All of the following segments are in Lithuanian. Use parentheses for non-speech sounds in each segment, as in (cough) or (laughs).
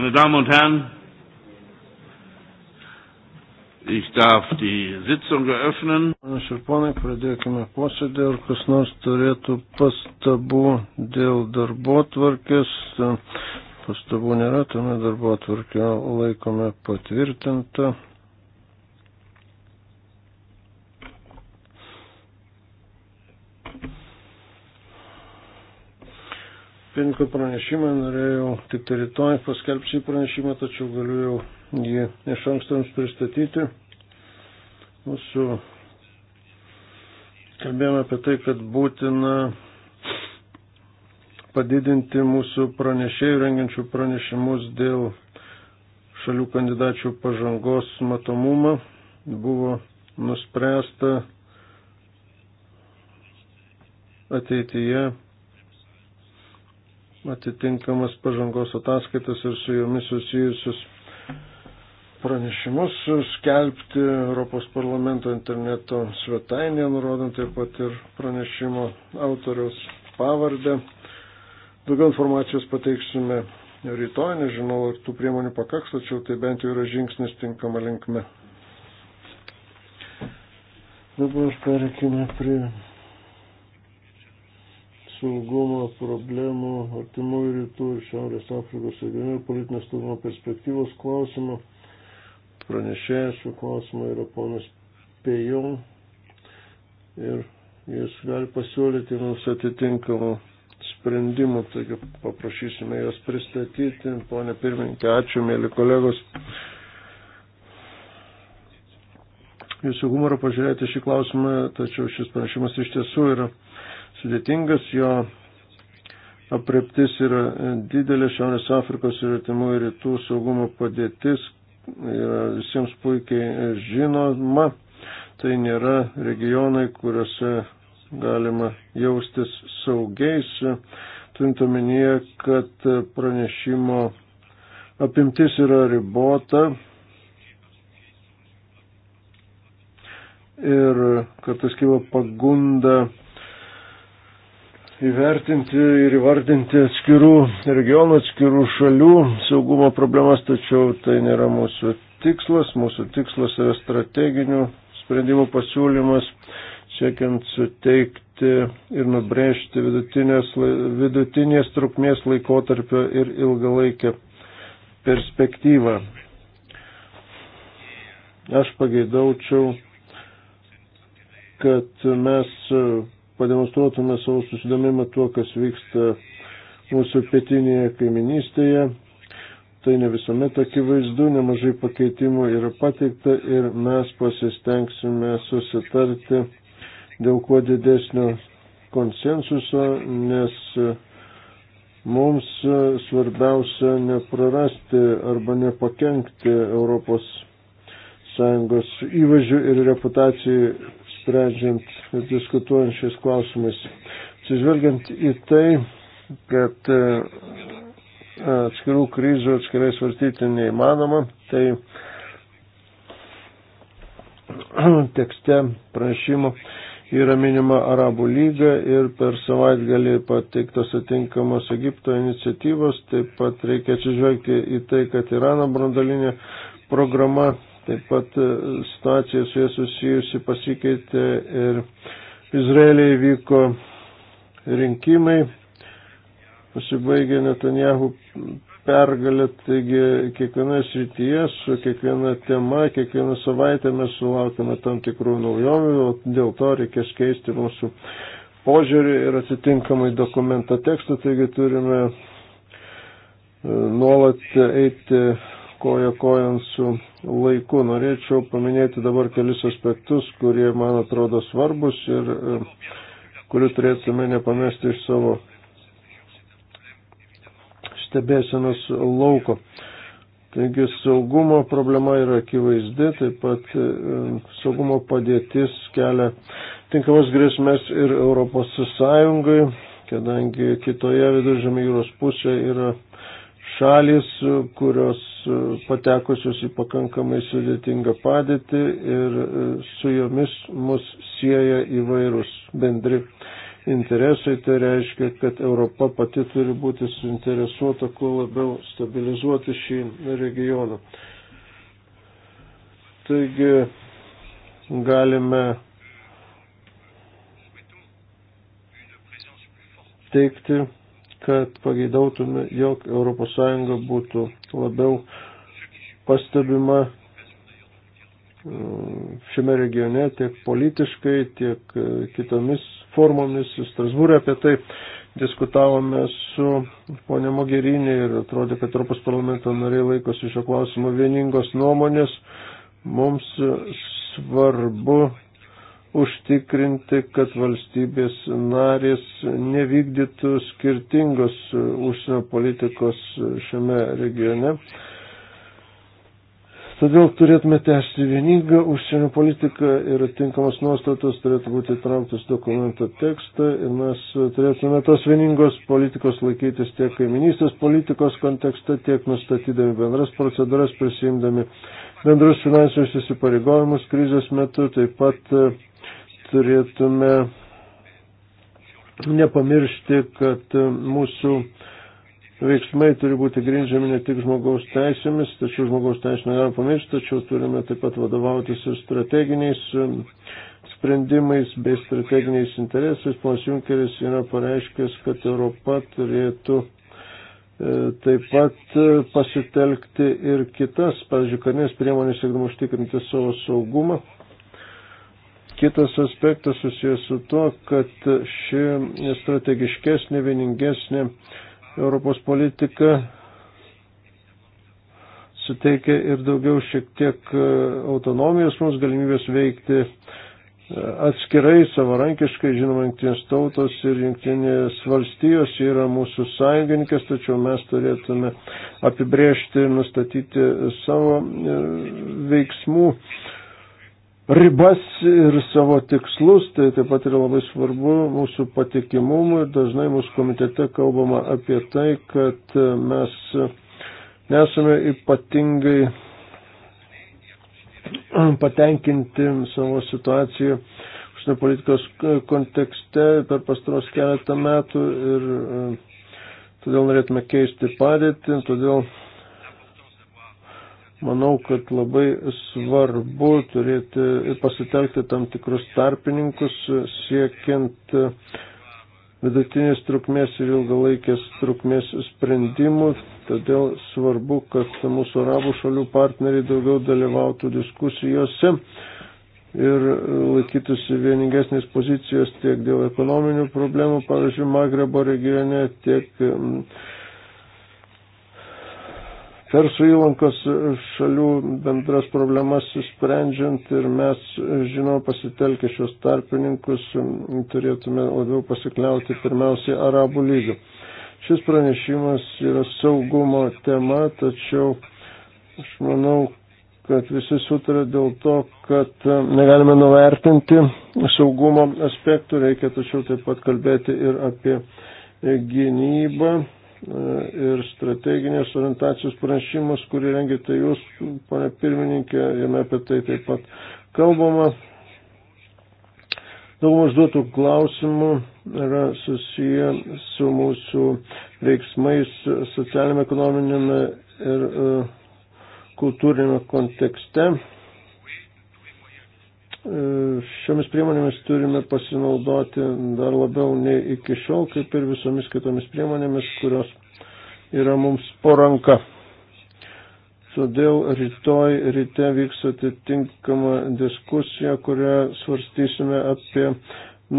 Meine Damen und Herren, ich darf die Sitzung eröffnen. Aš ir ponai, pradėkime posėdį, ar kas nors turėtų pastabų dėl darbo tvarkės. Pastabų nėra, tuomet darbo tvarkę laikome patvirtintą. pirmininko pranešimą, norėjau tik tai rytoj paskelbti šį pranešimą, tačiau galiu jau jį iš anksto jums pristatyti. Mūsų kalbėjome apie tai, kad būtina padidinti mūsų pranešėjų rengiančių pranešimus dėl šalių kandidačių pažangos matomumą. Buvo nuspręsta ateityje atitinkamas pažangos ataskaitas ir su jomis susijusius pranešimus skelbti Europos parlamento interneto svetainėje, nurodant taip pat ir pranešimo autoriaus pavardę. Daugiau informacijos pateiksime rytoj, nežinau, ar tų priemonių pakaks, tačiau tai bent jau yra žingsnis tinkama linkme. Dabar pereikime prie saugumo problemų artimųjų rytų ir Šiaurės Afrikos regionų ir politinės saugumo perspektyvos klausimų. Pranešėjas šių klausimų yra ponas Pejon ir jis gali pasiūlyti mums atitinkamų sprendimų, taigi paprašysime jos pristatyti. Pone pirmininkė, ačiū, mėly kolegos. Jūsų humoro pažiūrėti šį klausimą, tačiau šis pranešimas iš tiesų yra sudėtingas, jo apreptis yra didelė Šiaurės Afrikos ir Artimų rytų saugumo padėtis, yra visiems puikiai žinoma, tai nėra regionai, kuriuose galima jaustis saugiais, turint omenyje, kad pranešimo apimtis yra ribota, ir kartais kyla pagunda įvertinti ir įvardinti atskirų regionų, atskirų šalių saugumo problemas, tačiau tai nėra mūsų tikslas. Mūsų tikslas yra strateginių sprendimų pasiūlymas, siekiant suteikti ir nubrėžti vidutinės, vidutinės trukmės laikotarpio ir ilgalaikę perspektyvą. Aš pageidaučiau, kad mes pademonstruotume savo susidomimą tuo, kas vyksta mūsų pietinėje kaiminystėje. Tai ne visuomet akivaizdu, nemažai pakeitimų yra pateikta ir mes pasistengsime susitarti dėl kuo didesnio konsensuso, nes mums svarbiausia neprarasti arba nepakenkti Europos Sąjungos įvažių ir reputacijai sprendžiant ir diskutuojant šiais klausimais. Atsižvelgiant į tai, kad e, atskirų kryžių atskirai svarstyti neįmanoma, tai (clears throat) tekste prašymo yra minima Arabų lyga ir per savaitgalį pateiktos atinkamos Egipto iniciatyvos, taip pat reikia atsižvelgti į tai, kad Irano brandalinė programa Taip pat e, situacija su jais susijusi pasikeitė ir Izraeliai vyko rinkimai, pasibaigė Netanjahu pergalė, taigi kiekvienoje srityje, su kiekviena tema, kiekvieną savaitę mes sulaukime tam tikrų naujovių, dėl to reikės keisti mūsų požiūrį ir atitinkamai dokumento tekstą, taigi turime e, nuolat eiti koja kojant su laiku. Norėčiau paminėti dabar kelis aspektus, kurie man atrodo svarbus ir e, kurių turėtume nepamesti iš savo stebėsenos lauko. Taigi saugumo problema yra akivaizdi, taip pat e, saugumo padėtis kelia tinkamas grėsmės ir Europos Sąjungai, kadangi kitoje viduržėmė jūros pusėje yra šalis, kurios e, patekusios į pakankamai sudėtingą padėtį ir e, su jomis mus sieja įvairūs bendri interesai. Tai reiškia, kad Europa pati turi būti suinteresuota kuo labiau stabilizuoti šį regioną. Taigi galime teikti kad pageidautume, jog ES būtų labiau pastebima mm, šiame regione tiek politiškai, tiek e, kitomis formomis. Strasbūrė apie tai diskutavome su ponė Mogerinė ir atrodė, kad Europos parlamento nariai laikosi šio klausimo vieningos nuomonės. Mums svarbu užtikrinti, kad valstybės narės nevykdytų skirtingos užsienio politikos šiame regione. Todėl turėtume tęsti vieningą užsienio politiką ir tinkamas nuostatos turėtų būti įtrauktas dokumento tekstą ir mes turėtume tos vieningos politikos laikytis tiek kaiminystės politikos kontekste, tiek nustatydami bendras procedūras, prisimdami bendrus finansinius įsipareigojimus krizės metu, taip pat turėtume nepamiršti, kad mūsų veiksmai turi būti grindžiami ne tik žmogaus teisėmis, tačiau žmogaus teisė negalime pamiršti, tačiau turime taip pat vadovautis ir strateginiais um, sprendimais bei strateginiais interesais. Ponas Junkeris yra pareiškęs, kad Europa turėtų e, taip pat e, pasitelkti ir kitas, pavyzdžiui, karinės priemonės, siekdama užtikrinti savo saugumą. Kitas aspektas susijęs su to, kad ši strategiškesnė, vieningesnė Europos politika suteikia ir daugiau šiek tiek e, autonomijos mums galimybės veikti e, atskirai, savarankiškai, žinoma, jungtinės tautos ir jungtinės valstijos yra mūsų sąjungininkės, tačiau mes turėtume apibriežti ir nustatyti savo e, veiksmų ribas ir savo tikslus, tai taip pat yra labai svarbu mūsų patikimumui. Dažnai mūsų komitete kalbama apie tai, kad mes nesame ypatingai patenkinti savo situaciją užsienio politikos kontekste per pastaros keletą metų ir e, todėl norėtume keisti padėtį, todėl Manau, kad labai svarbu turėti ir pasitelkti tam tikrus tarpininkus siekiant vidutinės trukmės ir ilgalaikės trukmės sprendimų. Todėl svarbu, kad mūsų arabų šalių partneriai daugiau dalyvautų diskusijose ir laikytųsi vieningesnės pozicijos tiek dėl ekonominių problemų, pavyzdžiui, Magrebo regione, tiek mm, Persų įlankos šalių bendras problemas sprendžiant ir mes, žinoma, pasitelkę šios tarpininkus turėtume labiau pasikliauti pirmiausiai Arabų lygių. Šis pranešimas yra saugumo tema, tačiau aš manau, kad visi sutarė dėl to, kad negalime nuvertinti saugumo aspektų, reikia tačiau taip pat kalbėti ir apie gynybą E, ir strateginės orientacijos pranešimas, kurį rengite jūs, ponė pirmininkė, jame apie tai taip pat kalbama. Daug užduotų klausimų yra susiję su mūsų veiksmais socialinėme, ekonominėme ir e, kultūrinėme kontekste. E, šiomis priemonėmis turime pasinaudoti dar labiau nei iki šiol, kaip ir visomis kitomis priemonėmis, kurios yra mums poranka. Todėl rytoj ryte vyks atitinkama diskusija, kurioje svarstysime apie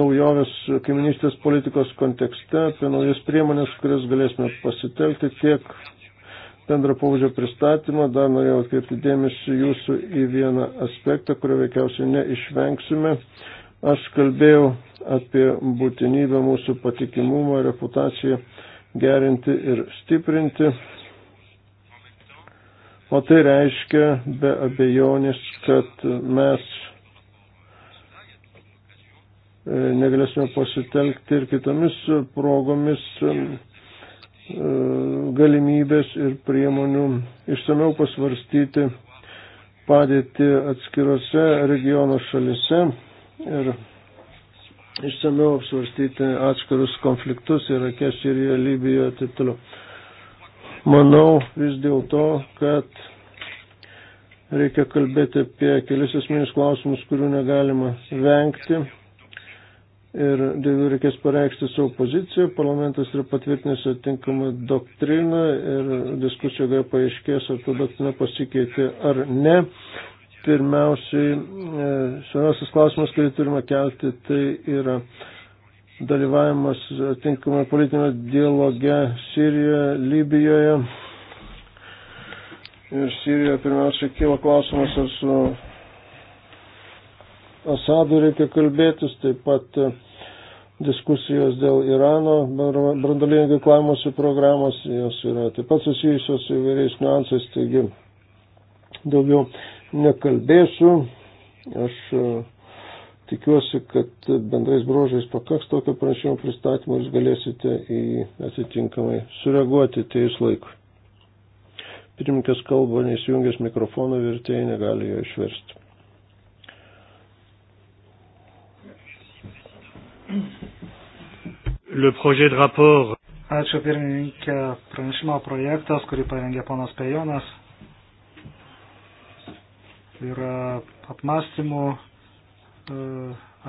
naujoves kaiminystės politikos kontekste, apie naujas priemonės, kurias galėsime pasitelkti tiek bendro pobūdžio pristatymą, dar norėjau atkreipti dėmesį jūsų į vieną aspektą, kurio veikiausiai neišvengsime. Aš kalbėjau apie būtinybę mūsų patikimumą, reputaciją gerinti ir stiprinti. O tai reiškia be abejonės, kad mes e, negalėsime pasitelkti ir kitomis progomis E, galimybės ir priemonių išsameu pasvarstyti padėti atskirose regiono šalise ir išsameu apsvarstyti atskirus konfliktus Irake, Sirijoje, Libijoje ir taip toliau. Manau vis dėlto, kad reikia kalbėti apie kelis esminius klausimus, kurių negalima vengti ir dėl jų reikės pareikšti savo poziciją. Parlamentas yra patvirtinęs atitinkamą doktriną ir diskusijoje paaiškės, ar ta doktrina pasikeitė ar ne. Pirmiausiai, e, svarbiausias klausimas, kurį turime kelti, tai yra dalyvavimas atitinkamai politinėme dialoge Sirijoje, Libijoje. Ir Sirijoje pirmiausia kyla klausimas, ar su Asadu reikia kalbėtis, taip pat e, diskusijos dėl Irano brandalinio ginklavimosi programos, jos yra taip pat susijusios su įvairiais niuansais, taigi daugiau nekalbėsiu. Aš e, tikiuosi, kad bendrais brožais pakaks tokio prašymo pristatymo, jūs galėsite į atitinkamai sureaguoti teis laikui. Pirmininkas kalba, neįsijungęs mikrofoną, vertėjai negali jo išversti. Le projet de rapport. Ačiū pirmininkė pranešimo projektas, kurį parengė ponas Pejonas. Yra apmastymų e,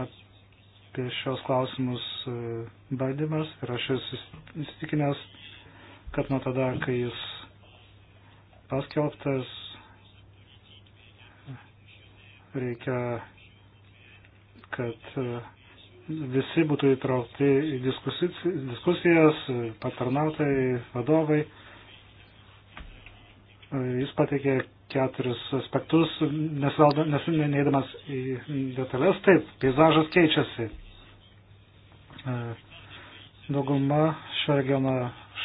apie šios klausimus e, bandymas ir aš esu įstikinęs, kad nuo tada, kai jis paskelbtas, reikia, kad e, visi būtų įtraukti į diskusijas, patarnautai, vadovai. Jis pateikė keturis aspektus, nesineidamas į detalės, taip, peizažas keičiasi. E, dauguma šio regiono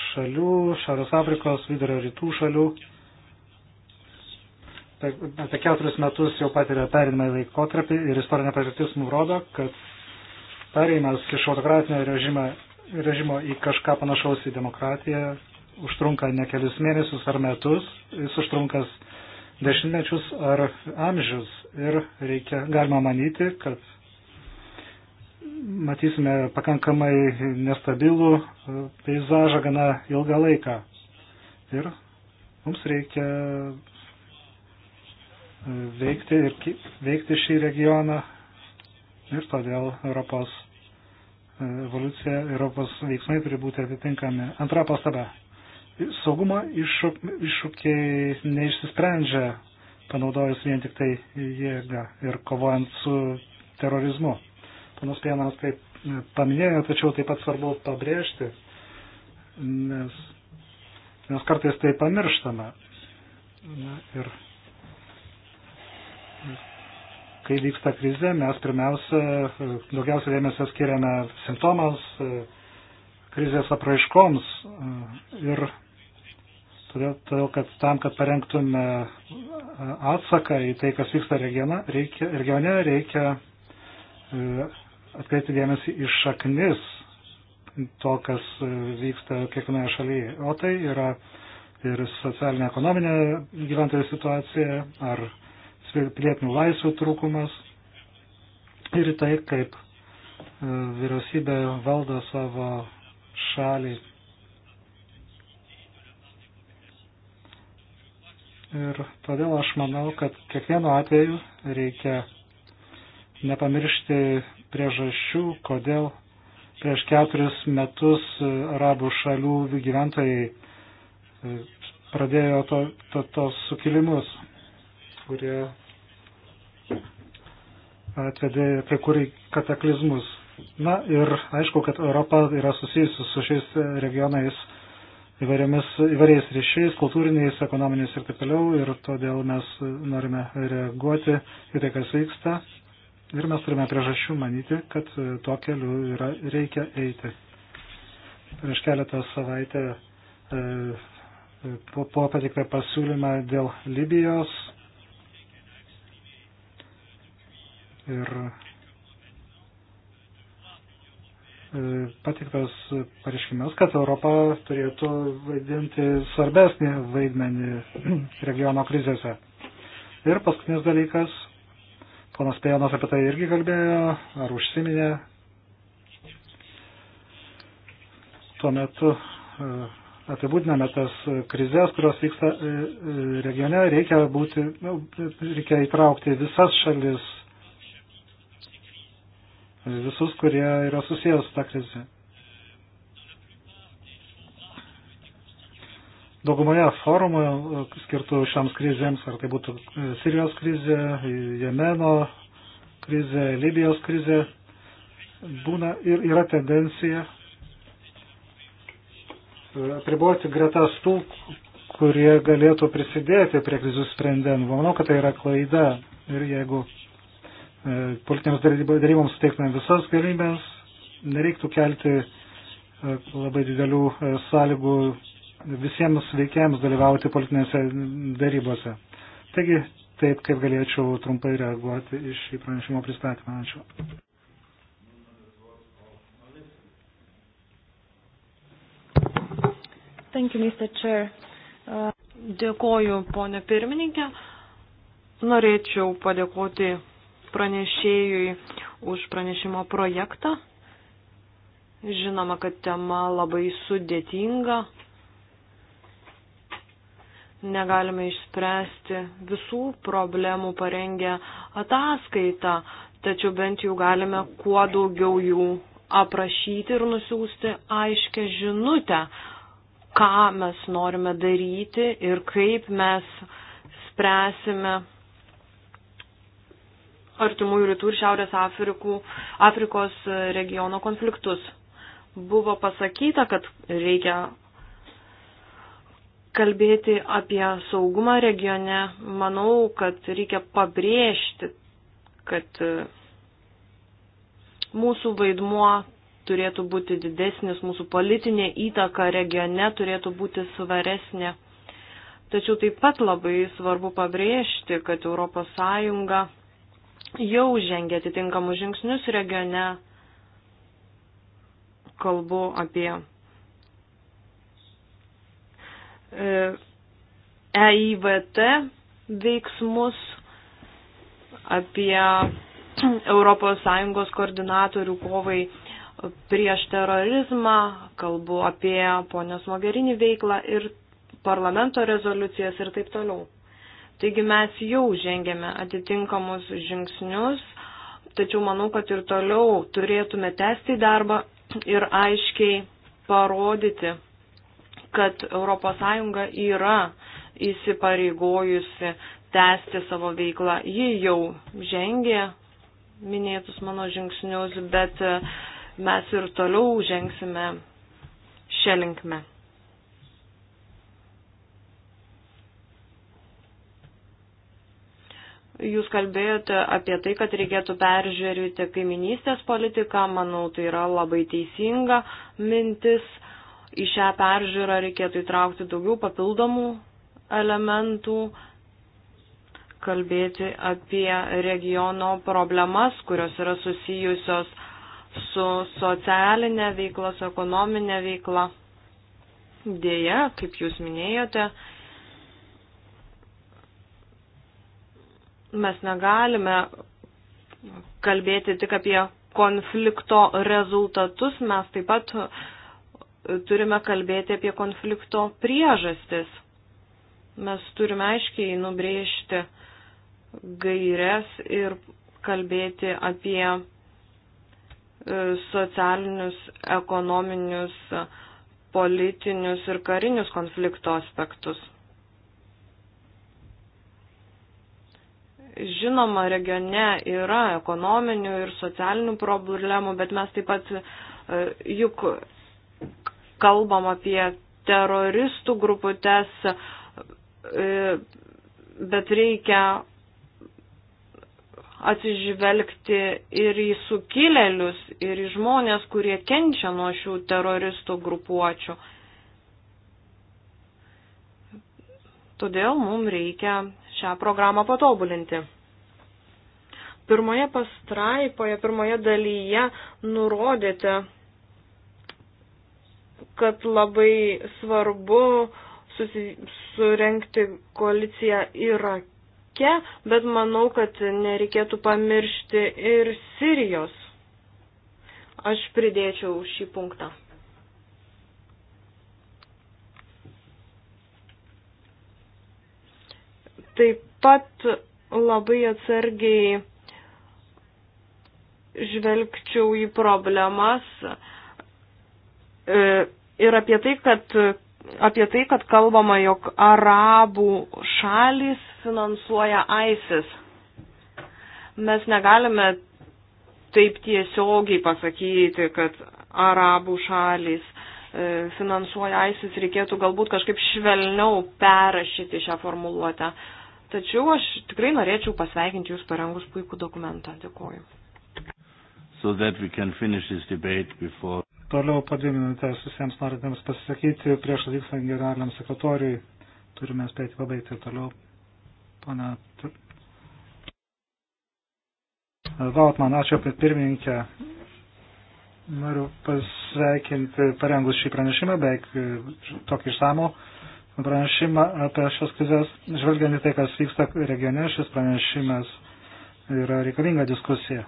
šalių, Šiaurės Afrikos, vidurio rytų šalių, apie keturis metus jau patiria perinamą laikotarpį ir istorinė patirtis nurodo, kad Pereimas iš autokratinio režimo, režimo į kažką panašaus į demokratiją užtrunka ne kelius mėnesius ar metus, jis užtrunkas dešimtmečius ar amžius ir reikia, galima manyti, kad matysime pakankamai nestabilų peizažą gana ilgą laiką. Ir mums reikia e, veikti, ir, veikti šį regioną ir todėl Europos evoliucija, Europos veiksmai turi būti atitinkami. Antra pastaba. Saugumo iššūk, iššūkiai neišsisprendžia panaudojus vien tik tai jėgą ir kovojant su terorizmu. Panas Pienas taip paminėjo, tačiau taip pat svarbu pabrėžti, nes, nes kartais tai pamirštame. Na, ir, ir kai vyksta krize, mes pirmiausia daugiausia dėmesio skiriame simptomams, krizės apraiškoms ir todėl, todėl kad tam, kad parengtume atsaką į tai, kas vyksta regione, reikia, regione, reikia e, atkreipti dėmesį į šaknis to, kas e, vyksta kiekvienoje šalyje. O tai yra ir socialinė ekonominė gyventojų situacija ar pilietinių laisvų trūkumas ir tai, kaip e, vyriausybė valdo savo šalį. Ir todėl aš manau, kad kiekvienu atveju reikia nepamiršti priežasčių, kodėl prieš keturis metus arabų šalių gyventojai e, pradėjo to, to, tos sukilimus kurie atvedė prie kur kataklizmus. Na ir aišku, kad Europa yra susijusi su šiais regionais įvairiais ryšiais, kultūriniais, ekonominiais ir taip toliau, ir todėl mes norime reaguoti į tai, kas vyksta. Ir mes turime priežasčių manyti, kad tuo keliu yra, reikia eiti. Prieš keletą savaitę e, po, po patiktą pasiūlymą dėl Libijos ir e, patiktas pareiškimas, kad Europa turėtų vaidinti svarbesnį vaidmenį (clears throat) regiono krizėse. Ir paskutinis dalykas, ponas Pejonas apie tai irgi kalbėjo, ar užsiminė. Tuo metu e, apibūdiname tas krizės, kurios vyksta e, regione, reikia, būti, nu, reikia įtraukti visas šalis visus, kurie yra susijęs su ta krize. Daugumoje forumų e, skirtų šiams krizėms, ar tai būtų e, Sirijos krizė, e, Jemeno krizė, Libijos krizė, būna ir yra tendencija apriboti gretas tų, kurie galėtų prisidėti prie krizių sprendimų. Manau, kad tai yra klaida. Ir jeigu E, politinėms daryboms suteiktumėm visas galimybės, nereiktų kelti e, labai didelių e, sąlygų visiems veikėjams dalyvauti politinėse darybose. Taigi, taip kaip galėčiau trumpai reaguoti iš šį pranešimo pristatymą. Ačiū. Thank you, Mr. Chair. Uh, dėkoju, ponė pirmininkė. Norėčiau padėkoti pranešėjui už pranešimo projektą. Žinoma, kad tema labai sudėtinga. Negalime išspręsti visų problemų parengę ataskaitą, tačiau bent jau galime kuo daugiau jų aprašyti ir nusiųsti aiškę žinutę, ką mes norime daryti ir kaip mes spręsime artimųjų rytų ir Šiaurės Afrikų, Afrikos e, regiono konfliktus. Buvo pasakyta, kad reikia kalbėti apie saugumą regione. Manau, kad reikia pabrėžti, kad e, mūsų vaidmuo turėtų būti didesnis, mūsų politinė įtaka regione turėtų būti svaresnė. Tačiau taip pat labai svarbu pabrėžti, kad ES jau žengia atitinkamus žingsnius regione. Kalbu apie EIVT e veiksmus, apie ES koordinatorių kovai prieš terorizmą, kalbu apie ponios Mogherini veiklą ir parlamento rezoliucijas ir taip toliau. Taigi mes jau žengėme atitinkamus žingsnius, tačiau manau, kad ir toliau turėtume tęsti darbą ir aiškiai parodyti, kad ES yra įsipareigojusi tęsti savo veiklą. Ji jau žengė minėtus mano žingsnius, bet mes ir toliau žengsime šią linkmę. Jūs kalbėjote apie tai, kad reikėtų peržiūrėti kaiminystės politiką, manau, tai yra labai teisinga mintis. Į šią peržiūrą reikėtų įtraukti daugiau papildomų elementų, kalbėti apie regiono problemas, kurios yra susijusios su socialinė veikla, su ekonominė veikla. Dėja, kaip jūs minėjote, Mes negalime kalbėti tik apie konflikto rezultatus, mes taip pat turime kalbėti apie konflikto priežastis. Mes turime aiškiai nubrėžti gairias ir kalbėti apie e, socialinius, ekonominius, politinius ir karinius konflikto aspektus. Žinoma, regione yra ekonominių ir socialinių problemų, bet mes taip pat e, juk kalbam apie teroristų gruputės, e, bet reikia atsižvelgti ir į sukilėlius, ir į žmonės, kurie kenčia nuo šių teroristų grupuočių. Todėl mums reikia šią programą patobulinti. Pirmoje pastraipoje, pirmoje dalyje nurodėte, kad labai svarbu susi, surenkti koaliciją Irake, bet manau, kad nereikėtų pamiršti ir Sirijos. Aš pridėčiau šį punktą. taip pat labai atsargiai žvelgčiau į problemas e, ir apie tai, kad apie tai, kad kalbama, jog arabų šalis finansuoja ISIS. Mes negalime taip tiesiogiai pasakyti, kad arabų šalis e, finansuoja ISIS, reikėtų galbūt kažkaip švelniau perrašyti šią formuluotę. Tačiau aš tikrai norėčiau pasveikinti Jūs parengus puikų dokumentą. Dėkuoju. So before... Toliau po dvi minutės visiems norintiems pasisakyti prieš atvykstant generaliniam sekretoriui. Turime spėti pabaigti toliau. Pana Vautman, ačiū apie pirmininkę. Noriu pasveikinti parengus šį pranešimą, beveik tokį išsamų pranešimą apie šios krizės, žvelgiant į tai, kas vyksta regione, šis pranešimas yra reikalinga diskusija.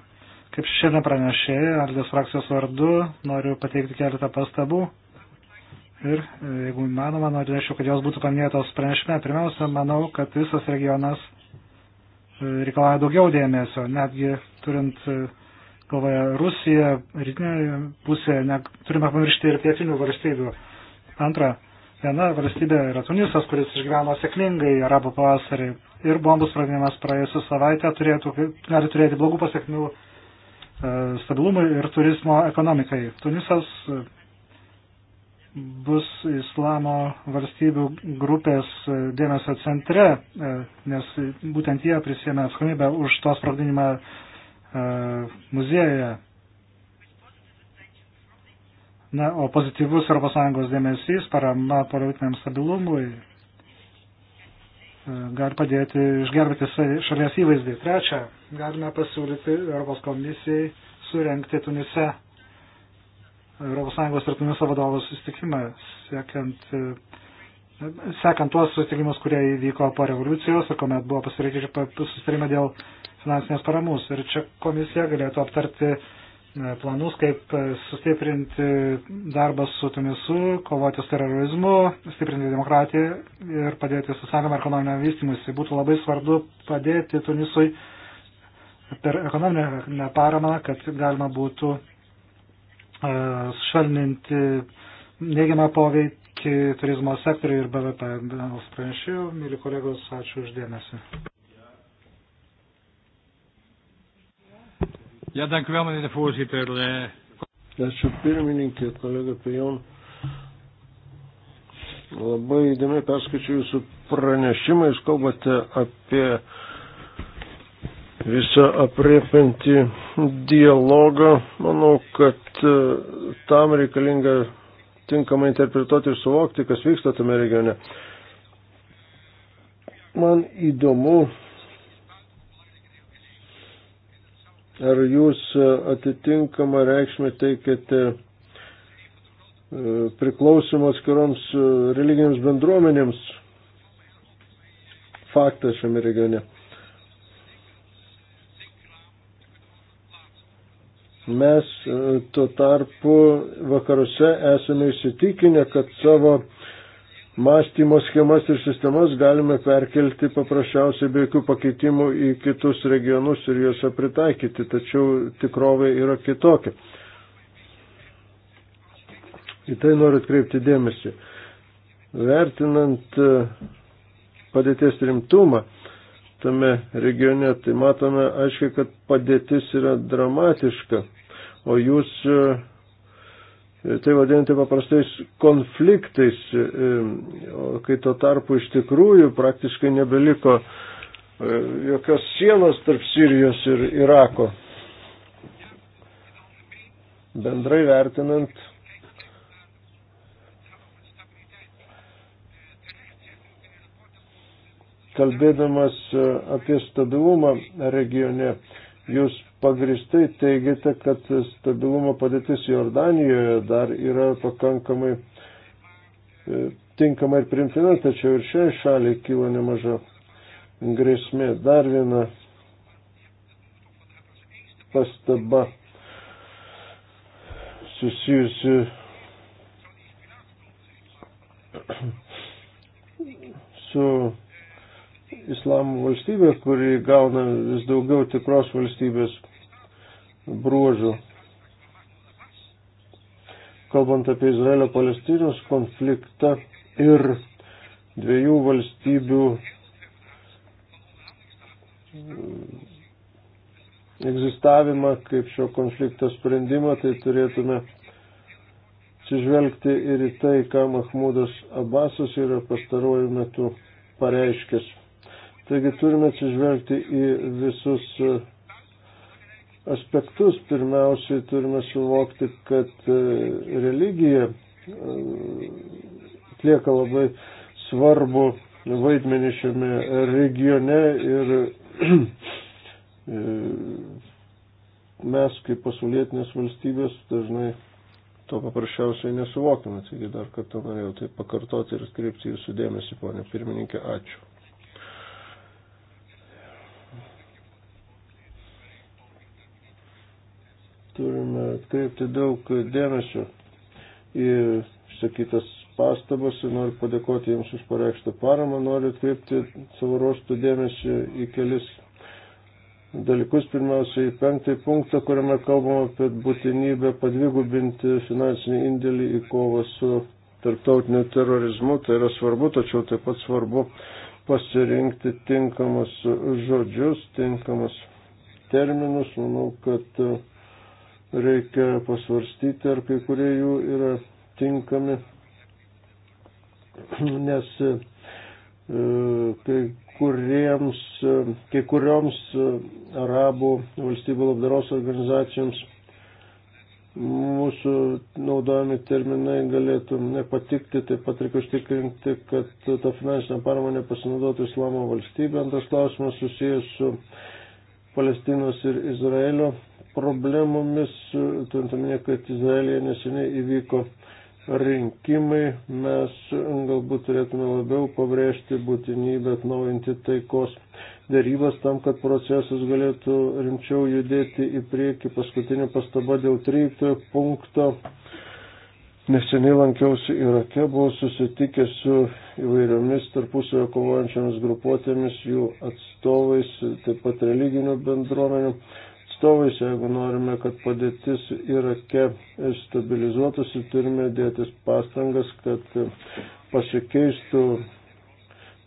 Kaip šiandien pranešėjai, Aldės frakcijos vardu, noriu pateikti keletą pastabų. Ir e, jeigu įmanoma, norėčiau, kad jos būtų paminėtos pranešime. Pirmiausia, manau, kad visas regionas e, reikalauja daugiau dėmesio, netgi turint e, galvoje Rusiją, rytinė pusė, ne, turime pamiršti ir pietinių valstybių. Antra, Viena valstybė yra Tunisas, kuris išgyveno sėkmingai arabų pavasarį ir bombų sproginimas praėjusią savaitę turėtų, gali turėti blogų pasiekmių e, stabilumui ir turizmo ekonomikai. Tunisas e, bus islamo valstybių grupės e, dėmesio centre, nes būtent jie prisėmė atsakomybę už to sprogdinimą muziejuje. Na, o pozityvus ES dėmesys, parama politiniam stabilumui e, gali padėti išgerbėti šalies įvaizdį. Trečia, galime pasiūlyti Europos komisijai surenkti Tunise ES ir Tuniso vadovų susitikimą, siekiant, e, sekant tuos susitikimus, kurie įvyko po revoliucijos ir kuomet buvo pasirinkti susitarimą dėl finansinės paramos. Ir čia komisija galėtų aptarti planus, kaip sustiprinti darbą su Tunisu, kovoti su terorizmu, stiprinti demokratiją ir padėti socialiniam ir ekonominiam vystimuisi. Būtų labai svarbu padėti Tunisui per ekonominę paramą, kad galima būtų švelninti neigiamą poveikį turizmo sektoriui ir BVP. Pranešėjau, mėly kolegos, ačiū uždėmesi. Ja, dank u wel, meneer de voorzitter. Eh, Ačiū pirmininkė, kolega Pijon. Labai įdėmiai perskaičiu jūsų pranešimą, jūs kalbate apie visą apriepinti dialogą. Manau, kad e, tam reikalinga tinkamai interpretuoti ir suvokti, kas vyksta tame regione. Man įdomu, Ar jūs e, atitinkamą reikšmę teikiate e, priklausimo atskiroms e, religinėms bendruomenėms faktas šiame regione? Mes tuo tarpu vakaruose esame įsitikinę, kad savo mąstymo schemas ir sistemas galime perkelti paprasčiausiai be jokių pakeitimų į kitus regionus ir juose pritaikyti, tačiau tikrovė yra kitokia. Į tai noriu atkreipti dėmesį. Vertinant e, padėties rimtumą tame regione, tai matome aiškiai, kad padėtis yra dramatiška, o jūs e, E, tai vadinti paprastais konfliktais, e, kai tuo tarpu iš tikrųjų praktiškai nebeliko e, jokios sienos tarp Sirijos ir Irako. Bendrai vertinant, kalbėdamas apie stabilumą regione, Jūs pagristai teigiate, kad stabilumo padėtis Jordanijoje dar yra pakankamai e, tinkama ir primtina, tačiau ir šiai šaliai kyla nemaža grėsmė. Dar viena pastaba susijusi su islamo valstybė, kuri gauna vis daugiau tikros valstybės bruožų. Kalbant apie Izraelio-Palestinos konfliktą ir dviejų valstybių mm, egzistavimą kaip šio konflikto sprendimą, tai turėtume atsižvelgti ir į tai, ką Mahmudas Abbasas yra pastaruoju metu pareiškęs. Taigi turime atsižvelgti į visus e, aspektus. Pirmiausiai turime suvokti, kad e, religija e, atlieka labai svarbu vaidmenį šiame regione ir mes kaip pasaulietinės valstybės dažnai to paprasčiausiai nesuvokime. Taigi dar kartą norėjau tai pakartoti ir skripti jūsų dėmesį, ponė pirmininkė. Ačiū. turime atkreipti daug dėmesio į išsakytas pastabas ir noriu padėkoti Jums už pareikštą paramą. Noriu atkreipti savo ruoštų dėmesį į kelis dalykus. Pirmiausia, į penktąjį punktą, kuriame kalbama apie būtinybę padvigubinti finansinį indėlį į kovą su tarptautiniu terorizmu. Tai yra svarbu, tačiau taip pat svarbu pasirinkti tinkamus žodžius, tinkamus terminus. Manau, kad reikia pasvarstyti, ar kai kurie jų yra tinkami, nes e, kai, kuriems, e, kai kurioms e, arabų valstybių labdaros organizacijoms mūsų naudojami terminai galėtų nepatikti, taip pat reikia užtikrinti, kad ta finansinė parama nepasinaudotų islamo valstybė. Antras klausimas susijęs su Palestinos ir Izraelio problemomis, turint omenyje, kad Izraelija neseniai įvyko rinkimai, mes galbūt turėtume labiau pabrėžti būtinybę atnaujinti taikos dėrybas tam, kad procesas galėtų rimčiau judėti į priekį. Paskutinė pastaba dėl 13 punkto. Neseniai lankiausi Irake, buvau susitikęs su įvairiomis tarpusavio kovojančiomis grupuotėmis, jų atstovais, taip pat religinių bendruomenių atstovais, jeigu norime, kad padėtis Irake stabilizuotųsi, turime dėtis pastangas, kad pasikeistų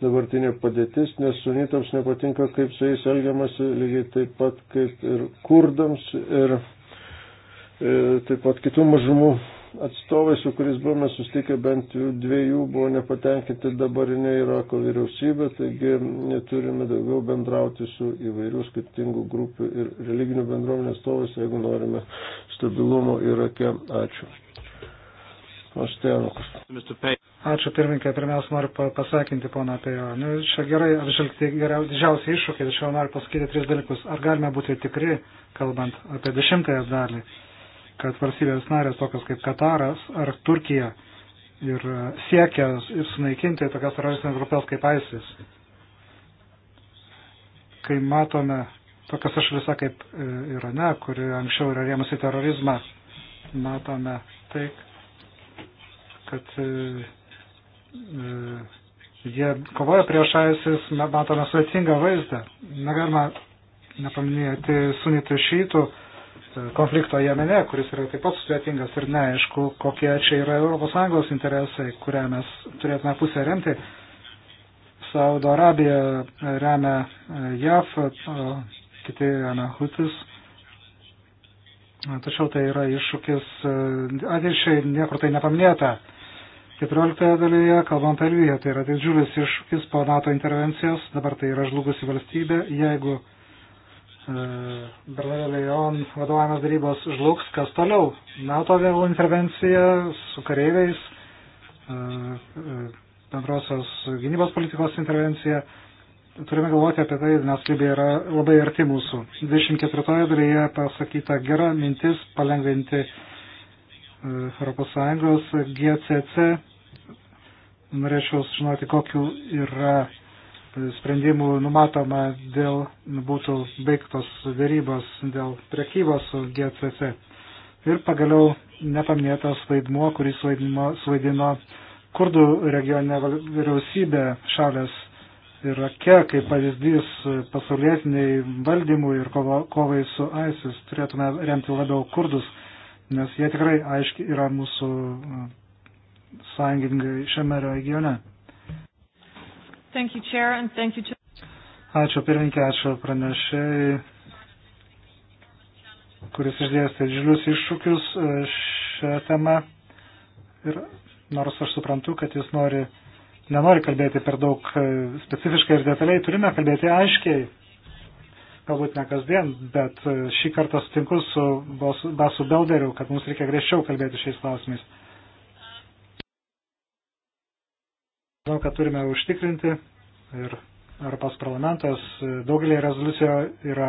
dabartinė padėtis, nes sunitams nepatinka, kaip su jais elgiamasi, lygiai taip pat kaip ir kurdams ir e, taip pat kitų mažumų atstovai, su kuriais buvome sustikę bent dviejų, buvo nepatenkinti dabarinė Irako vyriausybė, taigi turime daugiau bendrauti su įvairių skirtingų grupių ir religinių bendruomenės atstovais, jeigu norime stabilumo Irake. Ačiū. Ostenukas. Ačiū pirmininkė, pirmiausia noriu pasakinti poną apie jo. Nu, čia gerai apžvelgti didžiausią iššūkį, tačiau noriu pasakyti tris dalykus. Ar galime būti tikri, kalbant apie dešimtąją dalį? kad valstybės narės tokios kaip Kataras ar Turkija ir e, siekia ir sunaikinti tokias teroristinės grupės kaip ISIS. Kai matome tokias šalise kaip e, Irane, kuri anksčiau yra rėmusi terorizmą, matome tai, kad e, jie kovoja prieš ISIS, matome sudėtingą vaizdą. Negalima nepaminėti sunitų šytų konflikto Jemene, kuris yra taip pat sudėtingas ir neaišku, kokie čia yra ES interesai, kurią mes turėtume pusę remti. Saudo Arabija remia e, JAF, e, kiti remia Hutis. Tačiau tai yra iššūkis e, ateičiai, niekur tai nepaminėta. 14 dalyje kalbant apie Libiją, tai yra didžiulis iššūkis po NATO intervencijos, dabar tai yra žlugusi valstybė, jeigu E, Bernardo Leon vadovavimas darybos žlugs, kas toliau? NATO vėl intervencija su kareiviais, e, e, bendrosios gynybos politikos intervencija. Turime galvoti apie tai, nes Libija yra labai arti mūsų. 24 dalyje pasakyta gera mintis palengvinti ES GCC. Norėčiau sužinoti, kokiu yra sprendimų numatoma dėl būtų baigtos dėrybos dėl prekybos su GCC. Ir pagaliau nepaminėtas vaidmuo, kurį suvaidino kurdų regione vyriausybė šalės Irake, kaip pavyzdys pasaulietiniai valdymui ir kovo, kovai su ISIS. Turėtume remti labiau kurdus, nes jie tikrai aiškiai yra mūsų sąjungininkai šiame regione. Thank you, Chair, and thank you to... Ačiū pirmininkė, ačiū pranešėjai, kuris išdėstė didžiulius iššūkius e, šią temą. Ir nors aš suprantu, kad jis nori, nenori kalbėti per daug e, specifiškai ir detaliai, turime kalbėti aiškiai. Galbūt ne kasdien, bet e, šį kartą sutinku su Basu Belderiu, kad mums reikia griežčiau kalbėti šiais klausimais. Manau, kad turime užtikrinti ir Europos parlamentas daugelį rezoliucijų yra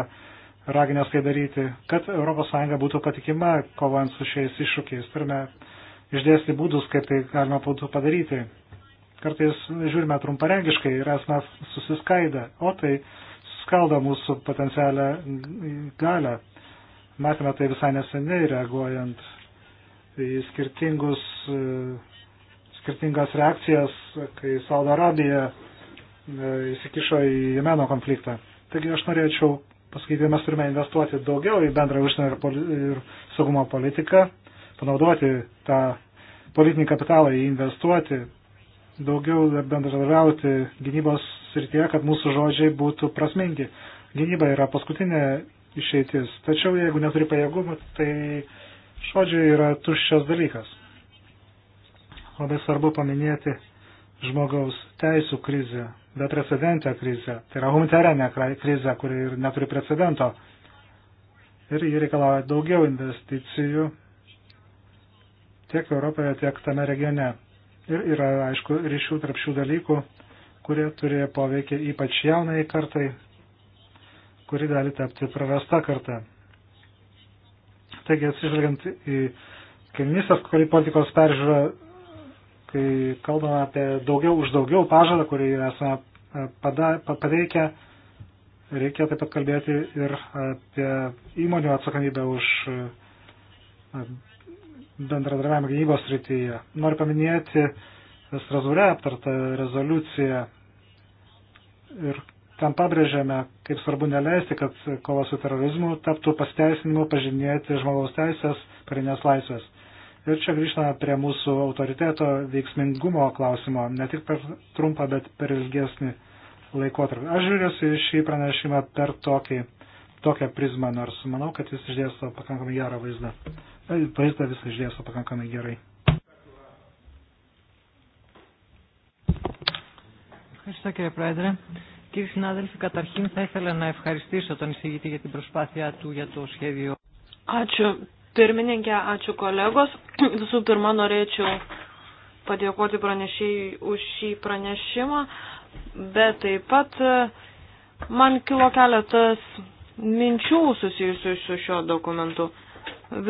raginęs tai daryti, kad ES būtų patikima kovant su šiais iššūkiais. Turime išdėsti būdus, kaip tai galima būtų padaryti. Kartais žiūrime trumparegiškai ir esame susiskaidę, o tai skaldo mūsų potencialią galę. Matėme tai visai neseniai reaguojant į skirtingus skirtingas reakcijas, kai Saudo Arabija e, įsikišo į Jemeno konfliktą. Taigi aš norėčiau pasakyti, mes turime investuoti daugiau į bendrą užsienio ir, ir saugumo politiką, panaudoti tą politinį kapitalą, į investuoti, daugiau bendradarbiauti gynybos srityje, kad mūsų žodžiai būtų prasmingi. Gynyba yra paskutinė išeitis, tačiau jeigu neturi pajėgumų, tai žodžiai yra tuščias dalykas labai svarbu paminėti žmogaus teisų krizę, beprecedentę krizę, tai yra humanitarinę krizę, kuri ir neturi precedento. Ir jį reikalauja daugiau investicijų tiek Europoje, tiek tame regione. Ir yra, aišku, ryšių tarp šių dalykų, kurie turėjo poveikį ypač jaunai kartai, kuri gali tapti prarasta karta. Taigi, atsižvelgiant į kaimynystės politikos peržiūrą, kai kalbame apie daugiau už daugiau pažadą, kurį esame e, pateikę, reikia taip pat kalbėti ir apie įmonių atsakomybę už e, bendradarbiavimą gynybos srityje. Noriu paminėti Strasbūre aptartą rezoliuciją ir ten pabrėžiame, kaip svarbu neleisti, kad kova su terorizmu taptų pasiteisinimu pažinėti žmogaus teisės, karinės laisvės. Ir čia grįžtame prie mūsų autoriteto veiksmingumo klausimo, ne tik per trumpą, bet per ilgesnį laikotarpį. Aš žiūrėsiu šį pranešimą per tokį, tokią prizmą, nors manau, kad jis išdėsto pakankamai gerą vaizdą. E, vaizdą visą išdėsto pakankamai gerai. Ευχαριστώ κύριε Πρόεδρε. Κύριοι συνάδελφοι, καταρχήν θα ήθελα να ευχαριστήσω τον εισηγητή για την προσπάθειά του για το σχέδιο. Ačiū pirmininkė, ačiū kolegos Visų pirma, norėčiau padėkoti pranešėjai už šį pranešimą, bet taip pat e, man kilo keletas minčių susijusių su šio dokumentu.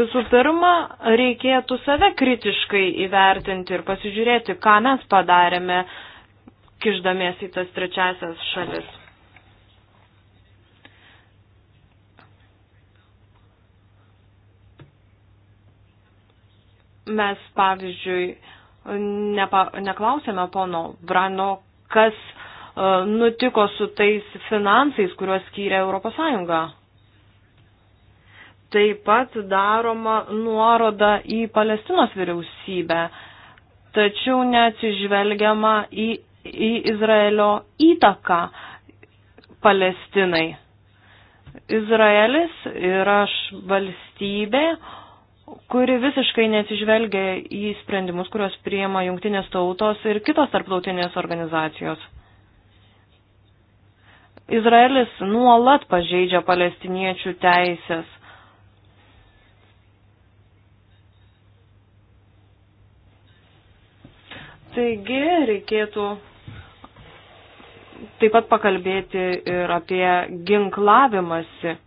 Visų pirma, reikėtų save kritiškai įvertinti ir pasižiūrėti, ką mes padarėme, kiždamiesi į tas trečiasias šalis. Mes, pavyzdžiui, nepa, neklausėme pono Brano, kas uh, nutiko su tais finansais, kuriuos skyrė Europos Sąjunga. Taip pat daroma nuoroda į Palestinos vyriausybę, tačiau neatsižvelgiama į, į Izraelio įtaką Palestinai. Izraelis yra valstybė, kuri visiškai neatsižvelgia į sprendimus, kuriuos priema jungtinės tautos ir kitos tarptautinės organizacijos. Izraelis nuolat pažeidžia palestiniečių teisės. Taigi reikėtų taip pat pakalbėti ir apie ginklavimąsi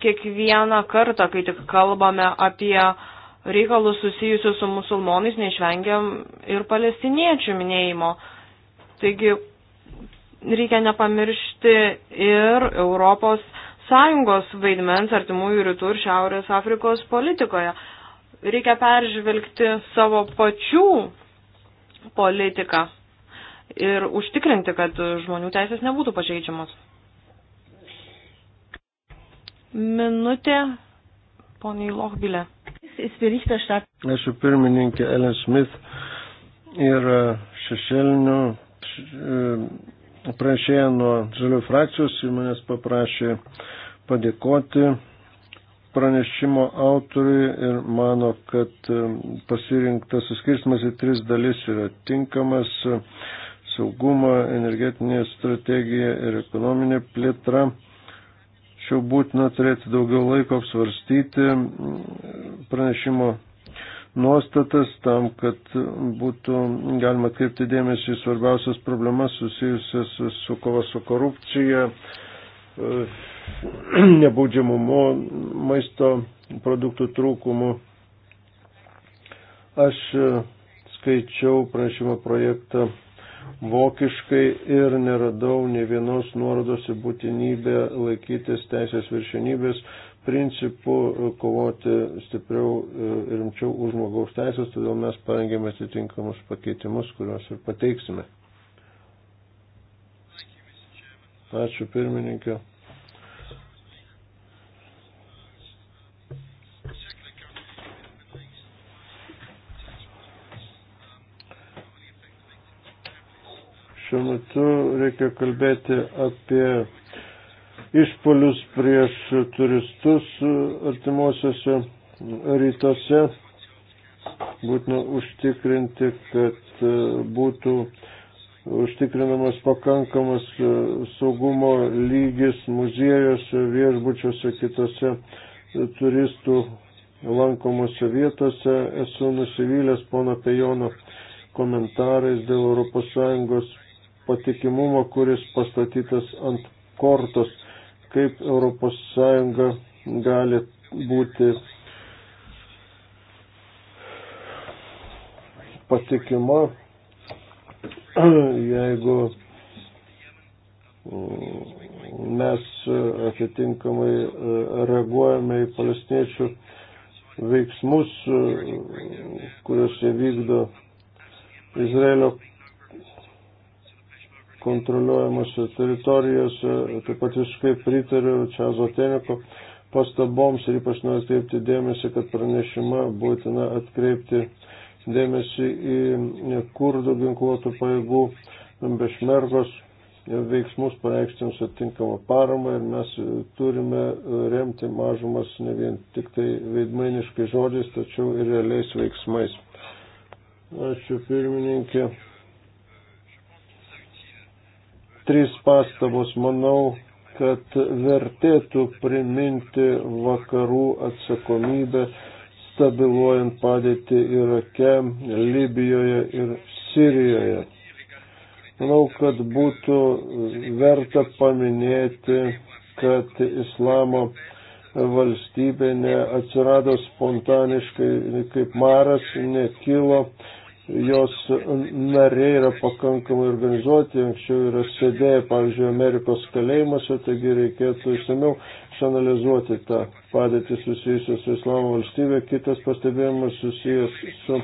kiekvieną kartą, kai tik kalbame apie reikalus susijusius su musulmonais, neišvengiam ir palestiniečių minėjimo. Taigi reikia nepamiršti ir Europos Sąjungos vaidmens artimųjų rytų ir Šiaurės Afrikos politikoje. Reikia peržvelgti savo pačių politiką ir užtikrinti, kad žmonių teisės nebūtų pažeidžiamos minutė poniai Lochbilė. Ačiū pirmininkė Ellen Smith ir e, šešėlinių e, prašėja nuo žalių frakcijos ir manęs paprašė padėkoti pranešimo autoriui ir mano, kad e, pasirinktas suskirstimas į tris dalis yra tinkamas saugumą, energetinė strategija ir ekonominė plėtra Tačiau būtina turėti daugiau laiko apsvarstyti pranešimo nuostatas tam, kad būtų galima atkreipti dėmesį į svarbiausias problemas susijusias su kova su korupcija, nebaudžiamumu, maisto produktų trūkumu. Aš skaičiau pranešimo projektą vokiškai ir neradau ne vienos nuorodos į būtinybę laikytis teisės viršenybės principų, kovoti stipriau e, ir rimčiau už žmogaus teisės, todėl mes parengėme atitinkamus pakeitimus, kuriuos ir pateiksime. Ačiū pirmininkė. Šiuo metu reikia kalbėti apie išpolius prieš turistus artimuosiuose rytuose. Būtina užtikrinti, kad e, būtų užtikrinamas pakankamas e, saugumo lygis muziejose, viešbučiuose, kitose turistų lankomose vietose. Esu nusivylęs pono Pejono komentarais dėl ES patikimumą, kuris pastatytas ant kortos, kaip ES gali būti patikima, (clears throat) jeigu mm, mes atitinkamai e, reaguojame į palestiniečių veiksmus, e, kuriuose vykdo Izraelio kontroliuojamose teritorijose. Taip pat visiškai pritariu čia Zoteniko pastaboms ir ypač noriu atkreipti dėmesį, kad pranešimą būtina atkreipti dėmesį į kurdų ginkluotų pajėgų bešmergos veiksmus pareikštiems atitinkamą paramą ir mes turime remti mažumas ne vien tik tai veidmainiškai žodžiais, tačiau ir realiais veiksmais. Ačiū pirmininkė. Trys pastabos. Manau, kad vertėtų priminti vakarų atsakomybę, stabiluojant padėtį Irake, Libijoje ir Sirijoje. Manau, kad būtų verta paminėti, kad islamo valstybė neatsirado spontaniškai, kaip maras nekilo jos nariai yra pakankamai organizuoti, anksčiau yra sėdėję, pavyzdžiui, Amerikos kalėjimuose, taigi reikėtų išsameu išanalizuoti tą padėtį susijusią su Islamo valstybė. Kitas pastebėjimas susijęs su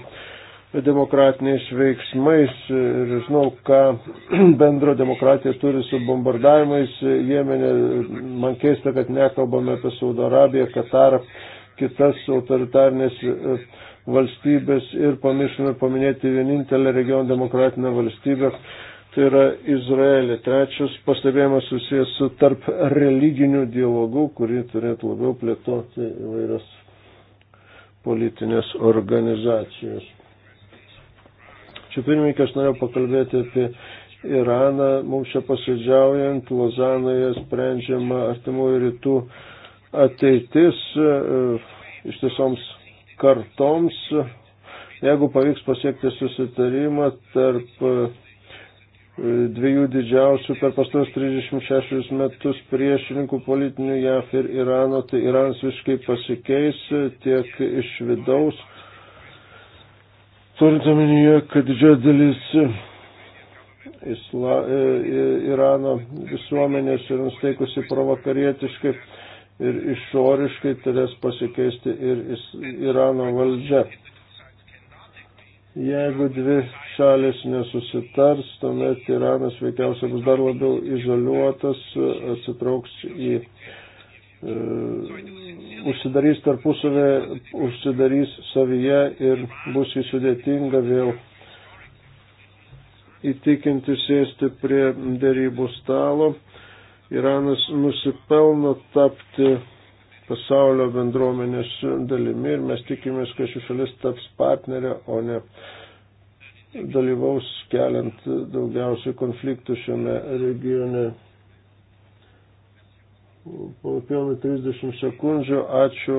demokratiniais veiksmais ir žinau, ką (clears throat) bendro demokratija turi su bombardavimais Jemenė. Man keista, kad nekalbame apie Saudo Arabiją, Katarą, kitas autoritarnės valstybės ir pamiršome paminėti vienintelę regionų demokratinę valstybę, tai yra Izraelį. Trečias pastebėjimas susijęs su tarp religinių dialogų, kurį turėtų labiau plėtoti įvairios politinės organizacijos. Čia pirmininkas norėjo pakalbėti apie Iraną. Mums čia posėdžiaujant Lozanoje sprendžiama artimųjų rytų ateitis e, ištisoms kartoms, jeigu pavyks pasiekti susitarimą tarp e, dviejų didžiausių per pastarus 36 metus priešininkų politinių JAF ir Irano, tai Iranas visiškai pasikeis tiek iš vidaus. Turint omenyje, kad didžioji dalis Isla, e, Irano visuomenės yra nusteikusi provakarietiškai ir išoriškai turės pasikeisti ir Irano valdžia. Jeigu dvi šalis nesusitars, tuomet Iranas veikiausiai bus dar labiau izoliuotas, atsitrauks į e, užsidarys tarpusavę, užsidarys savyje ir bus įsudėtinga vėl įtikinti sėsti prie dėrybų stalo. Iranas nusipelno tapti pasaulio bendruomenės dalimi ir mes tikimės, kad ši šalis taps partnerė, o ne dalyvaus keliant daugiausiai konfliktų šiame regione. Palapėlami 30 sekundžių, ačiū.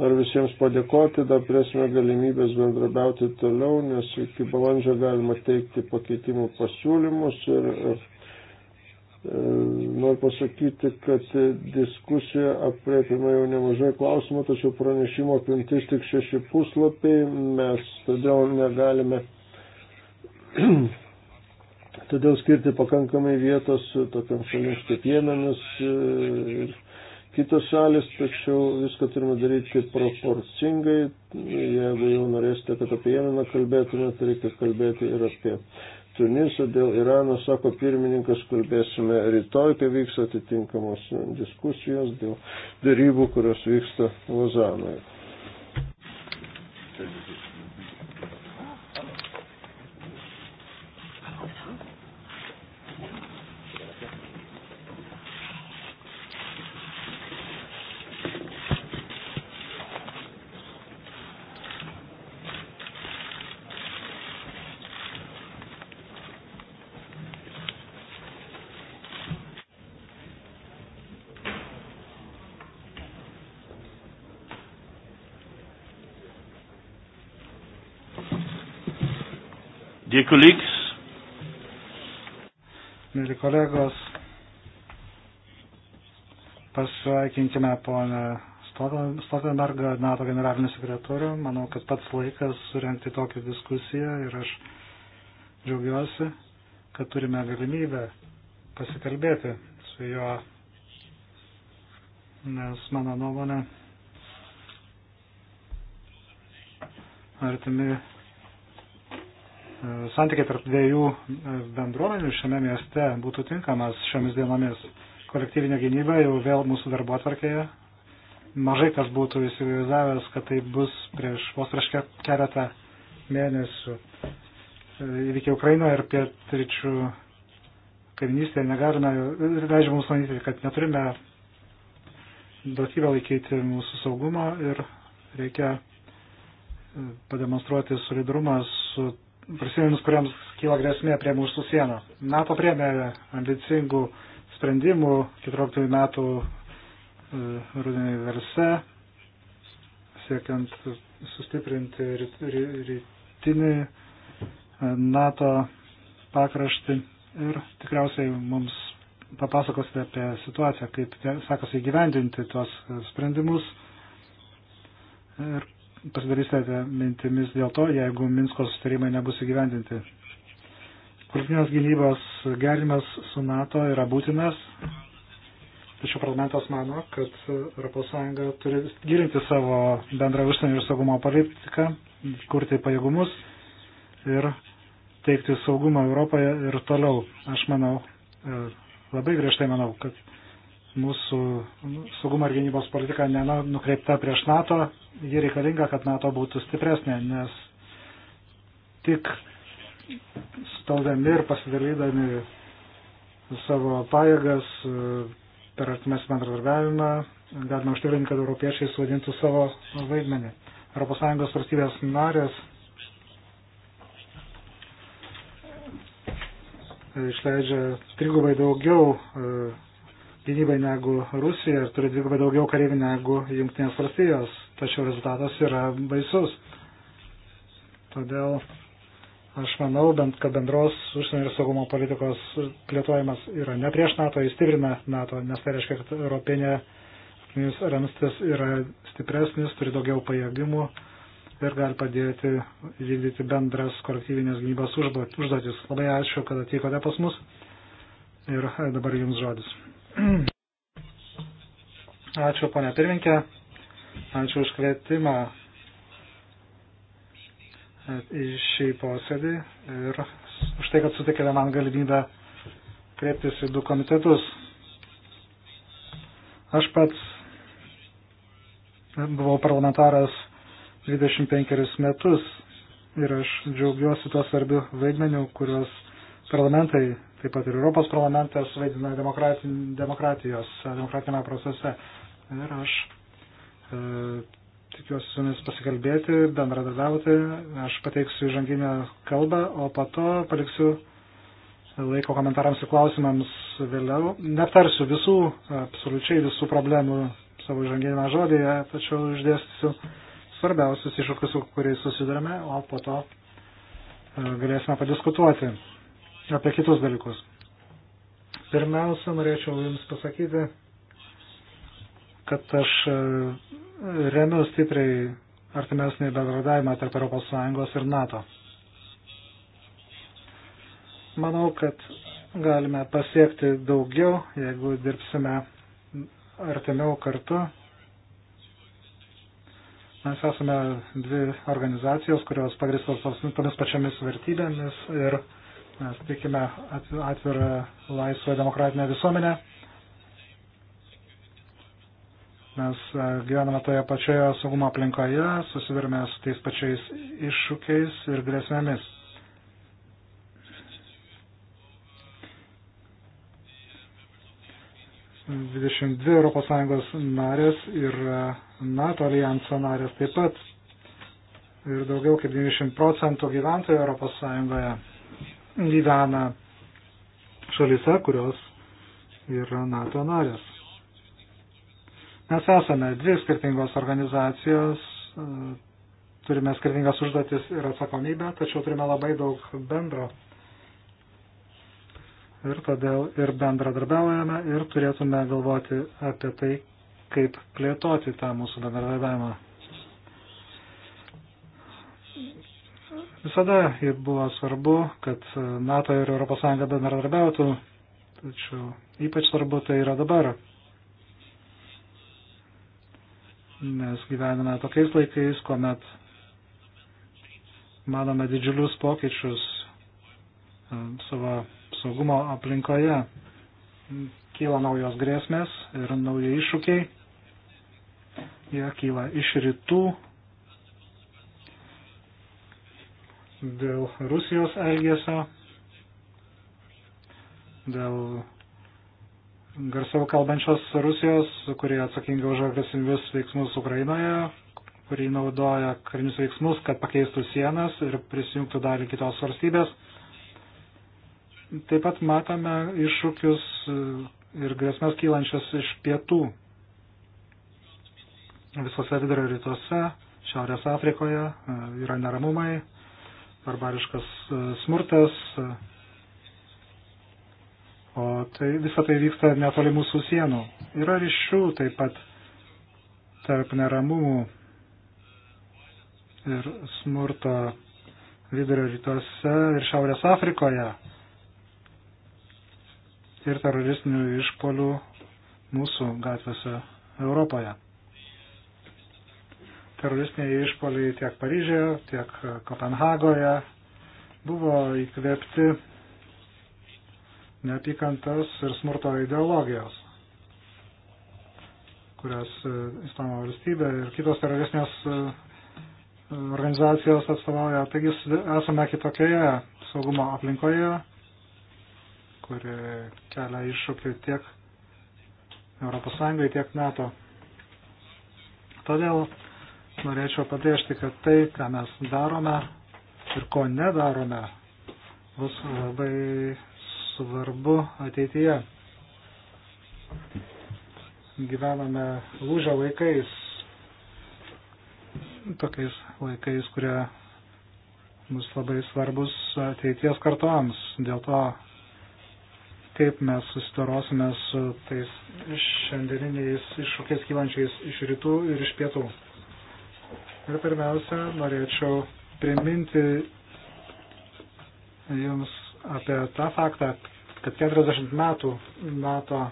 Noriu visiems padėkoti, dar turėsime galimybės bendrabiauti toliau, nes iki balandžio galima teikti pakeitimų pasiūlymus ir, ir E, noriu pasakyti, kad diskusija apriepima jau nemažai klausimų, tačiau pranešimo apimtis tik šeši puslapiai, mes todėl negalime (clears throat) todėl skirti pakankamai vietos tokiam šalims kaip Jemenas e, ir kitos šalis, tačiau viską turime daryti proporcingai. Jeigu jau norėsite, kad apie Jemeną kalbėtume, tai reikia kalbėti ir apie Tunisu, dėl Irano, sako pirmininkas, kalbėsime rytoj, kai vyks atitinkamos diskusijos dėl darybų, kurios vyksta Lozanoje. colleagues. Mėly kolegos, pasveikinkime ponę Stoltenbergą, NATO generalinį sekretorių. Manau, kad pats laikas surenkti tokią diskusiją ir aš džiaugiuosi, kad turime galimybę pasikalbėti su juo, nes mano nuomonė artimi santykiai tarp dviejų e, bendruomenių šiame mieste būtų tinkamas šiomis dienomis. Kolektyvinė gynyba jau vėl mūsų darbo atvarkėje. Mažai kas būtų įsivaizdavęs, kad tai bus prieš vos prieš keletą mėnesių. E, įvykiai Ukrainoje ir pietričių kaiminystėje negalime, leidžia mums manyti, kad neturime duotybę laikyti mūsų saugumo ir reikia e, pademonstruoti solidarumą su prisiminus, kuriems kyla grėsmė prie mūsų sienų. NATO priemė ambicingų sprendimų 14 metų e, rudenį verse, siekiant sustiprinti rytinį e, NATO pakraštį ir tikriausiai mums papasakosite apie situaciją, kaip sekasi įgyvendinti tuos sprendimus ir pasidarysite mintimis dėl to, jeigu Minsko sustarimai nebus įgyvendinti. Politinės gynybos gerimas su NATO yra būtinas, tačiau parlamentas mano, kad ES turi gilinti savo bendrą užsienio ir saugumo politiką, kurti pajėgumus ir teikti saugumą Europoje ir toliau. Aš manau, e, labai griežtai manau, kad mūsų saugumo ir gynybos politika nenukreipta prieš NATO, ji reikalinga, kad NATO būtų stipresnė, nes tik staldami ir pasidalydami savo pajėgas e, per artimės bendradarbiavimą galime užtikrinti, kad europiečiai suvadintų savo vaidmenį. ES valstybės narės išleidžia trigubai daugiau e, gynybai negu Rusija ir turi dvigubai daugiau kareivių negu Junktinės valstijos, tačiau rezultatas yra baisus. Todėl aš manau, bent kad bendros užsienio ir saugumo politikos plėtojimas yra ne prieš NATO, jis stiprina NATO, nes tai reiškia, kad europinė ramstis yra stipresnis, turi daugiau pajėgimų ir gali padėti vykdyti bendras kolektyvinės gynybos užduotis. Labai ačiū, kad atvykote pas mus ir dabar jums žodis. Ačiū, ponė pirminkė. Ačiū už kvietimą į šį posėdį ir už tai, kad sutikėte man galimybę kreiptis į du komitetus. Aš pats buvau parlamentaras 25 metus ir aš džiaugiuosi tuo svarbiu vaidmeniu, kuriuos parlamentai Taip pat ir Europos parlamentas vaidina demokratijos, demokratinėme procese. Ir aš e, tikiuosi su jumis pasikalbėti, bendradarbiauti. Aš pateiksiu įžanginę kalbą, o po to paliksiu laiko komentarams ir klausimams vėliau. Neaptarsiu visų, absoliučiai visų problemų savo įžanginėme žodėje, tačiau išdėstysiu svarbiausius iššūkius, su kuriais susidurime, o po to e, galėsime padiskutuoti apie kitus dalykus. Pirmiausia, norėčiau Jums pasakyti, kad aš e, remiu stipriai artimesnį bendradavimą tarp ES ir NATO. Manau, kad galime pasiekti daugiau, jeigu dirbsime artimiau kartu. Mes esame dvi organizacijos, kurios pagristos tomis pačiamis vertybėmis ir Mes tikime atvirą laisvą demokratinę visuomenę. Mes e, gyvename toje pačioje saugumo aplinkoje, susidurime su tais pačiais iššūkiais ir grėsmėmis. Dvidešimt dvi Europos Sąjungos narės ir e, NATO alijanso narės taip pat ir daugiau kaip 90 procentų gyventojų Europos Sąjungoje gyvena šalise, kurios yra NATO narės. Mes esame dvi skirtingos organizacijos, turime skirtingas užduotis ir atsakomybę, tačiau turime labai daug bendro. Ir todėl ir bendradarbiaujame ir turėtume galvoti apie tai, kaip plėtoti tą mūsų bendradarbiavimą. Visada buvo svarbu, kad NATO ir ES bendradarbiautų, tačiau ypač svarbu tai yra dabar. Mes gyvename tokiais laikais, kuomet manome didžiulius pokyčius e, savo saugumo aplinkoje. Kyla naujos grėsmės ir nauji iššūkiai. Jie kyla iš rytų dėl Rusijos elgesio, dėl garsiau kalbančios Rusijos, kurie atsakingi už agresyvius veiksmus Ukrainoje, kurį naudoja karinius veiksmus, kad pakeistų sienas ir prisijungtų dalį kitos valstybės. Taip pat matome iššūkius ir grėsmės kylančias iš pietų visose vidurio rytuose, Šiaurės Afrikoje yra neramumai, barbariškas e, smurtas, e, o tai visą tai vyksta netoli mūsų sienų. Yra ryšių taip pat tarp neramumų ir smurto vidurio rytuose ir Šiaurės Afrikoje ir teroristinių išpolių mūsų gatvėse Europoje teroristiniai išpoliai tiek Paryžėje, tiek Kopenhagoje buvo įkvėpti neapykantos ir smurto ideologijos, kurias e, Islamo valstybė ir kitos teroristinės e, organizacijos atstovauja. Taigi esame kitokioje saugumo aplinkoje, kuri kelia iššūkį tiek ES, tiek NATO. Todėl norėčiau pabrėžti, kad tai, ką mes darome ir ko nedarome, bus labai svarbu ateityje. Gyvename lūžio laikais, tokiais laikais, kurie bus labai svarbus ateities kartoms. Dėl to, kaip mes susitarosime su tais šiandieniniais iššūkiais kylančiais iš rytų ir iš pietų. Ir pirmiausia, norėčiau priminti Jums apie tą faktą, kad 40 metų NATO e,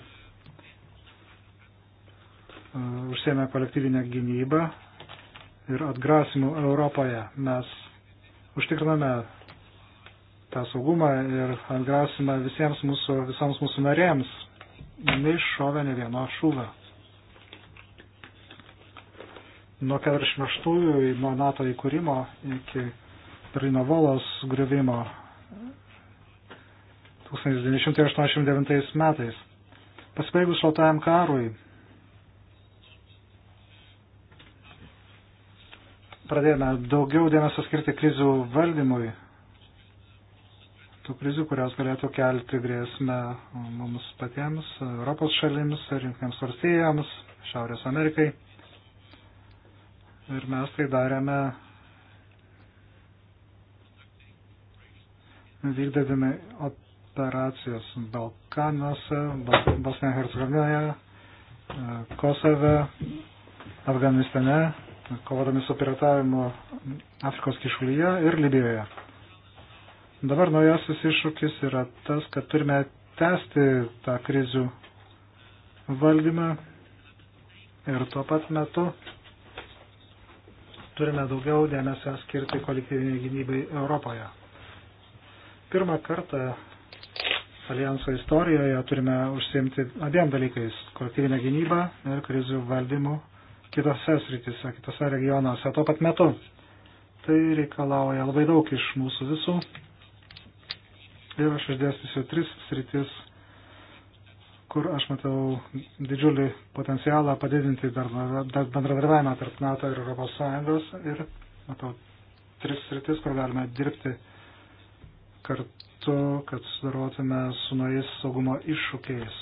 užsėmė kolektyvinę gynybą ir atgrasimų Europoje. Mes užtikriname tą saugumą ir atgrasimą visiems mūsų, visoms mūsų narėms. Neiššovė ne vieno šūvio nuo 48-ųjų, nuo NATO įkūrimo iki Berlyno volos griuvimo 1989 metais. Pasibaigus šaltajam karui pradėjome daugiau dėmesio skirti krizių valdymui, tų krizių, kurios galėtų kelti grėsmę mums patiems, Europos šalims, rinktinėms varstėjams, Šiaurės Amerikai. Ir mes tai darėme vykdydami operacijas Balkanuose, Bosnijoje, Hercegovinoje, Kosove, Afganistane, kovodami su piratavimu Afrikos kišulyje ir Libijoje. Dabar naujasis iššūkis yra tas, kad turime tęsti tą krizių valdymą ir tuo pat metu turime daugiau dėmesio skirti kolektyviniai gynybai Europoje. Pirmą kartą alijanso istorijoje turime užsimti abiem dalykais - kolektyvinę gynybą ir krizių valdymų kitose sritise, kitose regionuose tuo pat metu. Tai reikalauja labai daug iš mūsų visų. Ir aš išdėstysiu tris sritis, kur aš matau didžiulį potencialą padidinti bendradarbiavimą tarp NATO ir ES ir matau tris sritis, kur galime dirbti kartu, kad sudarotume su naujais saugumo iššūkiais.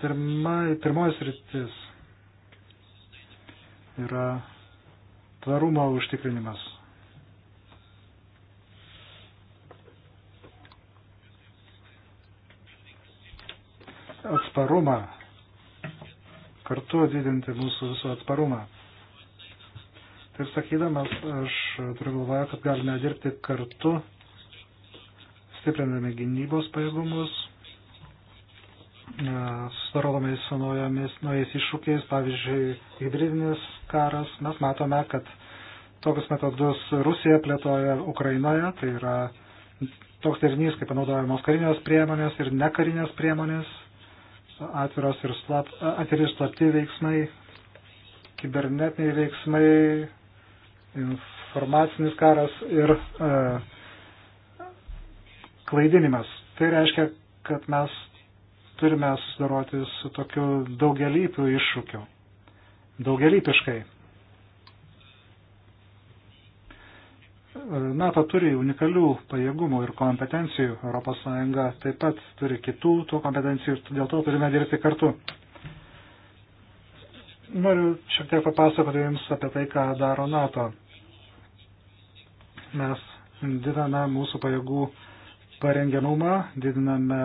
Pirma, pirmoji sritis yra tvarumo užtikrinimas. atsparumą, kartu didinti mūsų visų atsparumą. Taip sakydamas, aš turiu galvoje, kad galime dirbti kartu, stiprindami gynybos pajėgumus, susidarodami su naujomis, naujais iššūkiais, pavyzdžiui, hybridinis karas. Mes matome, kad tokius metodus Rusija plėtoja Ukrainoje, tai yra toks derinys, kaip panaudojamos karinės priemonės ir nekarinės priemonės, atviros ir slap, atviri slapti veiksmai, kibernetiniai veiksmai, informacinis karas ir e, klaidinimas. Tai reiškia, kad mes turime susidaroti su tokiu daugelypiu iššūkiu. Daugelypiškai NATO turi unikalių pajėgumų ir kompetencijų, ES taip pat turi kitų tų kompetencijų ir dėl to turime dirbti kartu. Noriu šiek tiek papasakoti Jums apie tai, ką daro NATO. Mes didiname mūsų pajėgų parengiamumą, didiname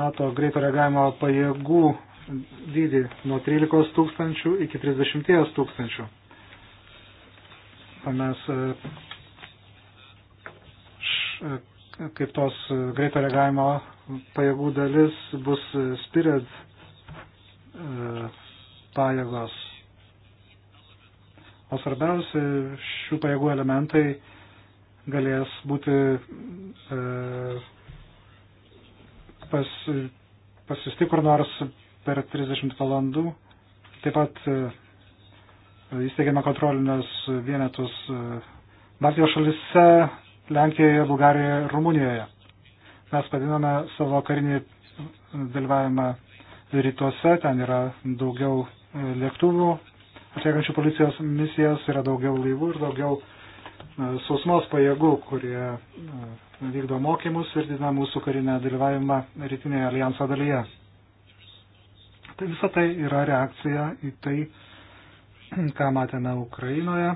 NATO greito reagavimo pajėgų dydį nuo 13 tūkstančių iki 30 tūkstančių mes e, e, kaip tos greito reagavimo pajėgų dalis bus Spirit e, pajėgos. O svarbiausia, šių pajėgų elementai galės būti e, pas, pasisti kur nors per 30 valandų. Taip pat įsteigėme kontrolinius vienetus e, Baltijos šalise, Lenkijoje, Bulgarijoje ir Rumunijoje. Mes padiname savo karinį dalyvavimą rytuose, ten yra daugiau e, lėktuvų, atliekančių policijos misijas, yra daugiau laivų ir daugiau e, sausmos pajėgų, kurie vykdo mokymus ir didina mūsų karinę dalyvavimą rytinėje alijanso dalyje. Tai visa tai yra reakcija į tai, (clears throat) ką matėme Ukrainoje.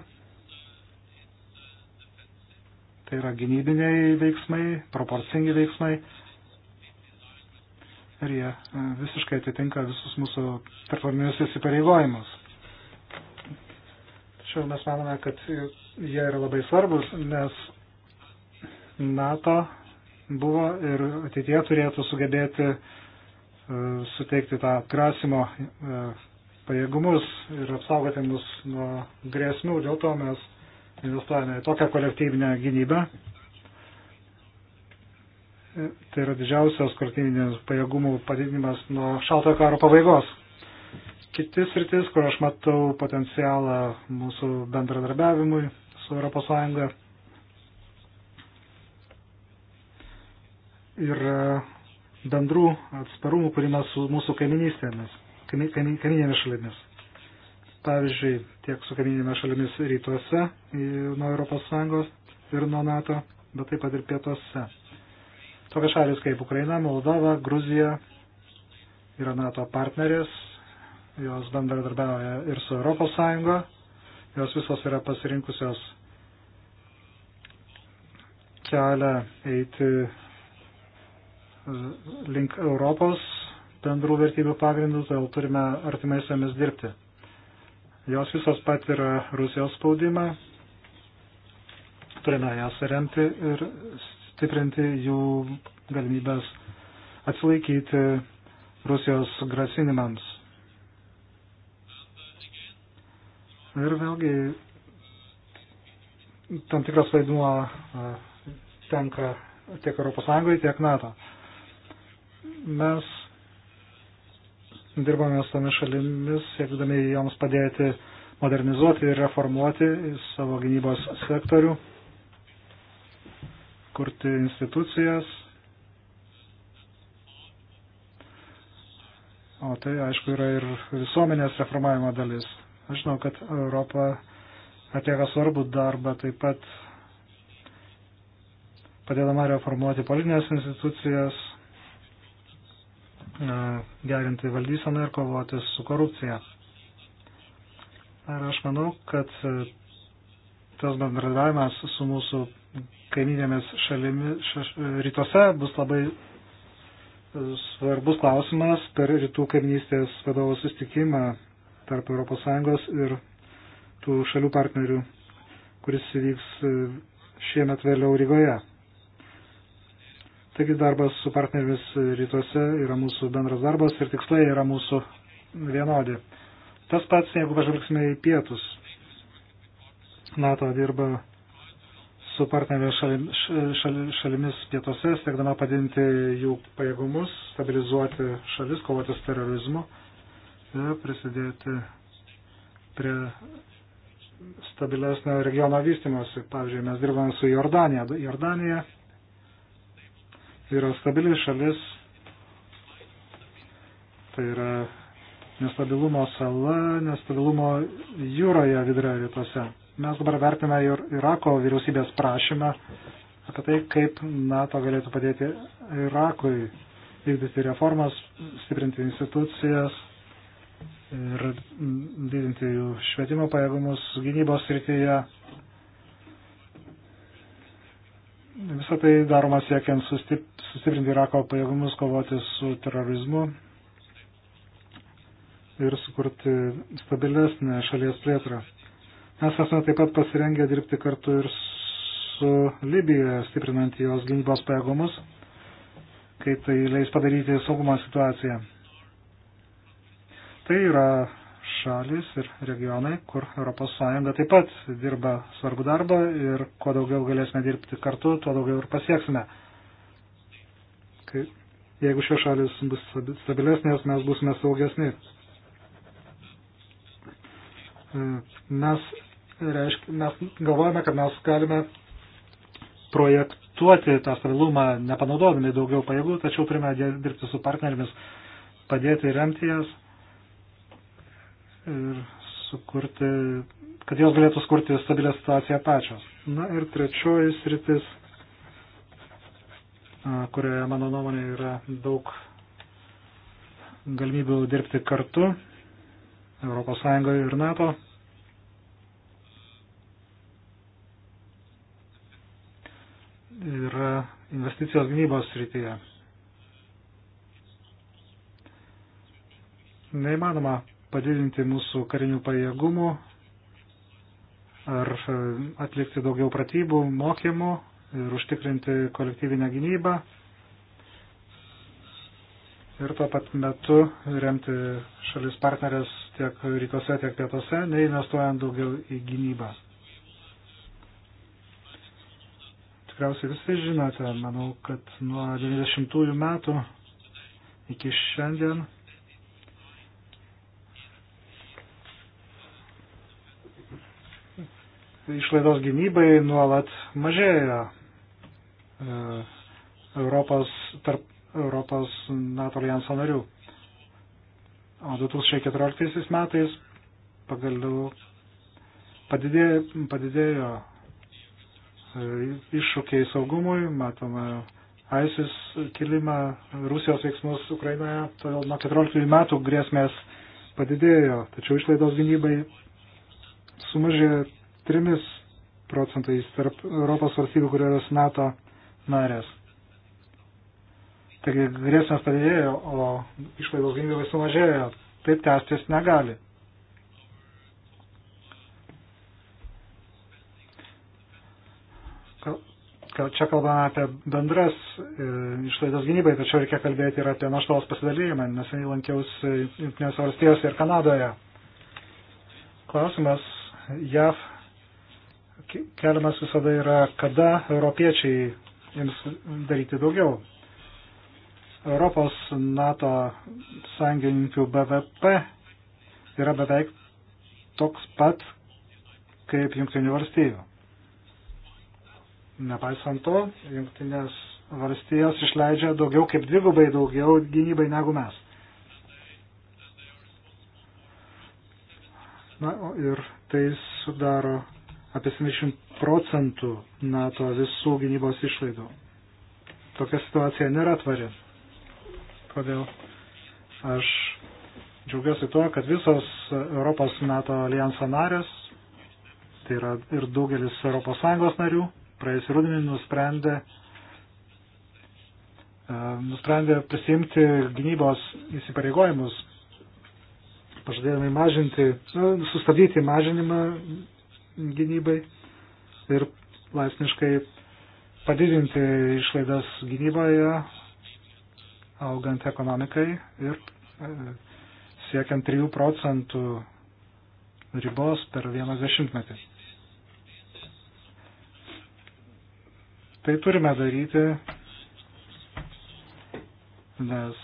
Tai yra gynybiniai veiksmai, proporcingi veiksmai. Ir jie e, visiškai atitinka visus mūsų tarptautinius įsipareigojimus. Tačiau mes manome, kad jie yra labai svarbus, nes NATO buvo ir ateitie turėtų sugebėti e, suteikti tą atgrasimo e, pajėgumus ir apsaugoti mus nuo grėsmių. Dėl to mes investuojame į tokią kolektyvinę gynybą. Tai yra didžiausias kolektyvinės pajėgumų padidinimas nuo šaltojo karo pabaigos. Kitis rytis, kur aš matau potencialą mūsų bendradarbiavimui su ES, yra bendrų atsparumų kūrimas su mūsų kaiminystėmis kaiminėmis šalimis. Pavyzdžiui, tiek su kaiminėmis šalimis rytuose nuo ES ir nuo NATO, bet taip pat ir pietuose. Tokios šalis kaip Ukraina, Moldova, Gruzija yra NATO partnerės, jos bendradarbiauja ir su ES, jos visos yra pasirinkusios kelią eiti e, link Europos bendrų vertybių pagrindų, todėl turime artimai su jomis dirbti. Jos visos pat yra Rusijos spaudimą, turime jas remti ir stiprinti jų galimybės atsilaikyti Rusijos grasinimams. Ir vėlgi tam tikras vaidmuo tenka tiek ES, tiek NATO. Mes dirbame su tomis šalimis, siekdami joms padėti modernizuoti ir reformuoti savo gynybos sektorių, kurti institucijas. O tai, aišku, yra ir visuomenės reformavimo dalis. Aš žinau, kad Europa atlieka svarbų darbą taip pat padėdama reformuoti politinės institucijas, E, gerinti valdyseną ir kovoti su korupcija. Ir aš manau, kad e, tas bendradavimas su mūsų kaiminėmis šalimis šeš, rytuose bus labai e, svarbus klausimas per rytų kaiminystės vadovų sustikimą tarp ES ir tų šalių partnerių, kuris įvyks šiemet vėliau Rygoje. Taigi darbas su partneriais rytuose yra mūsų bendras darbas ir tikslai yra mūsų vienodi. Tas pats, jeigu pažvelgsime į pietus. NATO dirba su partnerės šalim, šal, šalimis pietuose, siekdama padinti jų pajėgumus, stabilizuoti šalis, kovoti su terorizmu ir prisidėti prie stabilesnio regiono vystimosi. Pavyzdžiui, mes dirbame su Jordanija. Jordanija yra stabili šalis, tai yra nestabilumo sala, nestabilumo jūroje vidurio rytuose. Mes dabar vertiname ir Irako vyriausybės prašymą apie tai, kaip NATO galėtų padėti Irakui vykdyti reformas, stiprinti institucijas ir didinti jų švietimo pajėgumus gynybos srityje Visą tai daroma siekiant sustiprinti Irako pajėgumus kovoti su terorizmu ir sukurti stabilesnę šalies plėtrą. Mes esame taip pat pasirengę dirbti kartu ir su Libija, stiprinant jos gynybos pajėgumus, kai tai leis padaryti saugumo situaciją. Tai yra šalis ir regionai, kur ES taip pat dirba svarbu darbą ir kuo daugiau galėsime dirbti kartu, tuo daugiau ir pasieksime. Kai, jeigu šios šalis bus stabilesnės, mes būsime saugesni. E, mes, reišk, mes galvojame, kad mes galime projektuoti tą stabilumą, nepanaudodami daugiau pajėgų, tačiau turime dirbti su partnerimis, padėti remti jas ir sukurti, kad jos galėtų skurti stabilę situaciją pačios. Na ir trečioji sritis, kurioje mano nuomonė yra daug galimybių dirbti kartu Europos Sąjungoje ir NATO. Ir investicijos gynybos srityje. Neįmanoma padidinti mūsų karinių pajėgumų ar e, atlikti daugiau pratybų, mokymų ir užtikrinti kolektyvinę gynybą. Ir tuo pat metu remti šalis partnerės tiek rytuose, tiek pietuose, neinvestuojant daugiau į gynybą. Tikriausiai visi žinote, manau, kad nuo 90-ųjų metų iki šiandien išlaidos gynybai nuolat mažėjo e, Europos, tarp Europos NATO alijanso narių. O 2014 metais pagaliau padidėjo, padidėjo e, iššūkiai saugumui, matome ISIS kilimą, Rusijos veiksmus Ukrainoje, todėl nuo 14 metų grėsmės padidėjo, tačiau išlaidos gynybai sumažėjo 3 procentais tarp Europos valstybių, kurios NATO narės. Taigi grėsmės padidėjo, o išlaidos gynybai sumažėjo. Taip tęstis negali. Čia kalbame apie bendras e, išlaidas gynybai, tačiau reikia kalbėti ir apie naštos pasidalymą, nes lankiausi Junktinėse valstijose ir Kanadoje. Klausimas JAV keliamas visada yra, kada europiečiai ims daryti daugiau. Europos NATO sąjungininkų BVP yra beveik toks pat kaip Junktinių valstybių. Nepaisant to, Junktinės valstijos išleidžia daugiau kaip dvigubai daugiau gynybai negu mes. Na ir tai sudaro apie 70 procentų NATO visų gynybos išlaidų. Tokia situacija nėra tvari. Todėl aš džiaugiuosi tuo, kad visos Europos NATO alijanso narės, tai yra ir daugelis ES narių, praėjus rudenį nusprendė e, nusprendė prisimti gynybos įsipareigojimus, pažadėdami mažinti, nu, sustabdyti mažinimą gynybai ir laipsniškai padidinti išlaidas gynyboje, augant ekonomikai ir e, siekiant 3 procentų ribos per vieną dešimtmetį. Tai turime daryti, nes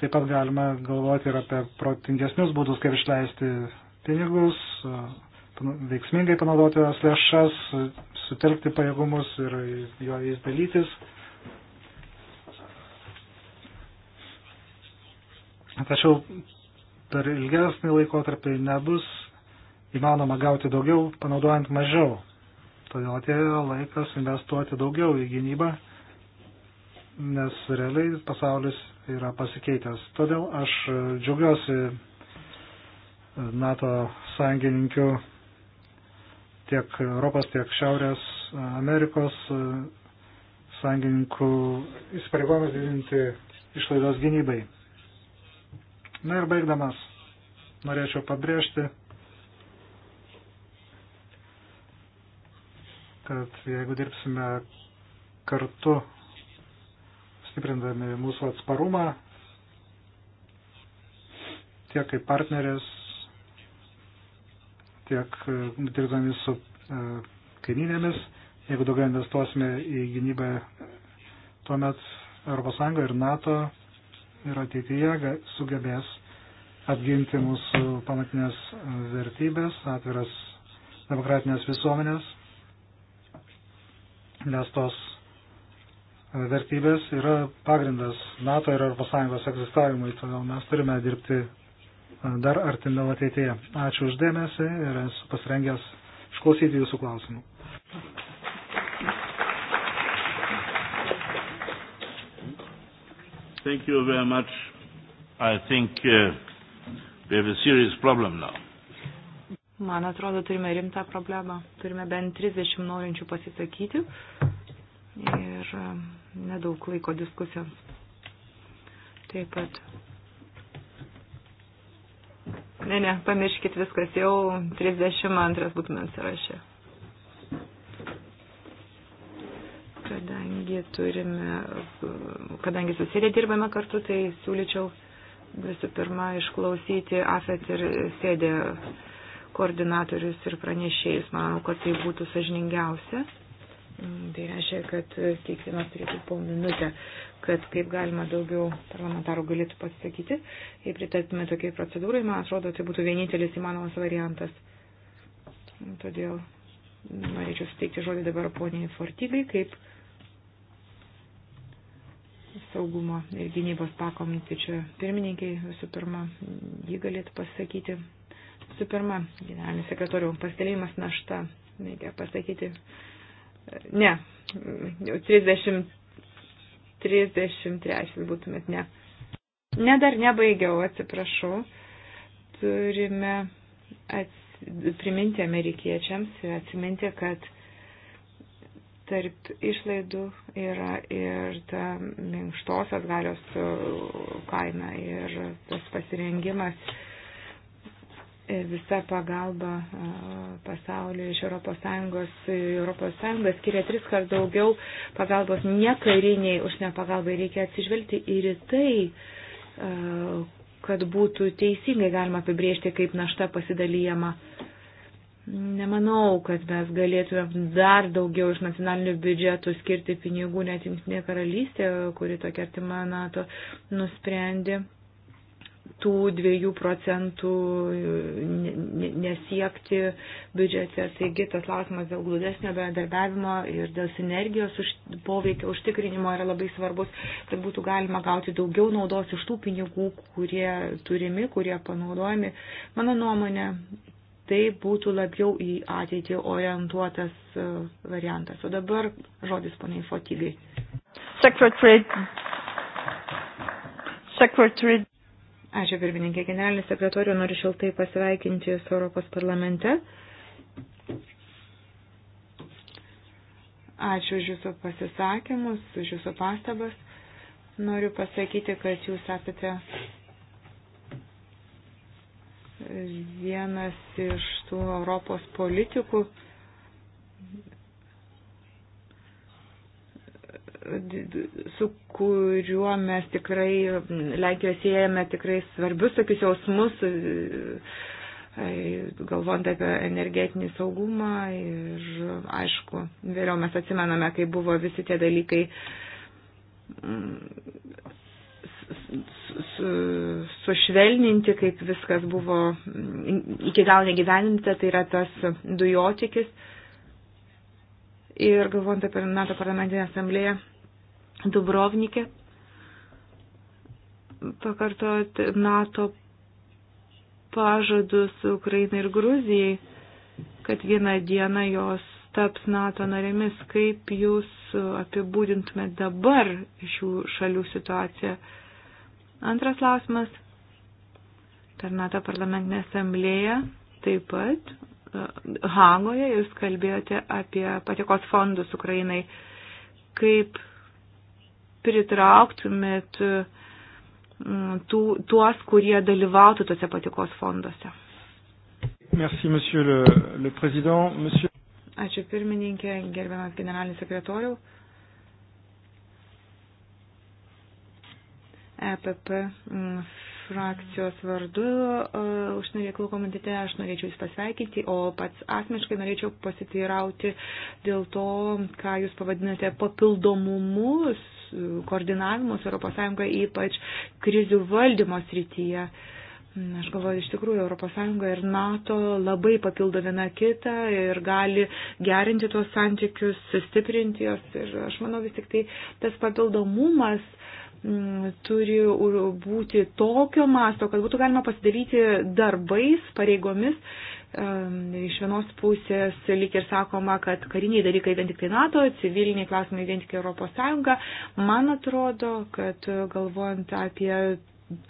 taip pat galima galvoti ir apie protingesnius būdus, kaip išleisti pinigus, veiksmingai panaudoti jos lėšas, sutelkti pajėgumus ir jo jais dalytis. Tačiau per ilgesnį laikotarpį nebus įmanoma gauti daugiau, panaudojant mažiau. Todėl atėjo laikas investuoti daugiau į gynybą, nes realiai pasaulis yra pasikeitęs. Todėl aš džiaugiuosi NATO sąjungininkių tiek Europos, tiek Šiaurės Amerikos e, sąjungininkų įsipareigojimas didinti išlaidos gynybai. Na ir baigdamas, norėčiau pabrėžti, kad jeigu dirbsime kartu, stiprindami mūsų atsparumą, tiek kaip partnerės tiek e, dirbdami su e, kaimynėmis. Jeigu daugiau investuosime į gynybą, tuomet ES ir NATO ir ateityje sugebės apginti mūsų pamatinės vertybės, atviras demokratinės visuomenės, nes tos vertybės yra pagrindas NATO ir ES egzistavimui, todėl mes turime dirbti dar artimiau ateityje. Ačiū uždėmesi ir esu pasirengęs išklausyti jūsų klausimų. Thank you very much. I think uh, we have a serious problem now. Man atrodo, turime rimtą problemą. Turime bent 30 norinčių pasisakyti ir uh, nedaug laiko diskusijoms. Taip pat Ne, ne, pamirškit viskas, jau 32 būtumėm sąraše. Kadangi turime, kadangi susėdė dirbame kartu, tai siūlyčiau visų pirma išklausyti AFET ir sėdė koordinatorius ir pranešėjus. Manau, kad tai būtų sažiningiausia. Tai reiškia, kad kiekvienas turėtų po minutę, kad kaip galima daugiau parlamentarų galėtų pasisakyti. Jei pritartume tokiai procedūrai, man atrodo, tai būtų vienintelis įmanomas variantas. Todėl norėčiau suteikti žodį dabar poniai Fortygai, kaip saugumo ir gynybos pakomitečio pirmininkiai visų pirma, jį galėtų pasakyti. Visų pirma, generalinis sekretorių pasidalėjimas našta, reikia pasakyti. Ne, 30, 33 būtumėt, ne. Ne, dar nebaigiau, atsiprašau. Turime ats, priminti amerikiečiams ir atsiminti, kad tarp išlaidų yra ir ta minkštosios galios kaina ir tas pasirengimas visa pagalba pasauliu iš ES. ES skiria tris kart daugiau pagalbos nekariniai užsienio pagalbai. Reikia atsižvelgti ir į tai, kad būtų teisingai galima apibriežti, kaip našta pasidalyjama. Nemanau, kad mes galėtumėm dar daugiau iš nacionalinių biudžetų skirti pinigų, net Junktinė karalystė, kuri tokia artima NATO, nusprendė tų dviejų procentų nesiekti biudžete. Taigi tas klausimas dėl glūdesnio bendarbiavimo ir dėl sinergijos už, poveikio užtikrinimo yra labai svarbus, kad būtų galima gauti daugiau naudos iš tų pinigų, kurie turimi, kurie panaudojami. Mano nuomonė, tai būtų labiau į ateitį orientuotas e, variantas. O dabar žodis poniai Fotygai. Secretary. Secretary Ačiū pirmininkė. Generalinį sekretorių noriu šiltai pasveikinti su Europos parlamente. Ačiū už Jūsų pasisakymus, už Jūsų pastabas. Noriu pasakyti, kad Jūs esate vienas iš tų Europos politikų, su kuriuo mes tikrai Lenkijos siejame tikrai svarbius tokius jausmus, e, e, galvojant apie energetinį saugumą ir aišku, vėliau mes atsimename, kai buvo visi tie dalykai mm, sušvelninti, kaip viskas buvo mm, iki galo negyveninta, tai yra tas dujotikis. Ir galvojant apie NATO parlamentinę asamblėją, Dubrovnike, pakartoti NATO pažadus Ukrainai ir Gruzijai, kad vieną dieną jos taps NATO narėmis. Kaip jūs apibūdintumėte dabar šių šalių situaciją? Antras klausimas. Per NATO parlamentinę asamblėją taip pat e, Hagoje jūs kalbėjote apie patikos fondus Ukrainai. Kaip pritrauktumėt mm, tų, tuos, kurie dalyvautų tose patikos fonduose. Merci, monsieur le, le président. Monsieur... Ačiū pirmininkė, gerbiamas generalinis sekretoriau. EPP mm, frakcijos vardu e, užsienio reikalų komitete aš norėčiau Jūs pasveikinti, o pats asmeniškai norėčiau pasiteirauti dėl to, ką Jūs pavadinate papildomumu koordinavimus ES, ypač krizių valdymo srityje. Mm, aš galvoju, iš tikrųjų, ES ir NATO labai papildo viena kitą ir gali gerinti tuos santykius, sustiprinti juos. Ir aš manau vis tik tai tas papildomumas mm, turi būti tokio masto, kad būtų galima pasidalyti darbais, pareigomis Iš vienos pusės lyg ir sakoma, kad kariniai dalykai vien tik tai NATO, civiliniai klausimai vien tik Europos Sąjunga. Man atrodo, kad galvojant apie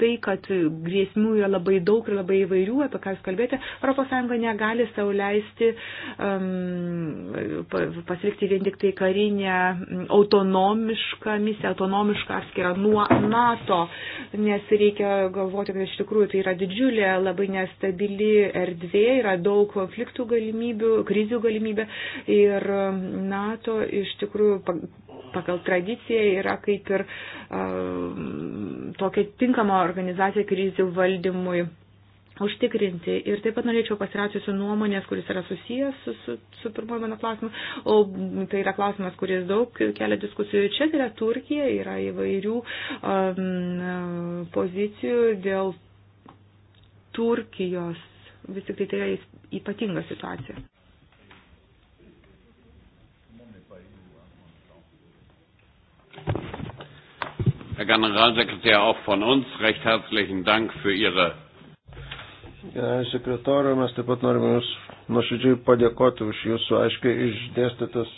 tai, kad grėsmių yra labai daug ir labai įvairių, apie ką jūs kalbėjote, ES negali sauliaisti um, pasilikti vien tik tai karinę mm, autonomišką misiją, autonomišką atskirą nuo NATO, nes reikia galvoti, kad iš tikrųjų tai yra didžiulė, labai nestabili erdvė, yra daug konfliktų galimybių, krizių galimybė ir um, NATO iš tikrųjų pagal tradiciją yra kaip ir um, tokią tinkamą organizaciją krizių valdymui užtikrinti. Ir taip pat norėčiau pasirauti su nuomonės, kuris yra susijęs su, su, su pirmoji mano klausimu. O tai yra klausimas, kuris daug kelia diskusijų. Čia yra Turkija, yra įvairių um, pozicijų dėl Turkijos. Vis tik tai tai yra ypatinga situacija. Herr Generalsekretär, auch von uns recht herzlichen Dank für Ihre. Generalinis sekretoriau, mes taip pat norime Jums nuoširdžiai padėkoti už Jūsų aiškiai išdėstytas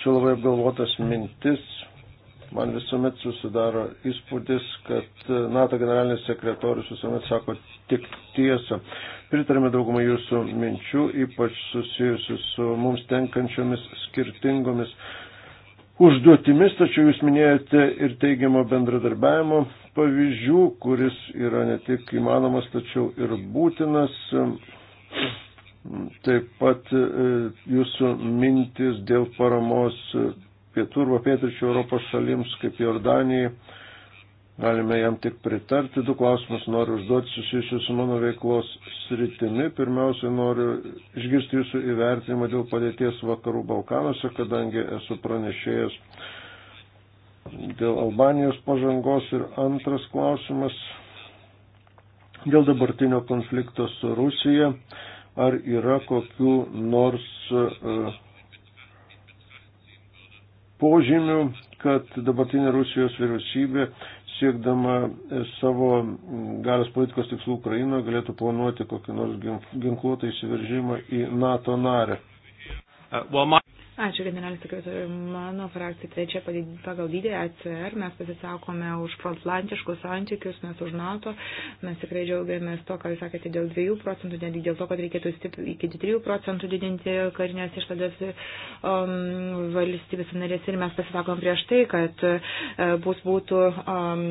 čia labai apgalvotas mintis. Man visuomet susidaro įspūdis, kad e, NATO generalinis sekretorius visuomet sako tik tiesą. Pritarėme daugumą Jūsų minčių, ypač susijusių su mums tenkančiomis skirtingomis užduotimis, tačiau jūs minėjote ir teigiamo bendradarbiavimo pavyzdžių, kuris yra ne tik įmanomas, tačiau ir būtinas. Taip pat e, jūsų mintis dėl paramos pietų arba pietričių Europos šalims kaip Jordanijai Galime jam tik pritarti. Du klausimus noriu užduoti susijusius su mano veiklos sritimi. Pirmiausia, noriu išgirsti jūsų įvertinimą dėl padėties vakarų Balkanuose, kadangi esu pranešėjęs dėl Albanijos pažangos. Ir antras klausimas dėl dabartinio konflikto su Rusija. Ar yra kokių nors uh, požymių, kad dabartinė Rusijos vyriausybė uh, siekdama e, savo galios politikos tikslų Ukrainoje galėtų planuoti kokį nors ginkluotą įsiveržimą į NATO narę. Uh, well, my... Ačiū, generalinis sekretorius. Mano frakcija trečia tai pagal dydį ACR. E mes pasisakome už frontlantiškus santykius, mes už NATO. Mes tikrai džiaugiamės to, ką jūs sakėte dėl 2 procentų, netgi dėl to, kad reikėtų iki 3 procentų didinti karinės išlaidas um, valstybės narės. Ir mes pasisakom prieš tai, kad uh, bus būtų um,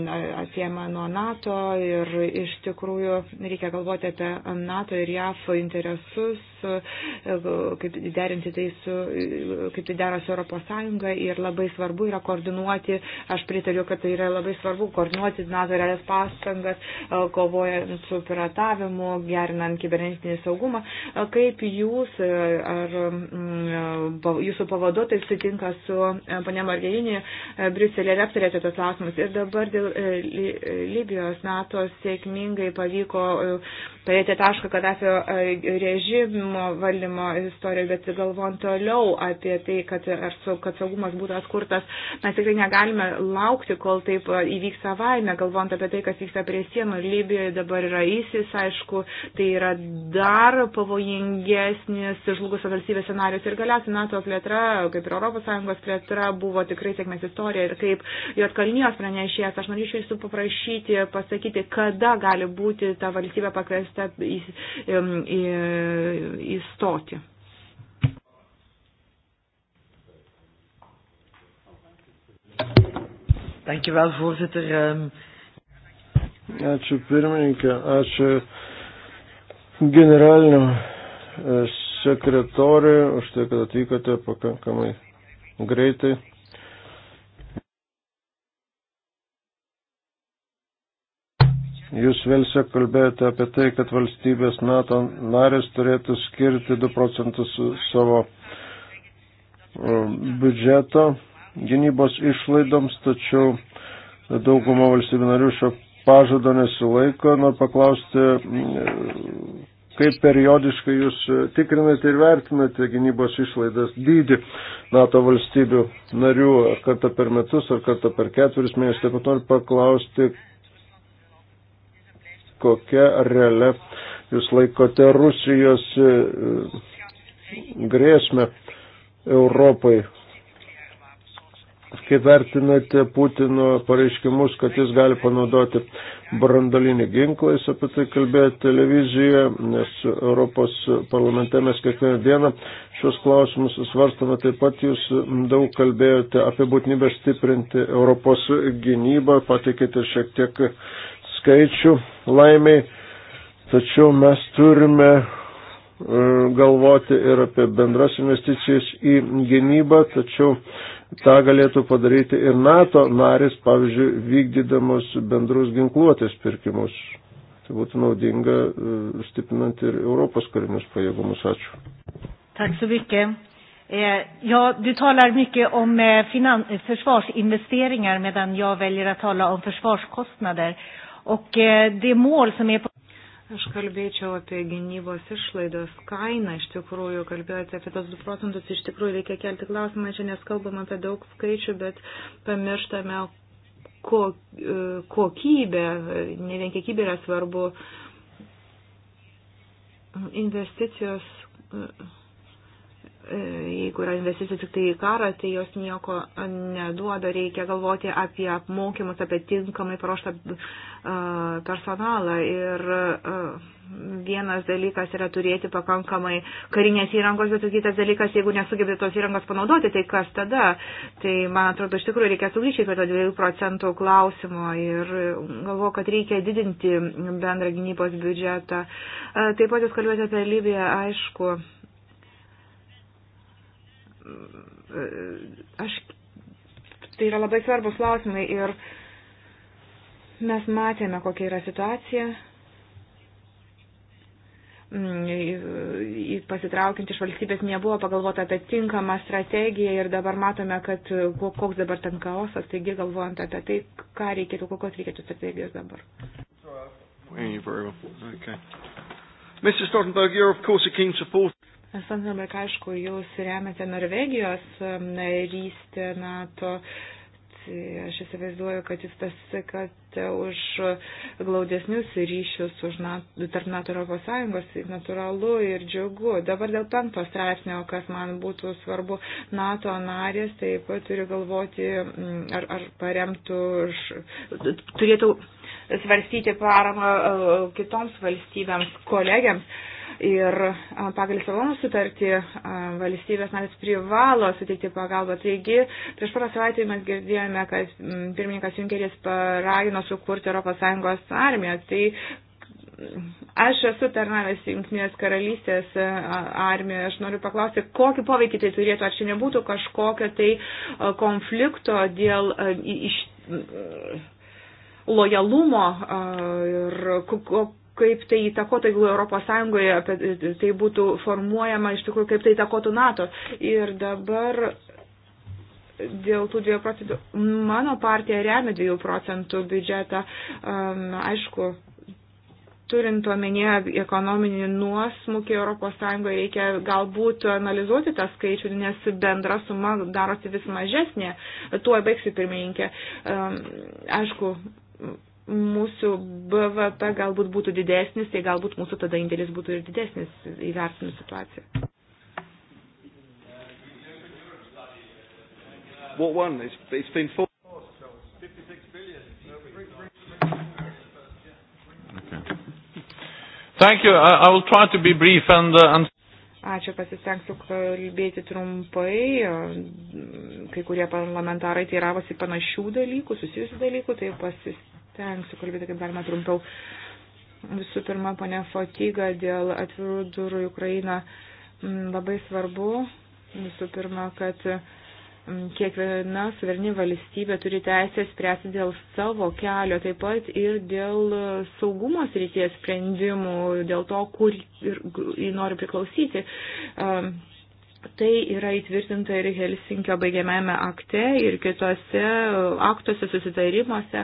atsiema nuo NATO ir iš tikrųjų reikia galvoti apie NATO ir JAF interesus, uh, kaip derinti tai su kaip tai daro su Europos Sąjunga ir labai svarbu yra koordinuoti, aš pritariu, kad tai yra labai svarbu koordinuoti NATO realias pastangas, e, kovojant su piratavimu, gerinant kibernetinį saugumą. E, kaip jūs e, ar jūsų pavaduotojai sutinka su panė Margerinė Briuselė ir aptarėte tos klausimus. Ir dabar dėl Libijos NATO sėkmingai pavyko padėti tašką Kadafio režimo valdymo istorijoje, bet galvojant toliau apie apie tai, kad, kad saugumas būtų atkurtas. Mes tikrai negalime laukti, kol taip e, įvyks savaime, galvojant apie tai, kas vyksta prie sienų. Libijoje dabar yra ISIS, aišku, tai yra dar pavojingesnis žlugusios valstybės scenarius. Ir galiausiai NATO plėtra, kaip ir ES plėtra, buvo tikrai sėkmės istorija. Ir kaip Jotkalnijos pranešėjas, aš norėčiau jūsų paprašyti, pasakyti, kada gali būti ta valstybė pakviesta įstoti. Dankjewel, voorzitter. Ehm, ačiū pirmininkė, ačiū e, generalinio e, sekretoriui už tai, kad atvykote pakankamai greitai. Jūs vėlse kalbėjote apie tai, kad valstybės NATO narės turėtų skirti 2 procentus savo e, biudžeto gynybos išlaidoms, tačiau dauguma valstybių narių šio pažado nesilaiko. Noriu paklausti, mm, kaip periodiškai jūs tikrinate ir vertinate gynybos išlaidas dydį NATO valstybių narių, ar kartą per metus, ar kartą per ketveris mėnesius. Taip pat noriu paklausti, kokia realia jūs laikote Rusijos e, grėsmę Europai kaip vertinate Putino pareiškimus, kad jis gali panaudoti brandolinį ginklą, jis apie tai kalbėjo televizijoje, nes Europos parlamente mes kiekvieną dieną šios klausimus svarstame, taip pat jūs daug kalbėjote apie būtinybę stiprinti Europos gynybą, pateikėte šiek tiek skaičių laimiai, tačiau mes turime e, galvoti ir apie bendras investicijas į gynybą, tačiau tą galėtų padaryti ir NATO narės, pavyzdžiui, vykdydamos bendrus ginkluotės pirkimus. Tai būtų naudinga e, stiprinant ir Europos karinius pajėgumus. Ačiū. Tack så mycket. Eh, ja, du talar mycket om eh, finans, försvarsinvesteringar medan jag väljer att tala om försvarskostnader. Och eh, det mål som är på... Aš kalbėčiau apie gynybos išlaidos kainą, iš tikrųjų, kalbėjote apie tos 2 procentus, iš tikrųjų reikia kelti klausimą, čia neskalbam apie daug skaičių, bet pamirštame e, kokybę, ne vien kiekybė yra svarbu, investicijos e, E, jeigu yra investicijos tik tai į karą, tai jos nieko neduoda, reikia galvoti apie apmokymus, apie tinkamai paruoštą e, personalą. Ir e, vienas dalykas yra turėti pakankamai karinės įrangos, bet kitas dalykas, jeigu nesugebėt tos įrangos panaudoti, tai kas tada? Tai, man atrodo, iš tikrųjų reikia sugrįžti prie to 2 procentų klausimo ir galvoju, kad reikia didinti bendrą gynybos biudžetą. Taip pat jūs kalbėjote apie Libiją, aišku, aš, tai yra labai svarbus klausimai ir mes matėme, kokia yra situacija mm, pasitraukiant iš valstybės nebuvo pagalvota apie tinkamą strategiją ir dabar matome, kad koks dabar ten kaosas, taigi galvojant apie tai, ką reikėtų, kokios reikėtų strategijos dabar. Okay. Mrs. Stoltenberg, you're of course a keen supporter. Mes antrame, aišku, jūs remiate Norvegijos narystę NATO. Tai aš įsivaizduoju, kad jūs pasisakate už glaudesnius ryšius už NATO, tarp NATO Europos Sąjungos, tai natūralu ir džiugu. Dabar dėl penkto straipsnio, kas man būtų svarbu, NATO narės taip pat turi galvoti, ar, ar paremtų, turėtų svarstyti paramą e, kitoms valstybėms, kolegiams Ir pagal Lisabono sutartį valstybės narės privalo suteikti pagalbą. Taigi, prieš porą savaitę mes girdėjome, kad pirmininkas Junkeris paragino sukurti ES armiją. Tai aš esu tarnavęs Junktinės karalystės armijoje, aš noriu paklausti, kokį poveikį tai turėtų, ar čia nebūtų kažkokio tai konflikto dėl iš lojalumo ir kaip tai įtakotų, jeigu Europos Sąjungoje tai būtų formuojama, iš tikrųjų, kaip tai įtakotų NATO. Ir dabar dėl tų 2 procentų, mano partija remia 2 procentų biudžetą, um, aišku, turint omenyje ekonominį nuosmukį ES reikia galbūt analizuoti tą skaičių, nes bendra suma darosi vis mažesnė. Tuo baigsiu pirmininkė. Um, aišku, mūsų BVP galbūt būtų didesnis, tai galbūt mūsų tada indėlis būtų ir didesnis įvertinus situaciją. What one? It's, it's been four. Okay. Thank you. I, I will try to be brief and, uh, and Ačiū, pasistengsiu kalbėti trumpai. Kai kurie parlamentarai teiravosi panašių dalykų, susijusių dalykų, tai pasistengsiu pasistengsiu kalbėti kaip galima trumpiau. Visų pirma, ponė Fotyga dėl atvirų durų į Ukrainą mm, labai svarbu. Visų pirma, kad mm, kiekviena suverni valstybė turi teisę spręsti dėl savo kelio, taip pat ir dėl saugumo srities sprendimų, dėl to, kur ir, ir nori priklausyti. Um, Tai yra įtvirtinta ir Helsinkio baigiamame akte ir kitose e, aktuose susitarimuose.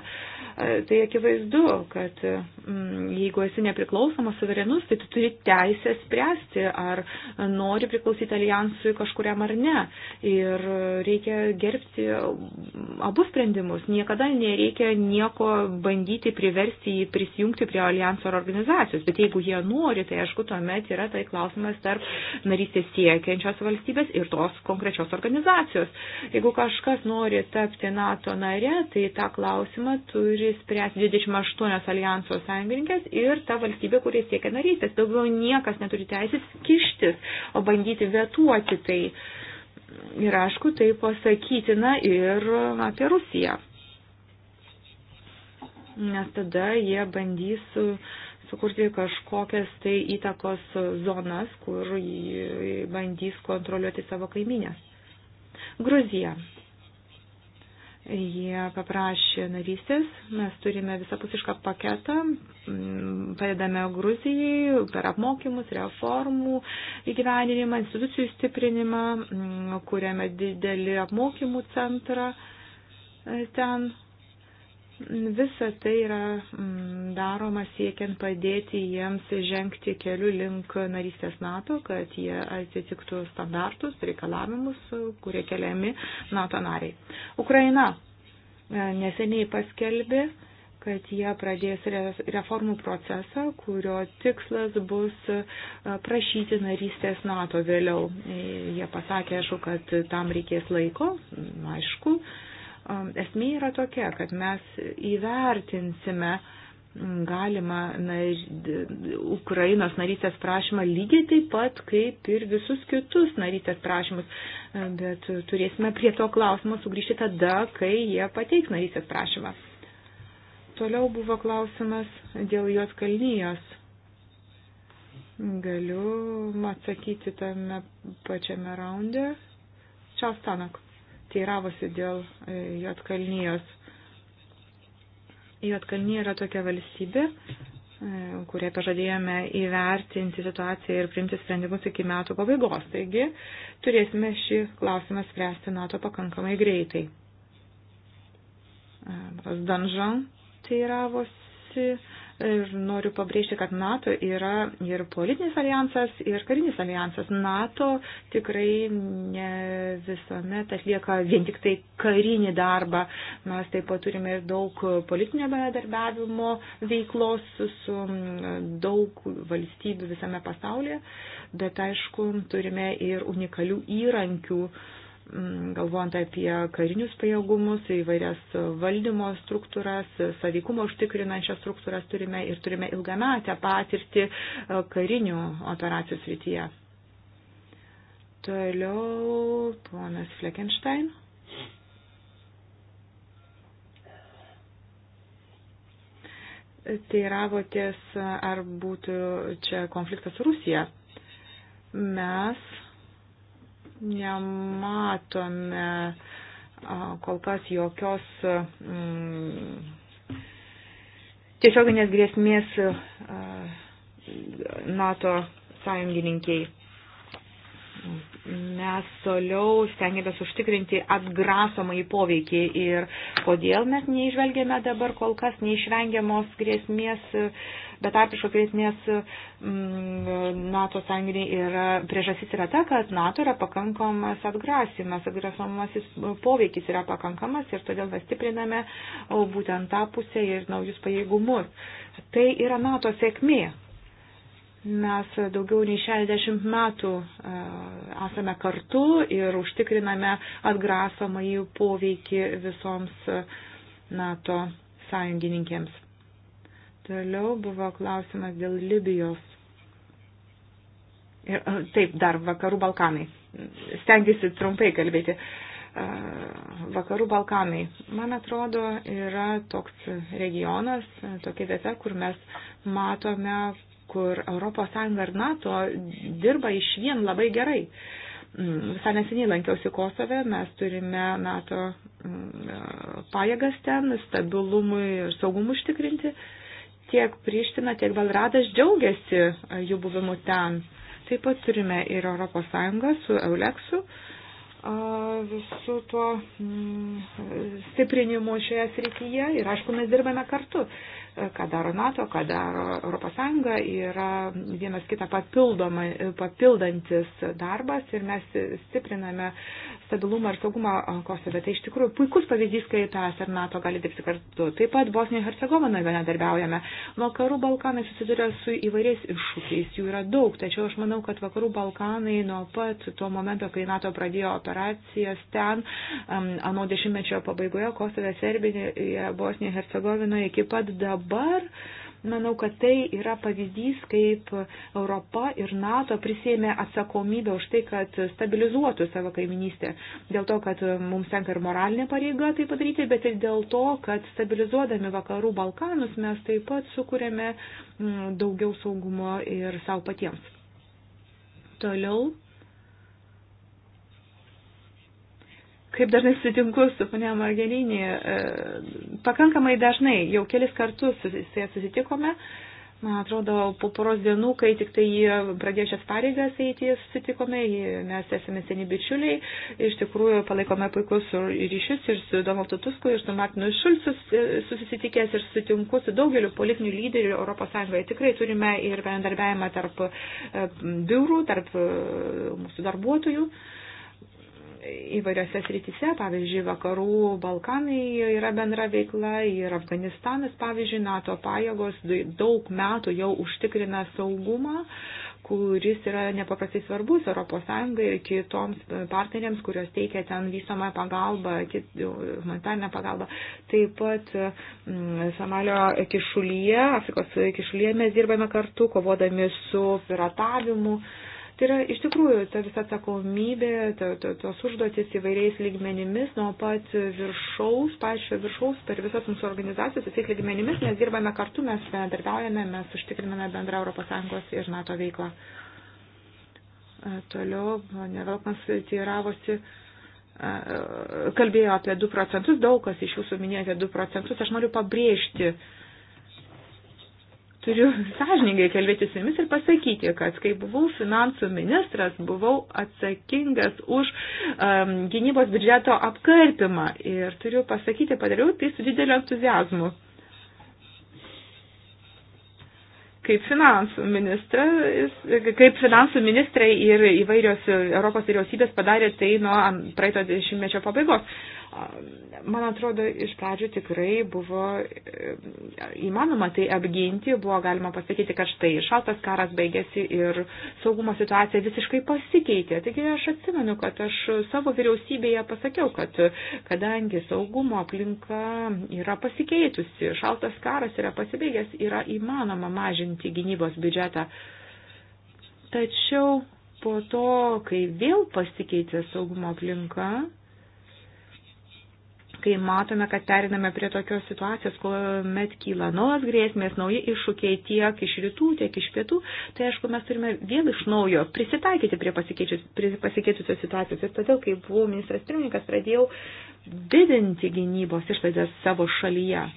E, tai akivaizdu, kad mm, jeigu esi nepriklausomas suverenus, tai tu turi teisę spręsti, ar nori priklausyti alijansui kažkuriam ar ne. Ir reikia gerbti mm, abu sprendimus. Niekada nereikia nieko bandyti priversti jį prisijungti prie alijanso ar organizacijos. Bet jeigu jie nori, tai aišku, tuomet yra tai klausimas tarp narystės siekiančios valstybės valstybės ir tos konkrečios organizacijos. Jeigu kažkas nori tapti NATO nare, tai tą klausimą turi spręsti 28 alijanso sąjungininkės ir ta valstybė, kurie siekia narystės. Daugiau niekas neturi teisės kištis, o bandyti vetuoti tai. Ir aišku, tai pasakytina ir apie Rusiją. Nes tada jie bandys sukurti kažkokias tai įtakos zonas, kur bandys kontroliuoti savo kaiminės. Gruzija. Jie paprašė narystės, mes turime visapusišką paketą, padedame Gruzijai per apmokymus, reformų įgyvendinimą, institucijų stiprinimą, kuriame didelį apmokymų centrą ten Visa tai yra mm, daroma siekiant padėti jiems žengti keliu link narystės NATO, kad jie atitiktų standartus, reikalavimus, kurie keliami NATO nariai. Ukraina e, neseniai paskelbė, kad jie pradės reformų procesą, kurio tikslas bus e, prašyti narystės NATO vėliau. E, jie pasakė, aišku, kad tam reikės laiko, aišku. Esmė yra tokia, kad mes įvertinsime galima na, Ukrainos narystės prašymą lygiai taip pat kaip ir visus kitus narystės prašymus, bet turėsime prie to klausimo sugrįžti tada, kai jie pateiks narystės prašymą. Toliau buvo klausimas dėl jos kalnyjos. Galiu atsakyti tame pačiame raunde. Čiaustanak teiravosi dėl e, Jotkalnyjos. Jotkalnyje yra tokia valstybė, e, kurie pažadėjome įvertinti situaciją ir priimti sprendimus iki metų pabaigos. Taigi turėsime šį klausimą spręsti NATO pakankamai greitai. E, Danžan teiravosi Ir noriu pabrėžti, kad NATO yra ir politinis alijansas, ir karinis alijansas. NATO tikrai ne visuomet atlieka vien tik tai karinį darbą. Mes taip pat turime ir daug politinio bendradarbiavimo veiklos su daug valstybių visame pasaulyje, bet aišku, turime ir unikalių įrankių Mm, galvojant apie karinius pajėgumus, įvairias valdymo struktūras, savykumo užtikrinančias struktūras turime ir turime ilgametę patirtį e, karinių operacijų srityje. Toliau ponas Fleckenstein. Teiravotės, ar būtų čia konfliktas su Rusija. Mes nematome kol kas jokios mm, tiesioginės grėsmės NATO sąjungininkiai mes toliau stengiamės užtikrinti atgrasomą į poveikį ir kodėl mes neižvelgėme dabar kol kas neišvengiamos grėsmės, betarpiško grėsmės mm, NATO sąjungai yra priežasis yra ta, kad NATO yra pakankamas atgrasimas, atgrasomasis poveikis yra pakankamas ir todėl mes stipriname būtent tą pusę ir naujus pajėgumus. Tai yra NATO sėkmė Mes daugiau nei 60 metų e, esame kartu ir užtikriname atgrasomąjį poveikį visoms e, NATO sąjungininkėms. Toliau buvo klausimas dėl Libijos. Ir, e, taip, dar Vakarų Balkanai. Stengiuosi trumpai kalbėti. Vakarų Balkanai, man atrodo, yra toks regionas, tokia vieta, kur mes matome, kur ES ir NATO dirba iš vien labai gerai. Mm, visai neseniai lankiausi Kosove, mes turime NATO mm, pajėgas ten stabilumui ir saugumui užtikrinti. Tiek Priština, tiek Belgradas džiaugiasi e, jų buvimu ten. Taip pat turime ir ES su Euleksu visų tuo mm, stiprinimu šioje srityje ir aišku, mes dirbame kartu ką daro NATO, ką daro ES, yra vienas kitą papildantis darbas ir mes stipriname stabilumą ir saugumą Kosove. Tai iš tikrųjų puikus pavyzdys, kaip ES ir NATO gali dirbti kartu. Taip pat Bosnijoje ir Hercegovinoje bendradarbiaujame. Vakarų Balkanai susiduria su įvairiais iššūkiais, jų yra daug, tačiau aš manau, kad Vakarų Balkanai nuo pat tuo momento, kai NATO pradėjo operacijas ten, um, ano dešimtmečio pabaigoje, Kosove, Serbijoje, Bosnijoje, Hercegovinoje, iki pat dabar dabar Manau, kad tai yra pavyzdys, kaip Europa ir NATO prisėmė atsakomybę už tai, kad stabilizuotų savo kaiminystę. Dėl to, kad mums tenka ir moralinė pareiga tai padaryti, bet ir dėl to, kad stabilizuodami vakarų Balkanus mes taip pat sukūrėme mm, daugiau saugumo ir savo patiems. Toliau kaip dažnai sutinku su ponia Margelinė, e, pakankamai dažnai, jau kelis kartus su ja susitikome. Man atrodo, po poros dienų, kai tik tai jie pradėjo šias pareigas eiti, susitikome, mes esame seni bičiuliai, iš tikrųjų palaikome puikus ryšius ir su Donaldu Tusku, ir su Martinu Šulcu e, susitikęs ir sutinku su daugeliu politinių lyderių ES. Tikrai turime ir bendarbiavimą tarp e, biurų, tarp mūsų darbuotojų. Uh, įvairiose srityse, pavyzdžiui, vakarų Balkanai yra bendra veikla ir Afganistanas, pavyzdžiui, NATO pajėgos daug metų jau užtikrina saugumą, kuris yra nepaprastai svarbus ES ir kitoms partneriams, kurios teikia ten vystamą pagalbą, humanitarinę pagalbą. Taip pat mm, Somalio kišulyje, Afrikos kišulyje mes dirbame kartu, kovodami su piratavimu. Uh, Tai yra iš tikrųjų ta visa atsakomybė, ta, ta, tos užduotis įvairiais lygmenimis, nuo pat viršaus, pačio viršaus per visas mūsų organizacijas, visais lygmenimis, mes dirbame kartu, mes bendradarbiaujame, mes užtikriname bendrą ES ir NATO veiklą. Toliau, nevelkmas teiravosi. Tai kalbėjo apie 2 procentus, daug kas iš jūsų minėjote 2 procentus, aš noriu pabrėžti, turiu sąžiningai kalbėti su jumis ir pasakyti, kad kai buvau finansų ministras, buvau atsakingas už um, gynybos biudžeto apkarpimą ir turiu pasakyti, padariau tai su dideliu entuzijazmu. Kaip finansų, kaip finansų ministrai ir įvairios Europos vyriausybės padarė tai nuo praeito dešimtmečio pabaigos. Uh, Man atrodo, iš pradžių tikrai buvo e, įmanoma tai apginti, buvo galima pasakyti, kad štai šaltas karas baigėsi ir saugumo situacija visiškai pasikeitė. Taigi aš atsimenu, kad aš savo vyriausybėje pasakiau, kad kadangi saugumo aplinka yra pasikeitusi, šaltas karas yra pasibaigęs, yra įmanoma mažinti gynybos biudžetą. Tačiau po to, kai vėl pasikeitė saugumo aplinka, kai matome, kad periname prie tokios situacijos, kuomet kyla nuolat grėsmės, nauji iššūkiai tiek iš rytų, tiek iš pietų, tai aišku, mes turime vėl iš naujo prisitaikyti prie pasikeitusios situacijos. Ir todėl, kai buvau ministras pirmininkas, pradėjau didinti gynybos išlaidas savo šalyje.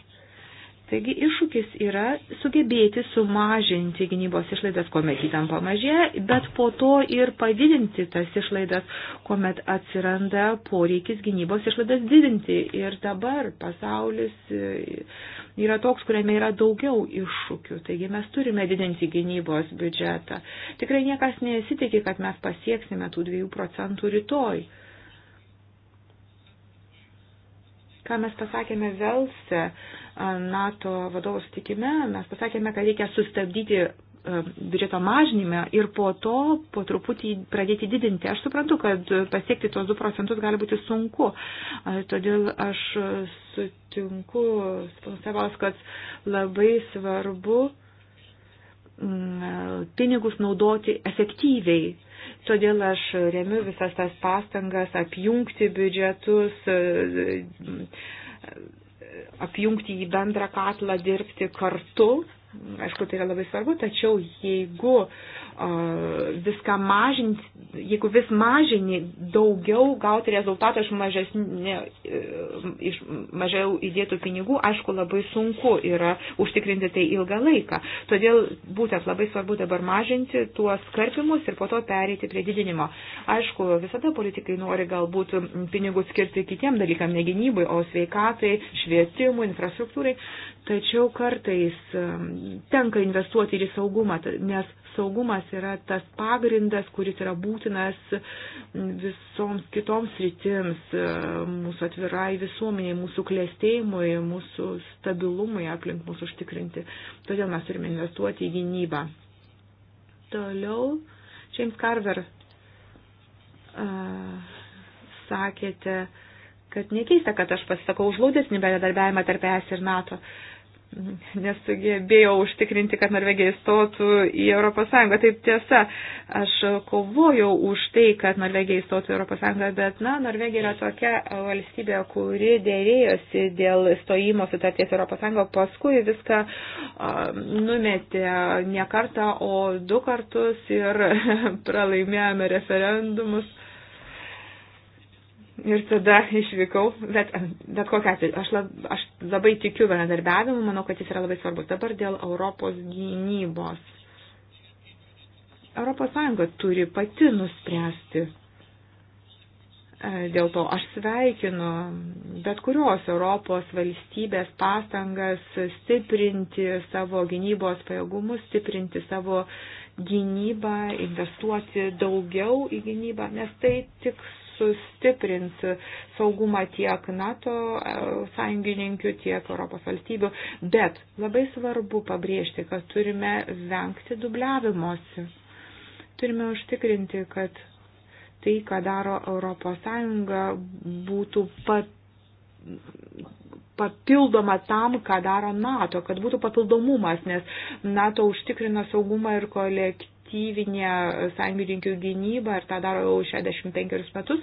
Taigi iššūkis yra sugebėti sumažinti gynybos išlaidas, kuomet įtampa mažėja, bet po to ir padidinti tas išlaidas, kuomet atsiranda poreikis gynybos išlaidas didinti. Ir dabar pasaulis e, yra toks, kuriame yra daugiau iššūkių. Taigi mes turime didinti gynybos biudžetą. Tikrai niekas nesitikė, kad mes pasieksime tų dviejų procentų rytoj. Ką mes pasakėme Velse? NATO vadovų sutikime mes pasakėme, kad reikia sustabdyti e, biudžeto mažinime ir po to po truputį pradėti didinti. Aš suprantu, kad pasiekti tos 2 procentus gali būti sunku, todėl aš sutinku, sponsavos, kad labai svarbu pinigus naudoti efektyviai. Todėl aš remiu visas tas pastangas apjungti biudžetus e, apjungti į bendrą katlą, dirbti kartu, Aišku, tai yra labai svarbu, tačiau jeigu uh, viską mažint, jeigu vis mažini, daugiau gauti rezultatą iš, mažesnė, e, iš mažiau įdėtų pinigų, aišku, labai sunku yra užtikrinti tai ilgą laiką. Todėl būtent labai svarbu dabar mažinti tuos karpimus ir po to pereiti prie didinimo. Aišku, visada politikai nori galbūt pinigus skirti kitiem dalykam, ne gynybai, o sveikatai, švietimui, infrastruktūrai, tačiau kartais tenka investuoti ir į saugumą, nes saugumas yra tas pagrindas, kuris yra būtinas visoms kitoms rytims, mūsų atvirai visuomeniai, mūsų klėstėjimui, mūsų stabilumui aplink mūsų užtikrinti. Todėl mes turime investuoti į gynybą. Toliau, James Carver, uh, sakėte, kad nekeista, kad aš pasisakau už glaudesnį bendradarbiavimą tarp ES ir NATO. Uh, nesugebėjo užtikrinti, kad Norvegija įstotų į ES. Taip tiesa, aš kovojau už tai, kad Norvegija įstotų į ES, bet, na, Norvegija yra tokia valstybė, kuri dėrėjosi dėl stojimo sutarties ES, paskui viską a, numetė ne kartą, o du kartus ir (laughs) pralaimėjome referendumus. Ir tada išvykau, bet, bet kokia atveju, aš, lab, aš labai tikiu bendradarbiavimu, manau, kad jis yra labai svarbus. Dabar dėl Europos gynybos. Europos Sąjunga turi pati nuspręsti e, Dėl to aš sveikinu bet kurios Europos valstybės pastangas stiprinti savo gynybos pajėgumus, stiprinti savo gynybą, investuoti daugiau į gynybą, nes tai tik sustiprins saugumą tiek NATO e, sąjungininkių, tiek Europos valstybių. Bet labai svarbu pabrėžti, kad turime vengti dubliavimuose. Turime užtikrinti, kad tai, ką daro Europos Sąjunga, būtų pat papildoma tam, ką daro NATO, kad būtų papildomumas, nes NATO užtikrina saugumą ir kolektyvą efektyvinę sąjungininkių gynybą ir tą daro jau 65 metus.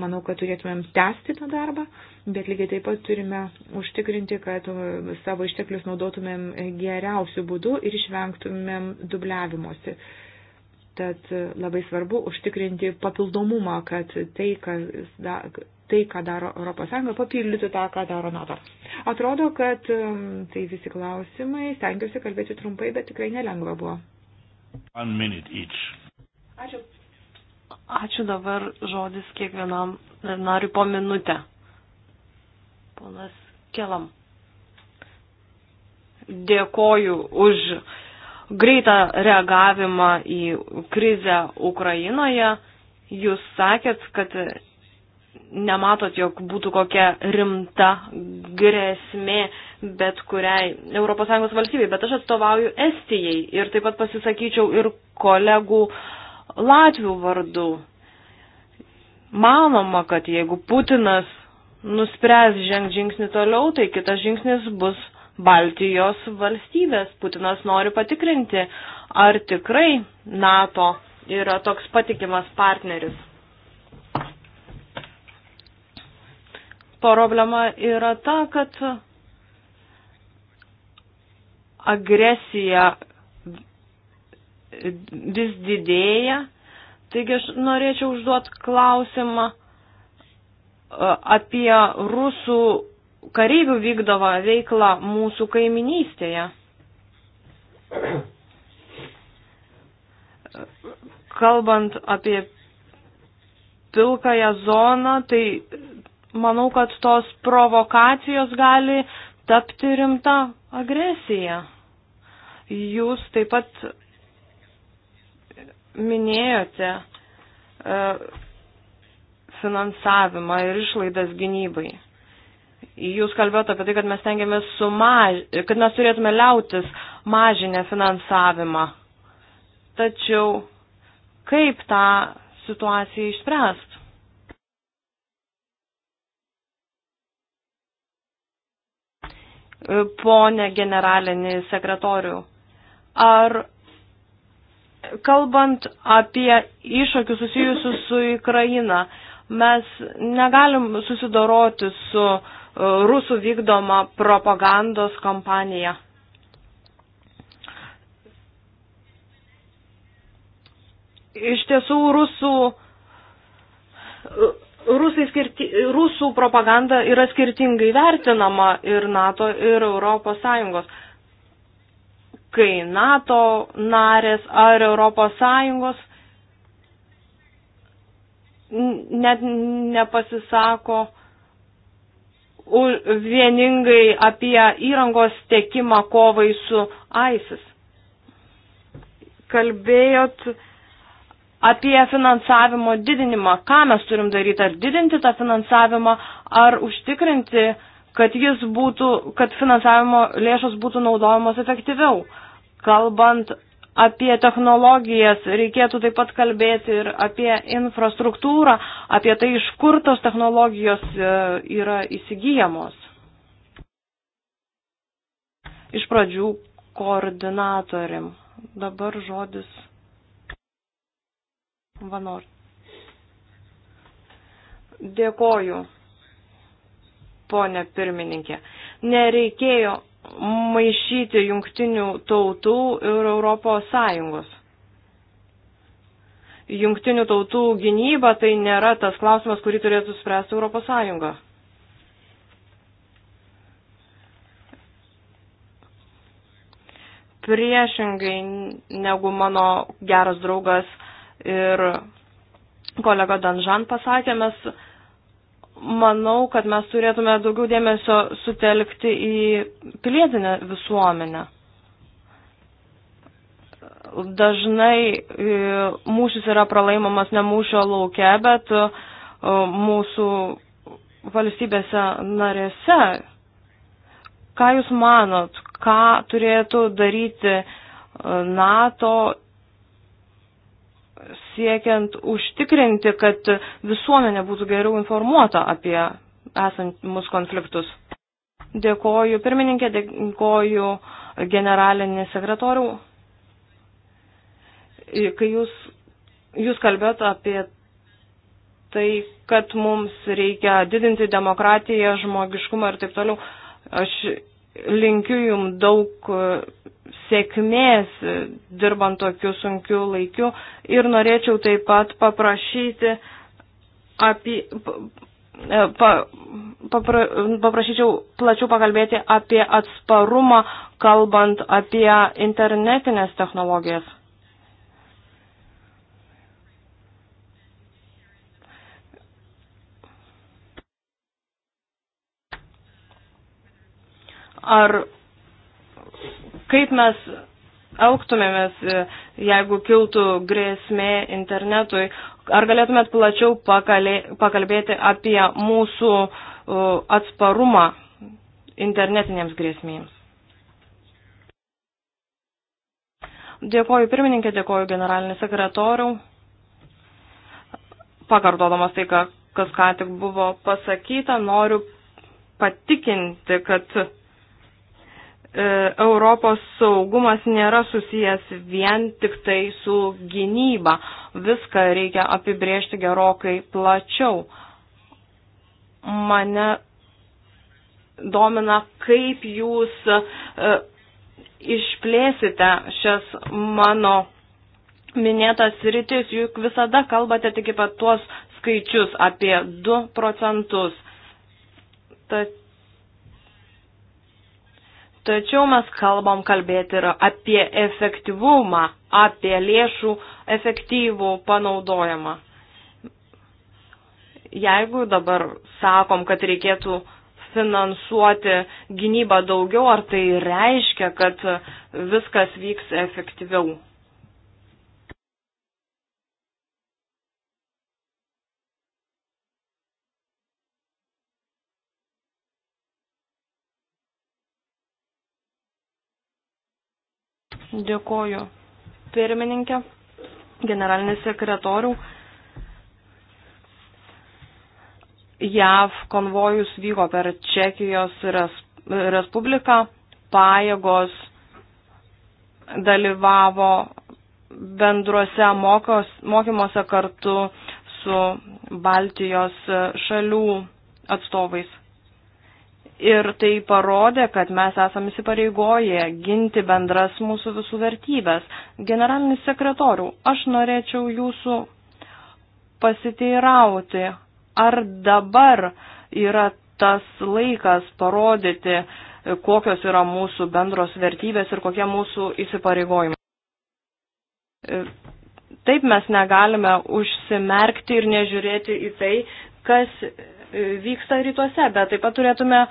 Manau, kad turėtumėm tęsti tą darbą, bet lygiai taip pat turime užtikrinti, kad e, savo išteklius naudotumėm geriausių būdų ir išvengtumėm dubliavimuose. Tad e, labai svarbu užtikrinti papildomumą, kad tai, kas da, tai, ką daro ES, papildytų tą, ką daro NATO. Atrodo, kad e, tai visi klausimai, stengiuosi kalbėti trumpai, bet tikrai nelengva buvo. Ačiū. Ačiū dabar žodis kiekvienam nariu po minutę. Ponas Kelam. Dėkoju už greitą reagavimą į krizę Ukrainoje. Jūs sakėt, kad nematot, jog būtų kokia rimta grėsmė bet kuriai ES valstybei, bet aš atstovauju Estijai ir taip pat pasisakyčiau ir kolegų Latvių vardu. Manoma, kad jeigu Putinas nuspręs žengti žingsnį toliau, tai kitas žingsnis bus Baltijos valstybės. Putinas nori patikrinti, ar tikrai NATO yra toks patikimas partneris. Problema yra ta, kad agresija vis didėja. Taigi aš norėčiau užduoti klausimą e, apie rusų kareivių vykdomą veiklą mūsų kaiminystėje. Kalbant apie pilkąją zoną, tai manau, kad tos provokacijos gali tapti rimta agresija. Jūs taip pat minėjote e, finansavimą ir išlaidas gynybai. Jūs kalbėjote apie tai, kad mes tengiamės sumaž... kad mes turėtume liautis mažinę finansavimą. Tačiau kaip tą situaciją išspręst? E, ponė generalinį sekretorių. Ar kalbant apie iššūkius susijusius su Ukraina, mes negalim susidoroti su e, rusų vykdoma propagandos kampanija. Iš tiesų, rusų Rusai skirti, rusų propaganda yra skirtingai vertinama ir NATO, ir Europos Sąjungos. Kai NATO narės ar Europos Sąjungos net nepasisako vieningai apie įrangos tiekimą kovai su ISIS. Kalbėjot apie finansavimo didinimą. Ką mes turim daryti, ar didinti tą finansavimą, ar užtikrinti, kad, jis būtų, kad finansavimo lėšos būtų naudojamos efektyviau. Kalbant apie technologijas, reikėtų taip pat kalbėti ir apie infrastruktūrą, apie tai, iš kur tos technologijos e, yra įsigyjamos. Iš pradžių koordinatoriam. Dabar žodis Vanor. Dėkoju, ponė pirmininkė. Nereikėjo maišyti jungtinių tautų ir Europos Sąjungos. Jungtinių tautų gynyba tai nėra tas klausimas, kurį turėtų spręsti Europos Sąjunga. Priešingai negu mano geras draugas ir kolega Danžan pasakė, mes manau, kad mes turėtume daugiau dėmesio sutelkti į pilietinę visuomenę. Dažnai e, mūšis yra pralaimamas ne mūšio lauke, bet e, mūsų valstybėse narėse. Ką Jūs manot, ką turėtų daryti e, NATO siekiant užtikrinti, kad visuomenė būtų geriau informuota apie esantimus konfliktus. Dėkoju pirmininkė, dėkoju generalinį sekretorių. Kai jūs, jūs kalbėt apie tai, kad mums reikia didinti demokratiją, žmogiškumą ir taip toliau, aš linkiu jum daug e, sėkmės e, dirbant tokiu sunkiu laikiu ir norėčiau taip pat paprašyti apie. E, pa, papra, paprašyčiau plačiau pakalbėti apie atsparumą, kalbant apie internetinės technologijas. Ar kaip mes elgtumėmės, e, jeigu kiltų grėsmė internetui, ar galėtumėt plačiau pakalė, pakalbėti apie mūsų e, atsparumą internetinėms grėsmėms? Dėkoju pirmininkė, dėkoju generalinį sekretorių. Pakartodamas tai, kas ką tik buvo pasakyta, noriu patikinti, kad E, Europos saugumas nėra susijęs vien tik tai su gynyba. Viską reikia apibriežti gerokai plačiau. Mane domina, kaip jūs e, išplėsite šias mano minėtas rytis, juk visada kalbate tik apie tuos skaičius, apie 2 procentus. Tad Tačiau mes kalbam kalbėti ir apie efektyvumą, apie lėšų efektyvų panaudojimą. Jeigu dabar sakom, kad reikėtų finansuoti gynybą daugiau, ar tai reiškia, kad viskas vyks efektyviau? Dėkoju pirmininkė, generalinis sekretorių. JAV konvojus vyko per Čekijos Respubliką, pajėgos dalyvavo bendruose mokos, mokymuose kartu su Baltijos šalių atstovais. Ir tai parodė, kad mes esame įsipareigoję ginti bendras mūsų visų vertybės. Generalinis sekretorių, aš norėčiau jūsų pasiteirauti, ar dabar yra tas laikas parodyti, kokios yra mūsų bendros vertybės ir kokie mūsų įsipareigojimai. Taip mes negalime užsimerkti ir nežiūrėti į tai, kas vyksta rytuose, bet taip pat turėtume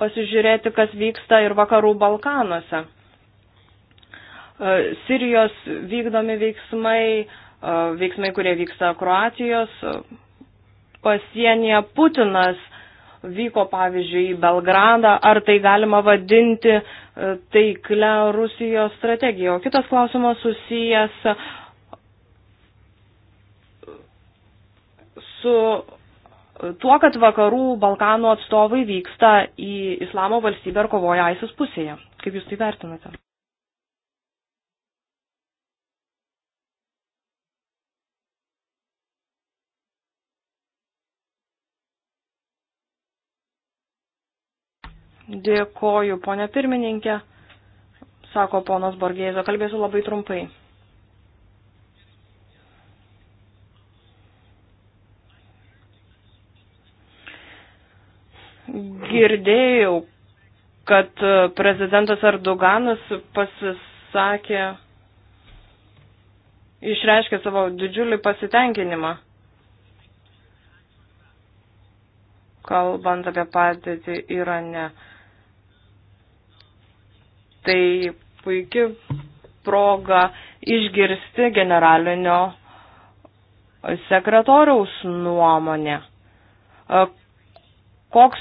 pasižiūrėti, kas vyksta ir vakarų Balkanuose. E, Sirijos vykdomi veiksmai, e, veiksmai, kurie vyksta Kroatijos e, pasienyje, Putinas vyko pavyzdžiui į Belgradą, ar tai galima vadinti taiklia Rusijos strategija. O kitas klausimas susijęs su tuo, kad vakarų Balkanų atstovai vyksta į islamo valstybę ir kovoja ISIS pusėje. Kaip jūs tai vertinate? Dėkoju, ponė pirmininkė, sako ponas Borgėzo, kalbėsiu labai trumpai. Girdėjau, kad e, prezidentas Erdoganas pasisakė, išreiškė savo didžiulį pasitenkinimą, kalbant apie padėtį Irane. Tai puikia proga išgirsti generalinio sekretoriaus nuomonę e, koks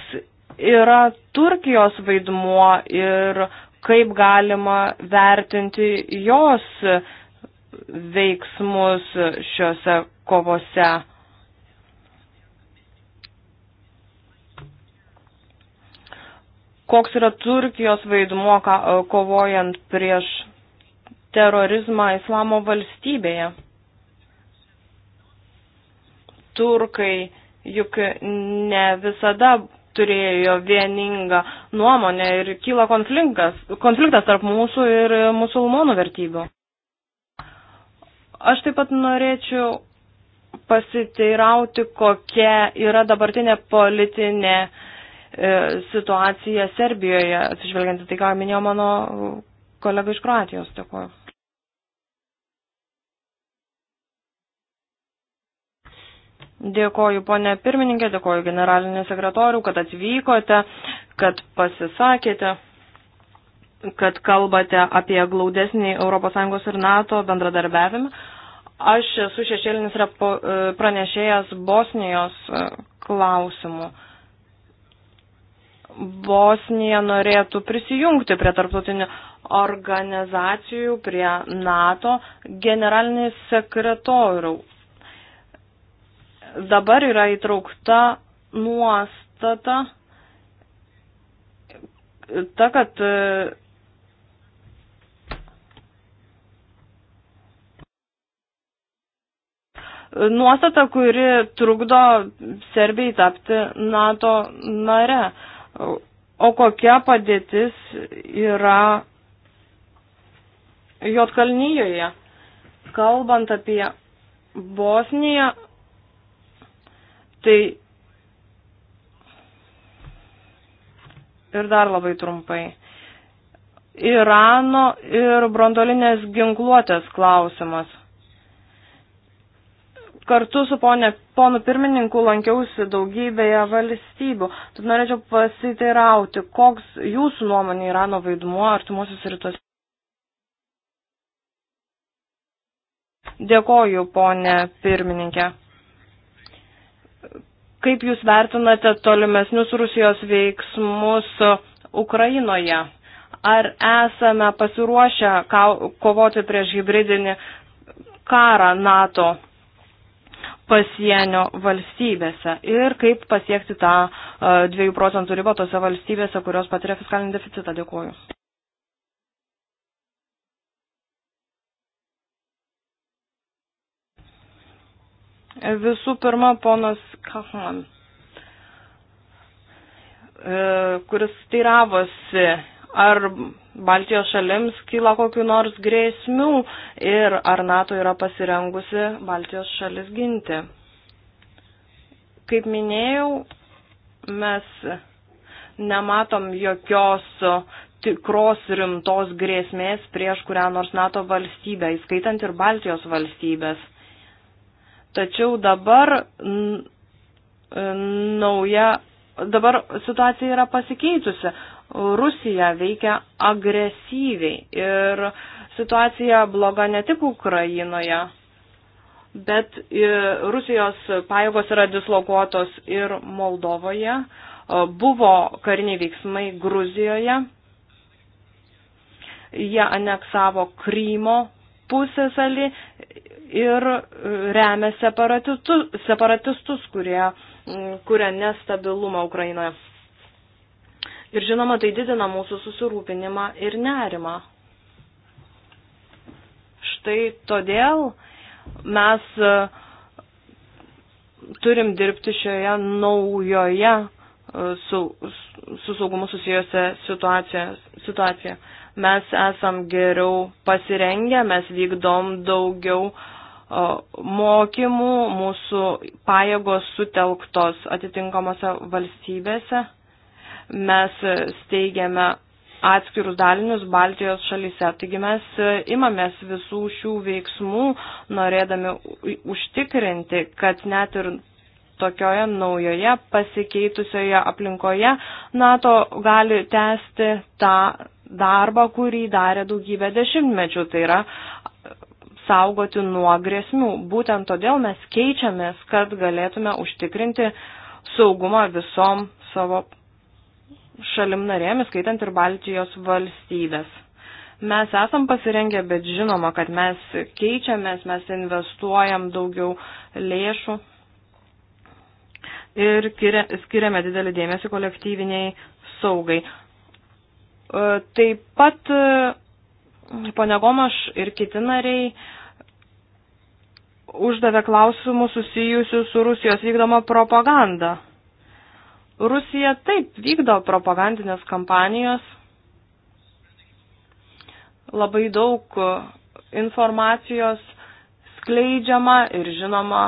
yra Turkijos vaidmuo ir kaip galima vertinti jos veiksmus šiuose kovose. Koks yra Turkijos vaidmuo e, kovojant prieš terorizmą islamo valstybėje? Turkai juk ne visada turėjo vieningą nuomonę ir kyla konfliktas, konfliktas tarp mūsų ir musulmonų vertybių. Aš taip pat norėčiau pasiteirauti, kokia yra dabartinė politinė e, situacija Serbijoje, atsižvelgiant į tai, ką minėjo mano kolega iš Kroatijos. Dėkuoju. Dėkoju, ponė pirmininkė, dėkoju generalinė sekretorių, kad atvykote, kad pasisakėte, kad kalbate apie glaudesnį ES ir NATO bendradarbiavimą. Aš esu šešėlinis e, pranešėjas Bosnijos e, klausimų. Bosnija norėtų prisijungti prie tarptautinių organizacijų, prie NATO generalinį sekretorių dabar yra įtraukta nuostata, ta, kad e, nuostata, kuri trukdo Serbijai tapti NATO nare. O kokia padėtis yra Jotkalnyjoje? Kalbant apie Bosniją, Tai ir dar labai trumpai. Irano ir brandolinės ginkluotės klausimas. Kartu su ponė, ponu pirmininku lankiausi daugybėje valstybių. Tad norėčiau pasiteirauti, koks jūsų nuomonė Irano vaidmuo artimuosius rytuose. Dėkoju, ponė pirmininkė. Kaip Jūs vertinate tolimesnius Rusijos veiksmus Ukrainoje? Ar esame pasiruošę kovoti prieš hybridinį karą NATO pasienio valstybėse ir kaip pasiekti tą 2 e, procentų ribą tose valstybėse, kurios patiria fiskalinį deficitą? Dėkuoju. Visų pirma, ponas Kahan, e, kuris teiravosi, ar Baltijos šalims kyla kokiu nors grėsmių ir ar NATO yra pasirengusi Baltijos šalis ginti. Kaip minėjau, mes nematom jokios tikros rimtos grėsmės prieš kurią nors NATO valstybę, įskaitant ir Baltijos valstybės. Tačiau dabar e, nauja, dabar situacija yra pasikeitusi. Rusija veikia agresyviai ir situacija bloga ne tik Ukrainoje, bet Rusijos pajėgos yra dislokuotos ir Moldovoje, e, buvo kariniai veiksmai Gruzijoje, jie aneksavo Krymo pusėsalį ir e, remia separatistus, separatistus kurie kuria nestabilumą Ukrainoje. Ir žinoma, tai didina mūsų susirūpinimą ir nerimą. Štai todėl mes e, turim dirbti šioje naujoje e, su, su saugumu susijusią situaciją. situaciją mes esam geriau pasirengę, mes vykdom daugiau mokymų, mūsų pajėgos sutelktos atitinkamose valstybėse. Mes steigiame atskirus dalinius Baltijos šalyse. Taigi mes imamės visų šių veiksmų, norėdami užtikrinti, kad net ir tokioje naujoje pasikeitusioje aplinkoje NATO gali tęsti tą darbą, kurį darė daugybę dešimtmečių, tai yra saugoti nuo grėsmių. Būtent todėl mes keičiamės, kad galėtume užtikrinti saugumą visom savo šalim narėmis, skaitant ir Baltijos valstybės. Mes esam pasirengę, bet žinoma, kad mes keičiamės, mes investuojam daugiau lėšų ir skiriame didelį dėmesį kolektyviniai saugai. E, taip pat e, ponia Gomaš ir kiti nariai uždavė klausimų susijusių su Rusijos vykdoma propaganda. Rusija taip vykdo propagandinės kampanijos, labai daug informacijos skleidžiama ir žinoma,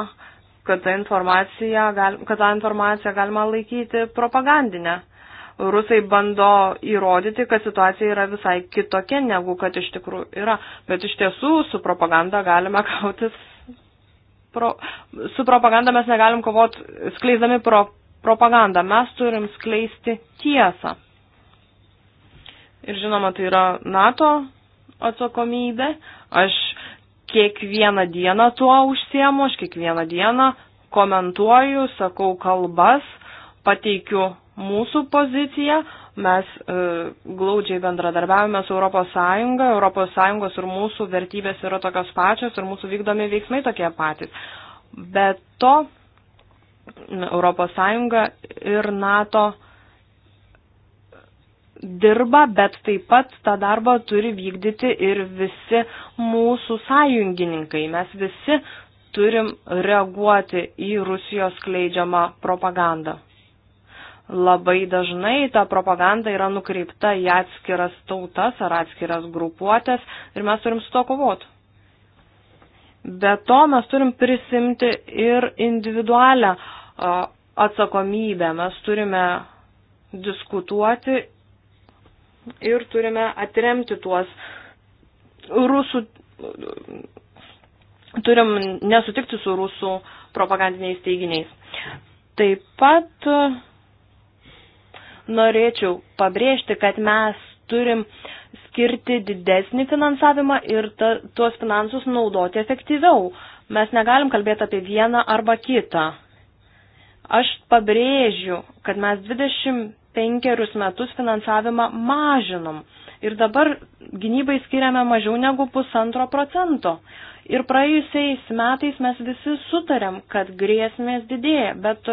kad tą informaciją, gal, kad tą informaciją galima laikyti propagandinę rusai bando įrodyti, kad situacija yra visai kitokia, negu kad iš tikrųjų yra. Bet iš tiesų su propaganda galime (laughs) kautis. Pro, su propaganda mes negalim kovoti skleisdami pro, propagandą. Mes turim skleisti tiesą. Ir žinoma, tai yra NATO atsakomybė. Aš kiekvieną dieną tuo užsiemu, aš kiekvieną dieną komentuoju, sakau kalbas, pateikiu mūsų pozicija. Mes e, glaudžiai bendradarbiavime su ES, ES ir mūsų vertybės yra tokios pačios ir mūsų vykdomi veiksmai tokie patys. Bet to ES ir NATO dirba, bet taip pat tą darbą turi vykdyti ir visi mūsų sąjungininkai. Mes visi turim reaguoti į Rusijos kleidžiamą propagandą labai dažnai ta propaganda yra nukreipta į atskiras tautas ar atskiras grupuotės ir mes turim su to kovoti. Be to mes turim prisimti ir individualią atsakomybę. Mes turime diskutuoti ir turime atremti tuos rusų, turim nesutikti su rusų propagandiniais teiginiais. Taip pat norėčiau pabrėžti, kad mes turim skirti didesnį finansavimą ir ta, tuos finansus naudoti efektyviau. Mes negalim kalbėti apie vieną arba kitą. Aš pabrėžiu, kad mes 25 metus finansavimą mažinom ir dabar gynybai skiriame mažiau negu pusantro procento. Ir praėjusiais metais mes visi sutarėm, kad grėsmės didėja, bet,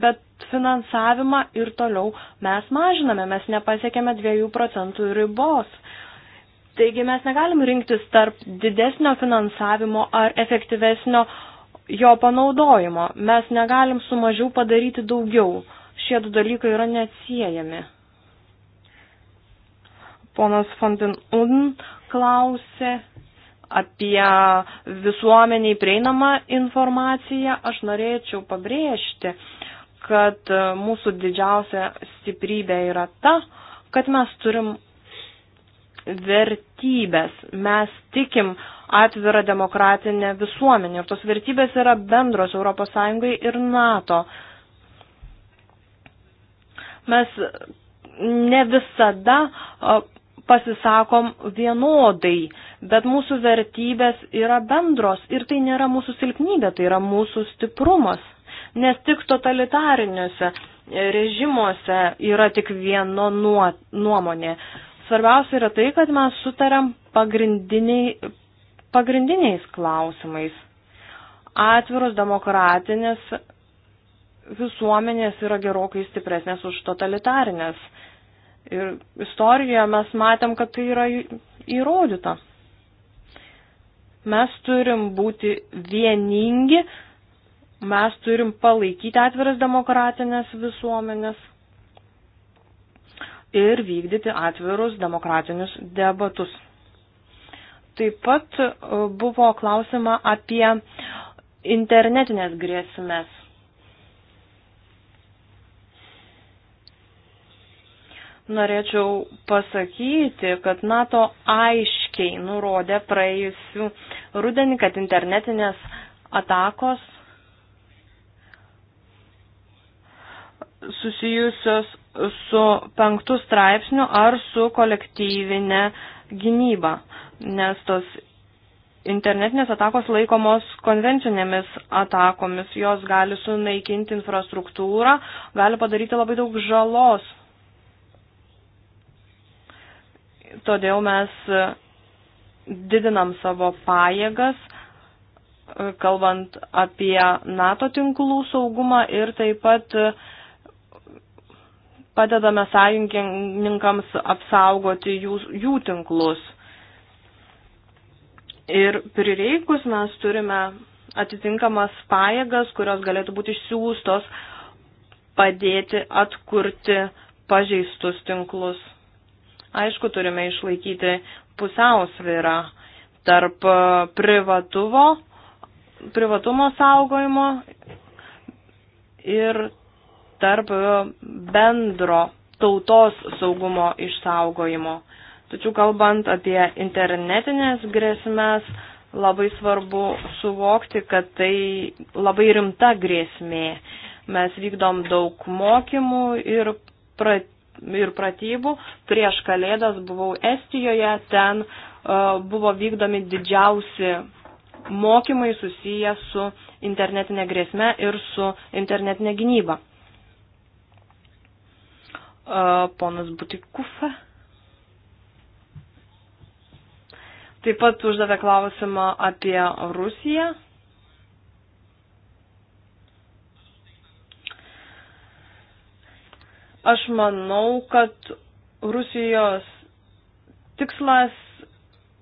bet finansavimą ir toliau mes mažiname, mes nepasiekėme 2 procentų ribos. Taigi mes negalim rinktis tarp didesnio finansavimo ar efektyvesnio jo panaudojimo. Mes negalim su mažiau padaryti daugiau. Šie du dalykai yra neatsiejami. Ponas Fontin Uden klausė apie visuomeniai prieinamą informaciją. Aš norėčiau pabrėžti, kad e, mūsų didžiausia stiprybė yra ta, kad mes turim vertybės. Mes tikim atvirą demokratinę visuomenę ir tos vertybės yra bendros ES ir NATO. Mes ne visada e, pasisakom vienodai, bet mūsų vertybės yra bendros ir tai nėra mūsų silpnybė, tai yra mūsų stiprumas nes tik totalitariniuose režimuose yra tik vieno nuomonė. Svarbiausia yra tai, kad mes sutariam pagrindiniai, pagrindiniais klausimais. Atviros demokratinės visuomenės yra gerokai stipresnės už totalitarinės. Ir istorijoje mes matėm, kad tai yra įrodyta. Mes turim būti vieningi, mes turim palaikyti atviras demokratinės visuomenės ir vykdyti atvirus demokratinius debatus. Taip pat e, buvo klausima apie internetinės grėsmės. Norėčiau pasakyti, kad NATO aiškiai nurodė praėjusių rudenį, kad internetinės atakos susijusios su penktų straipsniu ar su kolektyvinė gynyba, nes tos internetinės atakos laikomos konvencinėmis atakomis, jos gali sunaikinti infrastruktūrą, gali padaryti labai daug žalos. Todėl mes didinam savo pajėgas, kalbant apie NATO tinklų saugumą ir taip pat uh, padedame sąjungininkams apsaugoti jų, jų tinklus. Ir prireikus mes turime atitinkamas pajėgas, kurios galėtų būti išsiųstos padėti atkurti pažeistus tinklus. Aišku, turime išlaikyti pusiausvyrą tarp privatuvo, privatumo saugojimo ir tarp bendro tautos saugumo išsaugojimo. Tačiau kalbant apie internetinės grėsmės, labai svarbu suvokti, kad tai labai rimta grėsmė. Mes vykdom daug mokymų ir, prat, ir pratybų. Prieš kalėdas buvau Estijoje, ten uh, buvo vykdomi didžiausi mokymai susiję su internetinė grėsme ir su internetinė gynyba ponas Butikuf. Taip pat uždavė klausimą apie Rusiją. Aš manau, kad Rusijos tikslas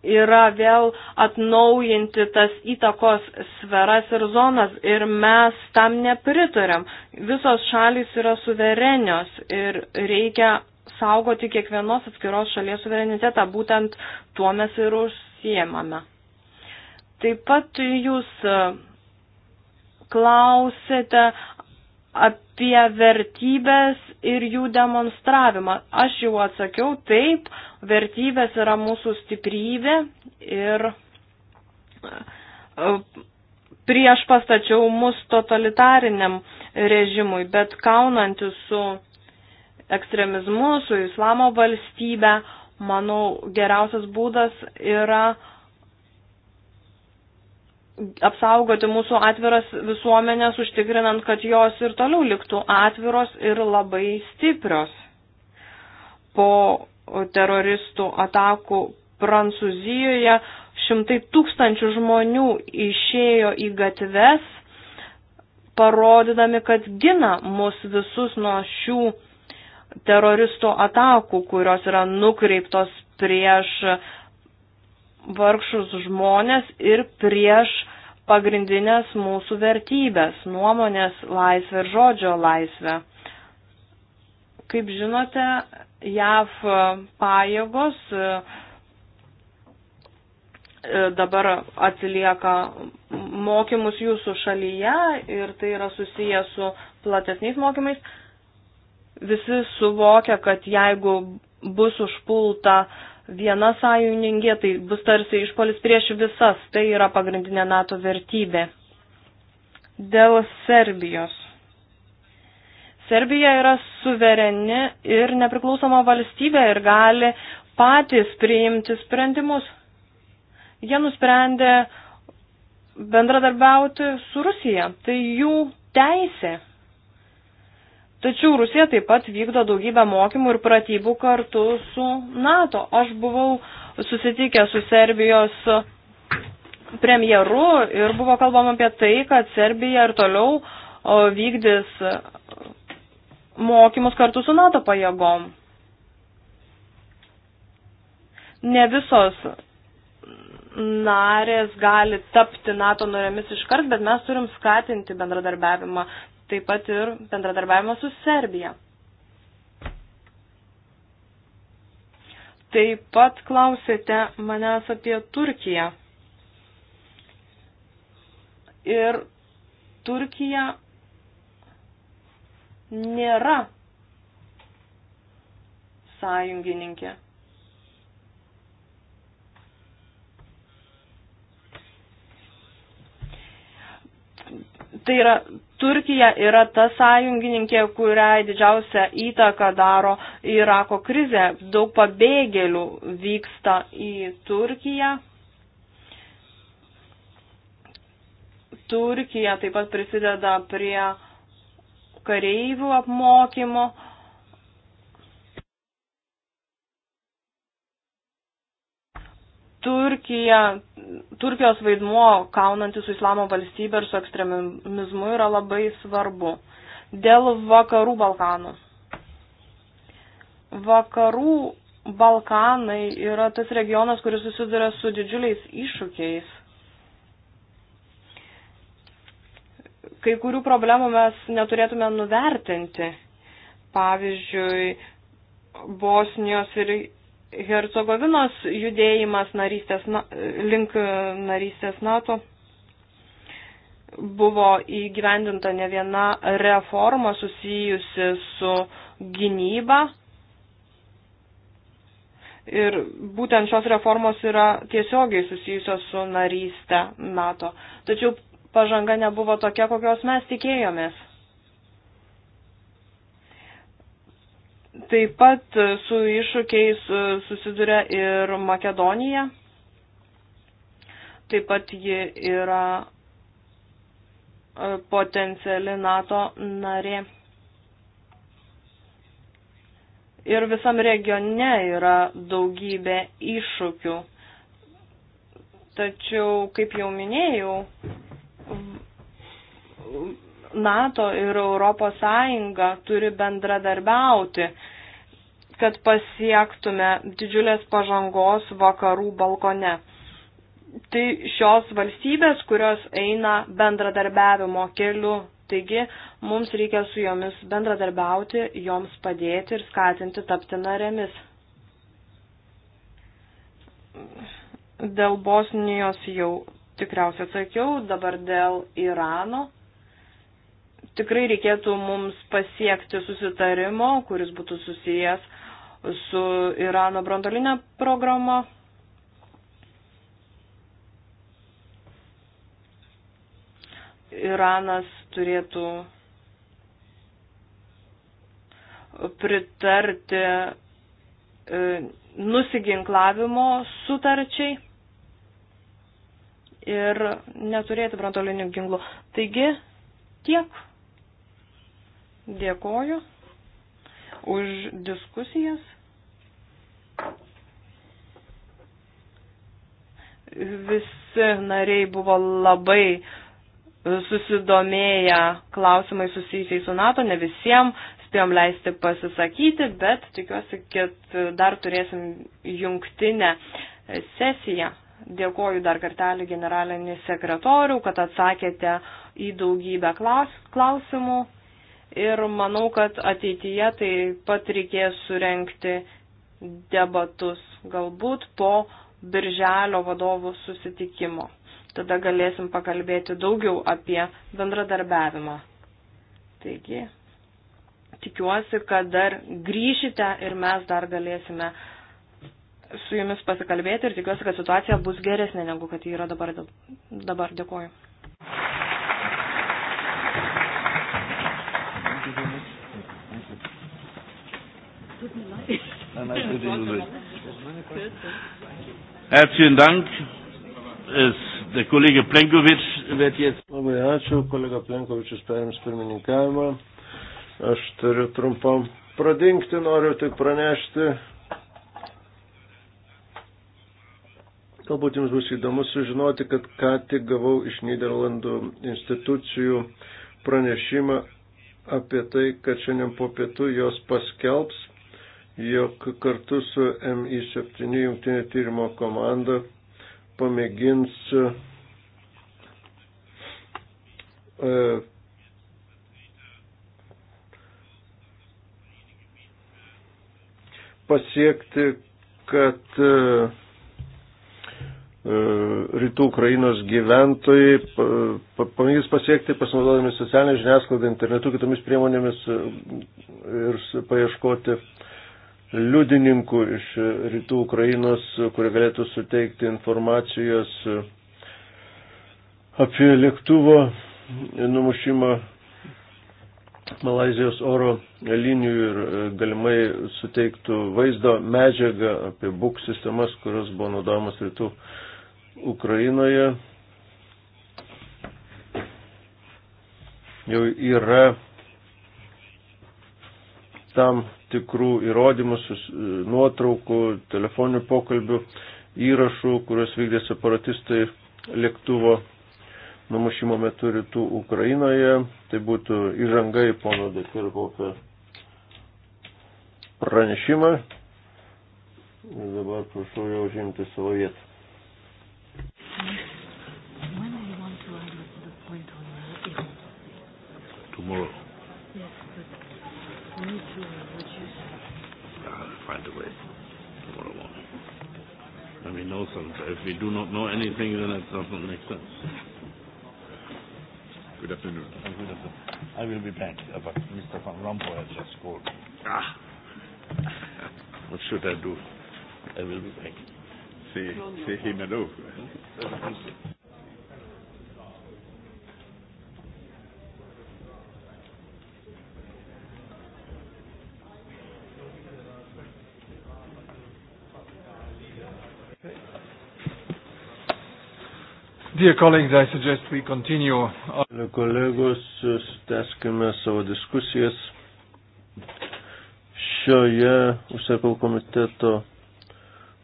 yra vėl atnaujinti tas įtakos sferas ir zonas ir mes tam nepritariam. Visos šalis yra suverenios ir reikia saugoti kiekvienos atskiros šalies suverenitetą, būtent tuo mes ir užsiemame. Taip pat jūs e, klausėte apie apie vertybės ir jų demonstravimą. Aš jau atsakiau, taip, vertybės yra mūsų stiprybė ir e, prieš pastačiau mus totalitariniam režimui, bet kaunantis su ekstremizmu, su islamo valstybe, manau, geriausias būdas yra apsaugoti mūsų atviras visuomenės, užtikrinant, kad jos ir toliau liktų atviros ir labai stiprios. Po teroristų atakų Prancūzijoje šimtai tūkstančių žmonių išėjo į gatves, parodydami, kad gina mus visus nuo šių teroristų atakų, kurios yra nukreiptos prieš vargšus žmonės ir prieš pagrindinės mūsų vertybės - nuomonės laisvę ir žodžio laisvę. Kaip žinote, JAV pajėgos e, dabar atsilieka mokymus jūsų šalyje ir tai yra susiję su platesniais mokymais. Visi suvokia, kad jeigu bus užpulta uh, viena sąjungė, tai bus tarsi išpolis prieš visas. Tai yra pagrindinė NATO vertybė. Dėl Serbijos. Serbija yra suvereni ir nepriklausoma valstybė ir gali patys priimti sprendimus. Jie nusprendė bendradarbiauti su Rusija. Tai jų teisė. Tačiau Rusija taip pat vykdo daugybę mokymų ir pratybų kartu su NATO. Aš buvau susitikę su Serbijos premjeru ir buvo kalbama apie tai, kad Serbija ir toliau vykdys mokymus kartu su NATO pajėgom. Ne visos narės gali tapti NATO norėmis iškart, bet mes turim skatinti bendradarbiavimą taip pat ir bendradarbiavimą su Serbija. Taip pat klausėte manęs apie Turkiją. Ir Turkija nėra sąjungininkė. Tai yra Turkija yra ta sąjungininkė, kuriai didžiausia įtaka daro Irako krizė. Daug pabėgėlių vyksta į Turkiją. Turkija taip pat prisideda prie kareivių apmokymo. Turkija, Turkijos vaidmuo kaunantis su islamo valstybė ir su ekstremizmu yra labai svarbu. Dėl vakarų Balkanų. Vakarų Balkanai yra tas regionas, kuris susiduria su didžiuliais iššūkiais. Kai kurių problemų mes neturėtume nuvertinti. Pavyzdžiui, Bosnijos ir Hercegovinos judėjimas narystės, link narystės NATO buvo įgyvendinta ne viena reforma susijusi su gynyba. Ir būtent šios reformos yra tiesiogiai susijusios su narystė NATO. Tačiau pažanga nebuvo tokia, kokios mes tikėjomės. Taip pat su iššūkiais e, susiduria ir Makedonija. Taip pat ji yra e, potenciali NATO narė. Ir visam regione yra daugybė iššūkių. Tačiau, kaip jau minėjau, NATO ir Europos Sąjunga turi bendradarbiauti kad pasiektume didžiulės pažangos vakarų balkone. Tai šios valstybės, kurios eina bendradarbiavimo keliu, taigi mums reikia su jomis bendradarbiauti, joms padėti ir skatinti tapti narėmis. Dėl Bosnijos jau tikriausiai atsakiau, dabar dėl Irano tikrai reikėtų mums pasiekti susitarimo, kuris būtų susijęs su Irano brandolinė programa. Iranas turėtų pritarti e, nusiginklavimo sutarčiai ir neturėti brandolinių ginklų. Taigi, tiek. Dėkoju už diskusijas. visi nariai buvo labai susidomėję klausimai susijusiai su NATO, ne visiems spėjom leisti pasisakyti, bet tikiuosi, kad dar turėsim jungtinę sesiją. Dėkoju dar kartelį generalinį sekretorių, kad atsakėte į daugybę klausimų ir manau, kad ateityje taip pat reikės surenkti debatus galbūt po birželio vadovų susitikimo. Tada galėsim pakalbėti daugiau apie bendradarbiavimą. Taigi, tikiuosi, kad dar grįšite ir mes dar galėsime su jumis pasikalbėti ir tikiuosi, kad situacija bus geresnė negu kad ji yra dabar. dabar. Dėkuoju. Tut mir leid. Nein, nein, bitte, bitte. Herzlichen Dank. Es, der Kollege Plenkovic wird jetzt. Labai ačiū, kolega Plenkovičius perims pirmininkavimą. Aš turiu trumpam pradingti, noriu tik pranešti. Galbūt jums bus įdomu sužinoti, kad ką tik gavau iš Niderlandų institucijų pranešimą apie tai, kad šiandien po pietų jos paskelbs jog kartu su MI7 jungtinė tyrimo komanda pamėgins e, pasiekti, kad e, e, rytų Ukrainos gyventojai pamėgins pasiekti pasinaudodami socialinę žiniasklaidą, internetu, kitomis priemonėmis ir paieškoti liudininkų iš rytų Ukrainos, kurie galėtų suteikti informacijos apie lėktuvo numušimą Malazijos oro linijų ir galimai suteiktų vaizdo medžiagą apie buk sistemas, kurios buvo naudojamas rytų Ukrainoje. Jau yra tam tikrų įrodymų, nuotraukų, telefoninių pokalbių, įrašų, kuriuos vykdė separatistai lėktuvo numušimo metu rytų Ukrainoje. Tai būtų įžangai pono Dekirkaupio pranešimą. Ir dabar prašau jau žimti savo vietą. we know something. If we do not know anything, then it doesn't make sense. Good afternoon. Oh, good afternoon. I will be back, uh, but Mr. Van Rompuy has just called. Ah. What should I do? I will be back. Say, say him hello. Dear colleagues, I suggest we continue. Kolegos, tęskime savo diskusijas. Šioje užsiekau komiteto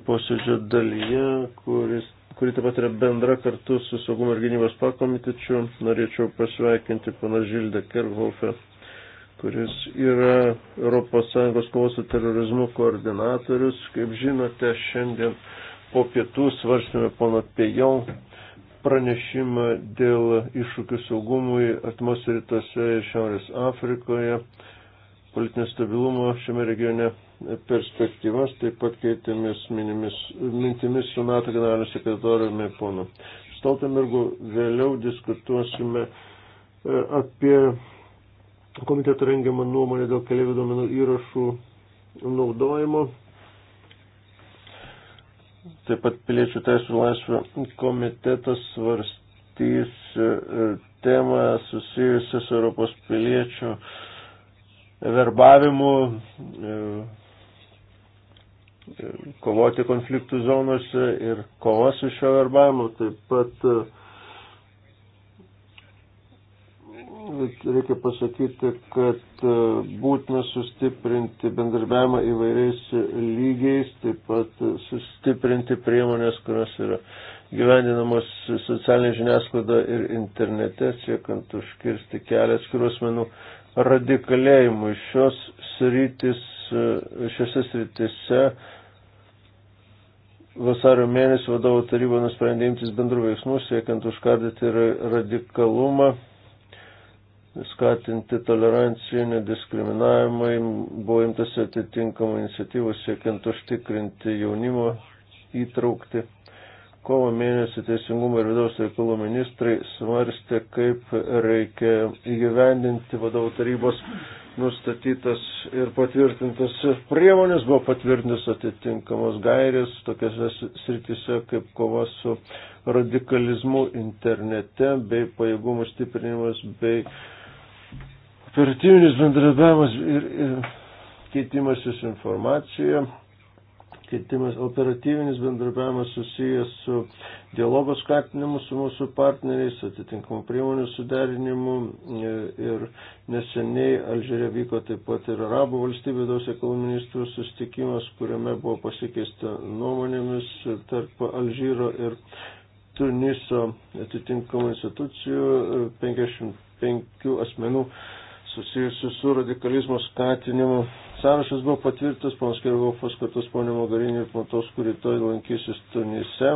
posėdžio dalyje, kuris, kuri taip pat yra bendra kartu su saugumo ir gynybos pakomitečiu, norėčiau pasveikinti pana Žildę Kerhofe, kuris yra ES kovos su terorizmu koordinatorius. Kaip žinote, šiandien po pietų svarstėme pono Pejon pranešimą dėl iššūkių saugumui artimos rytuose ir Šiaurės Afrikoje, politinio stabilumo šiame regione perspektyvas, taip pat keitėmės minimis, mintimis su NATO generaliniu sekretoriumi ponu Stoltenbergu. Vėliau diskutuosime e, apie komiteto rengiamą nuomonę dėl keliaivių duomenų įrašų naudojimo Taip pat piliečių teisų laisvių komitetas svarstys e, temą susijusią su Europos piliečių verbavimu, e, e, kovoti konfliktų zonose ir kova su šio verbavimu. Taip pat reikia pasakyti, kad e, būtina sustiprinti bendarbiavimą įvairiais lygiais, taip pat sustiprinti priemonės, kurios yra gyvendinamos socialinė žiniasklaida ir internete, siekant užkirsti kelią atskirų asmenų radikalėjimui. Šios sritis, e, šiose sritise vasario mėnesį vadovų taryba nusprendė imtis bendrų veiksmų, siekiant užkardyti radikalumą skatinti toleranciją, nediskriminavimai, buvo imtas atitinkamų iniciatyvų siekiant užtikrinti jaunimo įtraukti. Kovo mėnesį Teisingumo ir vidaus reikalų ministrai svarstė, kaip reikia įgyvendinti vadovų tarybos nustatytas ir patvirtintas priemonės, buvo patvirtintas atitinkamos gairės tokiose sritise kaip kova su radikalizmu internete bei pajėgumų stiprinimas bei uh, Operatyvinis bendradarbiavimas ir, ir keitimasis informacija, keitimas operatyvinis bendradarbiavimas susijęs su dialogo skatinimu su mūsų partneriais, atitinkamų priemonių suderinimu ir neseniai Alžyrė vyko taip pat ir Arabų valstybių daus reikalų ministrų sustikimas, kuriame buvo pasikeista nuomonėmis tarp Alžyro ir Tuniso atitinkamų institucijų 55 asmenų susijusių su radikalizmo skatinimu. Sąrašas buvo patvirtas, ponas Kirgovas kartu su ponė Mogarinė ir Matos, kur rytoj lankysis Tunise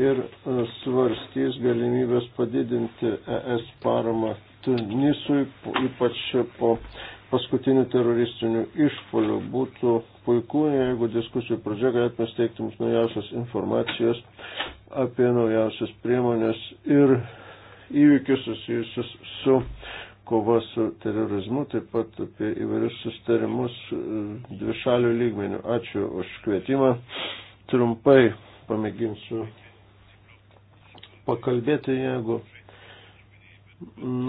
ir e, svarstys galimybės padidinti ES paramą Tunisui, ypač po paskutinių teroristinių išpolių. Būtų puiku, jeigu diskusijų pradžia galėtume steigti mums naujausios informacijos apie naujausias priemonės ir įvykius susijusius su kova su terorizmu, taip pat apie įvairius sustarimus e, dvišalių lygmenių. Ačiū už kvietimą. Trumpai pamėginsiu pakalbėti, jeigu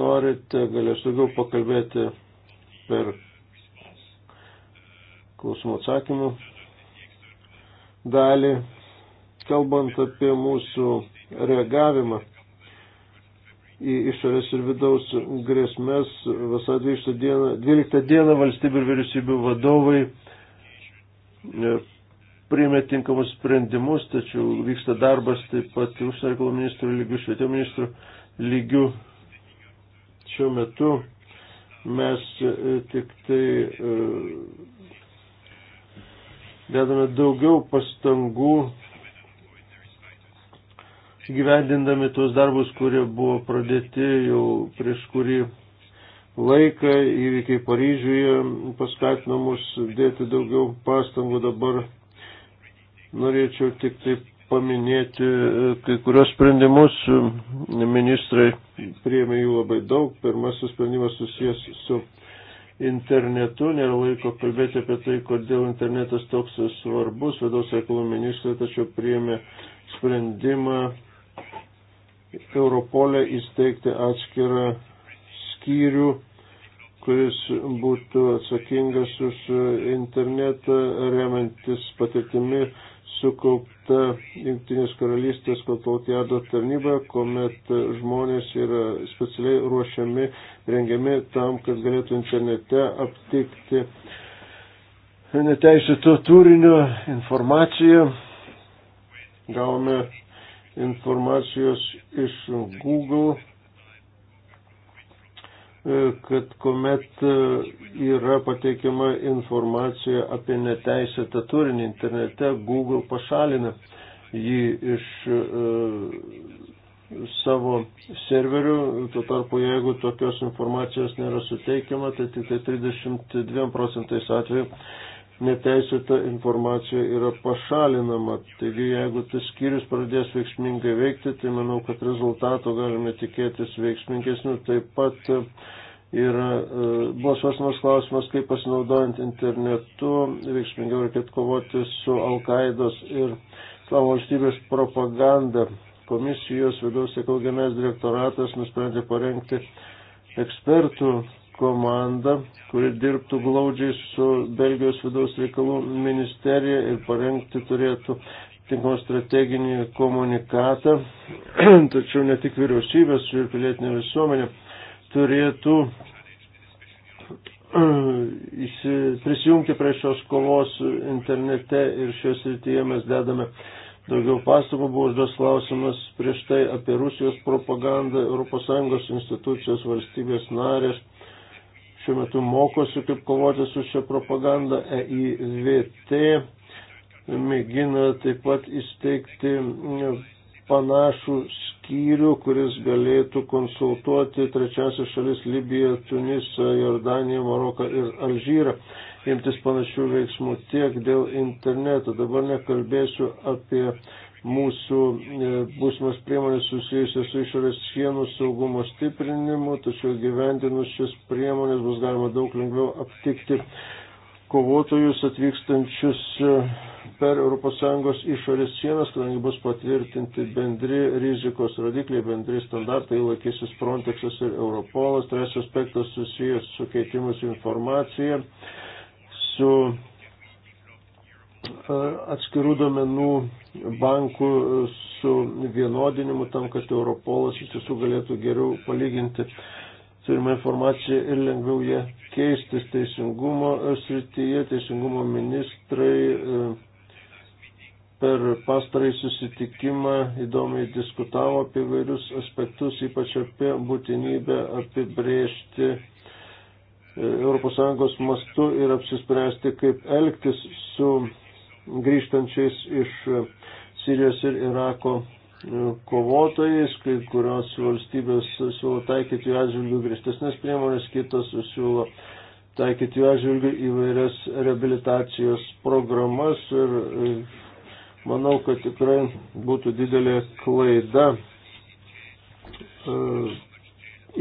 norite, galėsiu daugiau pakalbėti per klausimų atsakymų dalį, kalbant apie mūsų reagavimą į išorės ir vidaus grėsmės. Vasarą 12 dieną, 12 dieną valstybių ir vyriausybių vadovai e, priėmė tinkamus sprendimus, tačiau vyksta darbas taip pat užsienio reikalų ministrų lygių, švietimo ministrų lygių. Šiuo metu mes e, tik tai e, dedame daugiau pastangų gyvendindami tuos darbus, kurie buvo pradėti jau prieš kurį laiką, įvykiai Paryžiuje paskatino mus dėti daugiau pastangų dabar. Norėčiau tik taip paminėti e, kai kurios sprendimus. Ministrai prieėmė jų labai daug. Pirmasis sprendimas susijęs su internetu. Nėra laiko kalbėti apie tai, kodėl internetas toks svarbus. Vidaus reikalų ministrai tačiau prieėmė sprendimą Europolė įsteigti atskirą skyrių, kuris būtų atsakingas už internetą, remiantis patirtimi sukaupta Junktinės karalystės konsultiado tarnyboje, kuomet žmonės yra specialiai ruošiami, rengiami tam, kad galėtų internete aptikti neteisėto turinio informaciją. Gavome informacijos iš Google, e, kad kuomet e, yra pateikiama informacija apie neteisėtą turinį internete, Google pašalina jį iš e, savo serverių, tuo tarpu jeigu tokios informacijos nėra suteikiama, tai tik tai 32 procentais atveju neteisėta informacija yra pašalinama. Taigi, jeigu tas skyrius pradės veiksmingai veikti, tai manau, kad rezultato galime tikėtis veiksmingesnių. Taip pat e, yra, e, buvo svarstamas klausimas, kaip pasinaudojant internetu veiksmingiau reikėtų kovoti su Al-Qaidos ir Islamo valstybės propaganda. Komisijos vidaus reikalų genės direktoratas nusprendė parengti ekspertų komanda, kuri dirbtų glaudžiai su Belgijos vidaus reikalų ministerija ir parengti turėtų tinkamą strateginį komunikatą, (clears throat) tačiau ne tik vyriausybės ir pilietinė visuomenė turėtų (clears throat) prisijungti prie šios kovos internete ir šios rytyje mes dedame daugiau pastabų, buvo užduos klausimas prieš tai apie Rusijos propagandą, ES institucijos valstybės narės šiuo metu mokosi, kaip kovoti su šia propaganda. EIVT mėgina taip pat įsteigti panašų skyrių, kuris galėtų konsultuoti trečiasias šalis Libiją, Tunisą, Jordaniją, Maroką ir Alžyrą imtis panašių veiksmų tiek dėl interneto. Dabar nekalbėsiu apie mūsų e, būsimas priemonės susijusios su išorės sienų saugumo stiprinimu, tačiau gyvendinus šias priemonės bus galima daug lengviau aptikti kovotojus atvykstančius e, per ES išorės sienas, kadangi bus patvirtinti bendri rizikos rodikliai, bendri standartai, laikysis Frontexas ir Europolas. Trečias aspektas susijęs su keitimus informacija, su atskirų domenų bankų su vienodinimu tam, kad Europolas iš tiesų galėtų geriau palyginti turimą informaciją ir lengviau ją keistis teisingumo srityje. Teisingumo ministrai per pastarąjį susitikimą įdomiai diskutavo apie vairius aspektus, ypač apie būtinybę apibrėžti ES mastu ir apsispręsti, kaip elgtis su grįžtančiais iš Sirijos ir Irako e, kovotojais, kai kurios valstybės siūlo taikyti jų atžvilgių grįstesnės priemonės, kitos siūlo taikyti jų atžvilgių įvairias rehabilitacijos programas ir e, manau, kad tikrai būtų didelė klaida e,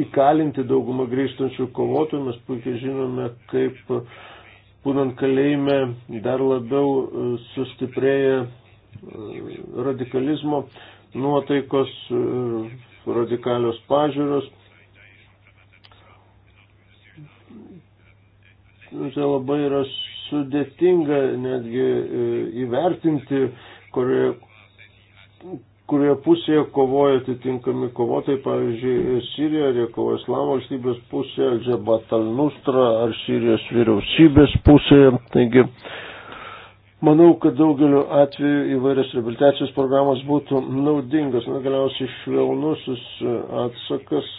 įkalinti daugumą grįžtančių kovotojų, mes puikiai žinome, kaip būnant kalėjime, dar labiau e, sustiprėja e, radikalizmo nuotaikos, e, radikalios pažiūros. Tai labai yra sudėtinga netgi įvertinti, kurioje, kurioje pusėje kovoja atitinkami kovotojai, pavyzdžiui, Sirijoje, ar jie kovoja Islamo valstybės pusėje, Alžebat al-Nustra, ar Sirijos vyriausybės pusėje. Taigi, manau, kad daugeliu atveju įvairias rehabilitacijos programas būtų naudingas, na, galiausiai švelnusis atsakas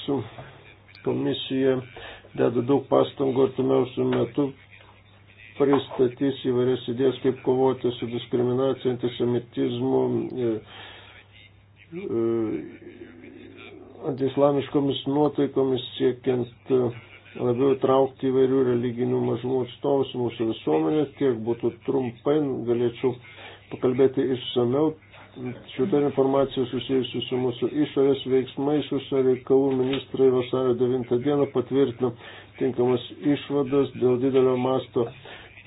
komisija deda daug pastangų artimiausių metų pristatys įvairias idėjas, kaip kovoti su diskriminacija, antisemitizmu, E, antislamiškomis nuotaikomis siekiant e, labiau traukti įvairių religinių mažumų atstovus mūsų visuomenė. Tiek būtų trumpai, galėčiau pakalbėti išsameu. Šitą informaciją susijusiu su mūsų išorės veiksmais, užsienio reikalų ministrai vasario 9 dieną patvirtino tinkamas išvadas dėl didelio masto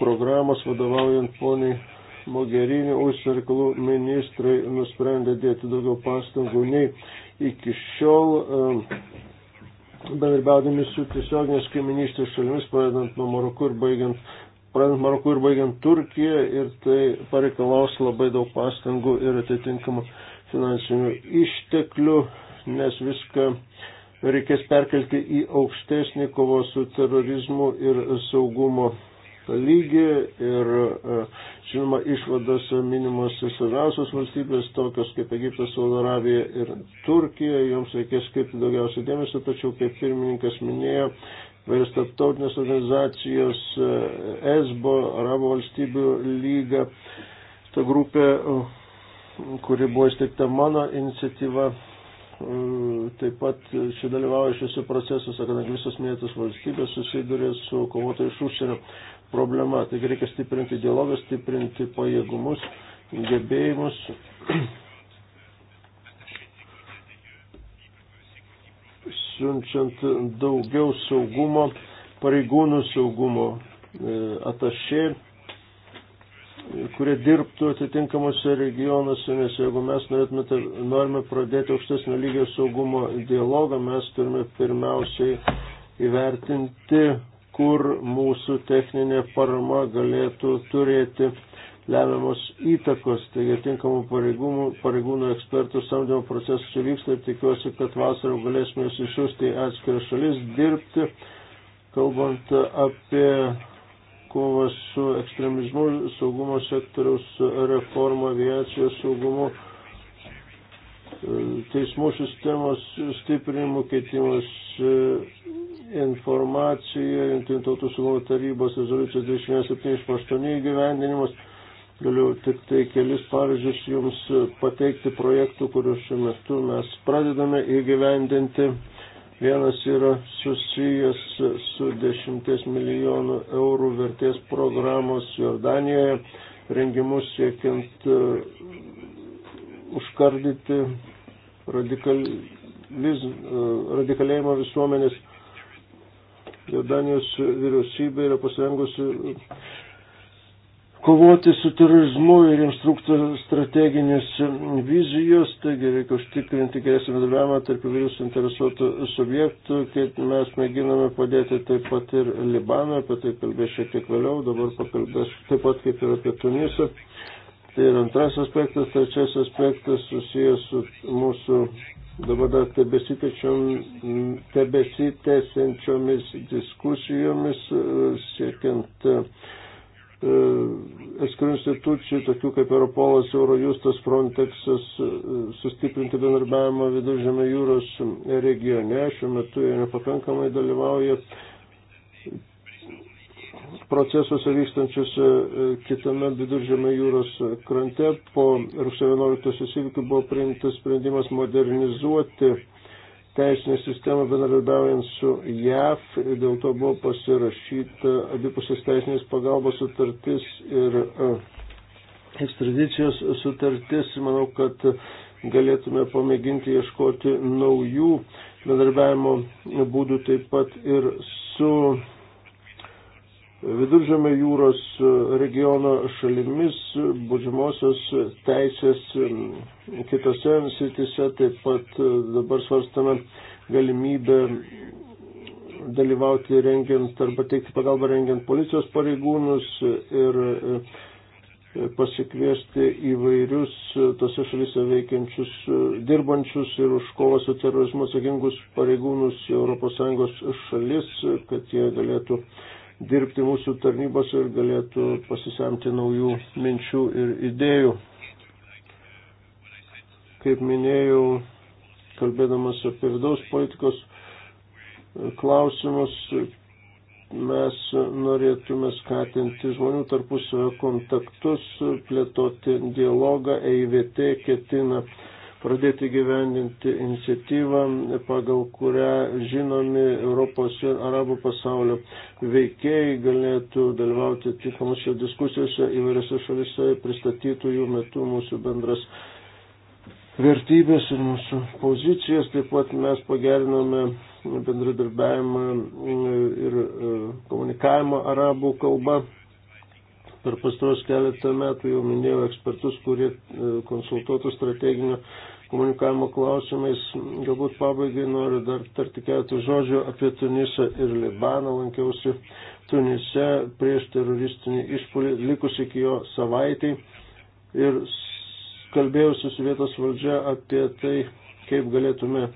programos vadovaujant poniai Mogherini užsienio reikalų ministrai nusprendė dėti daugiau pastangų nei iki šiol, ehm, bendarbiaudami su tiesioginės kaiminystės šalimis, pradedant nuo Marokų ir baigiant pradant Maroku ir baigiant Turkiją ir tai pareikalaus labai daug pastangų ir atitinkamų finansinių išteklių, nes viską reikės perkelti į aukštesnį kovos su terorizmu ir saugumo lygį ir, e, žinoma, išvadose minimos ir svarbiausios valstybės, tokios kaip Egiptas, Saudo Arabija ir Turkija, joms reikės skirti daugiausiai dėmesio, tačiau, kaip pirmininkas minėjo, vairios tarptautinės organizacijos, ESBO, Arabo valstybių lyga, ta grupė, e, kuri buvo įsteigta mano iniciatyva, e, taip pat čia dalyvauja šiuose procesuose, kadangi visos minėtos valstybės susiduria su kovotojų iš užsienio problema. Taigi reikia stiprinti dialogą, stiprinti pajėgumus, gebėjimus. siunčiant daugiau saugumo, pareigūnų saugumo e, atašė, kurie dirbtų atitinkamuose regionuose, nes jeigu mes norėtume, norime pradėti aukštesnio lygio saugumo dialogą, mes turime pirmiausiai įvertinti kur mūsų techninė parama galėtų turėti lemiamos įtakos, taigi tinkamų pareigūnų, pareigūnų ekspertų samdymo procesas čia vyksta ir tikiuosi, kad vasarą galėsime jūs išsiųsti į atskiras šalis dirbti, kalbant apie kovą su ekstremizmu, saugumo sektoriaus reformą, aviacijos saugumu teismų sistemos stiprinimų, keitimas e, informacija, Junktinių tautų saugumo tarybos rezoliucijos 2178 įgyvendinimas. Galiu tik tai kelis pavyzdžius jums pateikti projektų, kuriuos šiuo metu mes pradedame įgyvendinti. Vienas yra susijęs su 10 milijonų eurų vertės programos Jordanijoje rengimus siekiant e, užkardyti e, radikalėjimo visuomenės. Jordanijos vyriausybė yra pasirengusi kovoti su terorizmu ir jiems trūksta strateginės vizijos, taigi reikia užtikrinti geresnį bendradarbiavimą tarp įvairių suinteresuotų subjektų, kaip mes mėginame padėti taip pat ir Libanui, apie tai kalbės šiek tiek vėliau, dabar pakalbės taip pat kaip ir apie Tunisą. Tai ir antras aspektas, trečias aspektas susijęs su mūsų dabar dar tebesitęsiančiomis diskusijomis, siekiant e, atskirų institucijų, tokių kaip Europolas, Eurojustas, Frontexas, e, sustiprinti bendarbiavimą viduržėme jūros regione. Šiuo metu jie nepakankamai dalyvauja procesuose vykstančius e, kitame viduržėme jūros krante. Po rugsėjo 11 įvykių buvo priimtas sprendimas modernizuoti teisinę sistemą bendradarbiaujant su JAV, dėl to buvo pasirašyta abipusės teisinės pagalbos sutartis ir e, ekstradicijos sutartis. Manau, kad galėtume pamėginti ieškoti naujų bendradarbiavimo būdų taip pat ir su Viduržėme jūros e, regiono šalimis, būdžiamosios teisės e, kitose sritise, taip pat e, dabar svarstame galimybę dalyvauti rengiant arba teikti pagalbą rengiant policijos pareigūnus ir pasikviesti įvairius tose šalyse veikiančius, dirbančius ir už kovą su terorizmu atsakingus pareigūnus ES šalis, kad jie galėtų dirbti mūsų tarnybos ir galėtų pasisemti naujų minčių ir idėjų. Kaip minėjau, kalbėdamas apie vidaus politikos klausimus, mes norėtume skatinti žmonių tarpusavio kontaktus, plėtoti dialogą, EIVT ketina pradėti gyvendinti iniciatyvą, pagal kurią žinomi Europos ir Arabų pasaulio veikėjai galėtų dalyvauti atitikamose diskusijose įvairiose šalise, pristatytų jų metu mūsų bendras vertybės ir mūsų pozicijas. Taip pat mes pagerinome bendradarbiavimą ir e, komunikavimą arabų kalba Per pastaros keletą metų jau minėjau ekspertus, kurie e, konsultuotų strateginio komunikavimo klausimais. Galbūt pabaigai noriu dar tarti keletų žodžių apie Tunisą ir Libaną. Lankiausi Tunise prieš teroristinį išpolį, likus iki jo savaitai. Ir kalbėjausi su vietos valdžia apie tai, kaip galėtume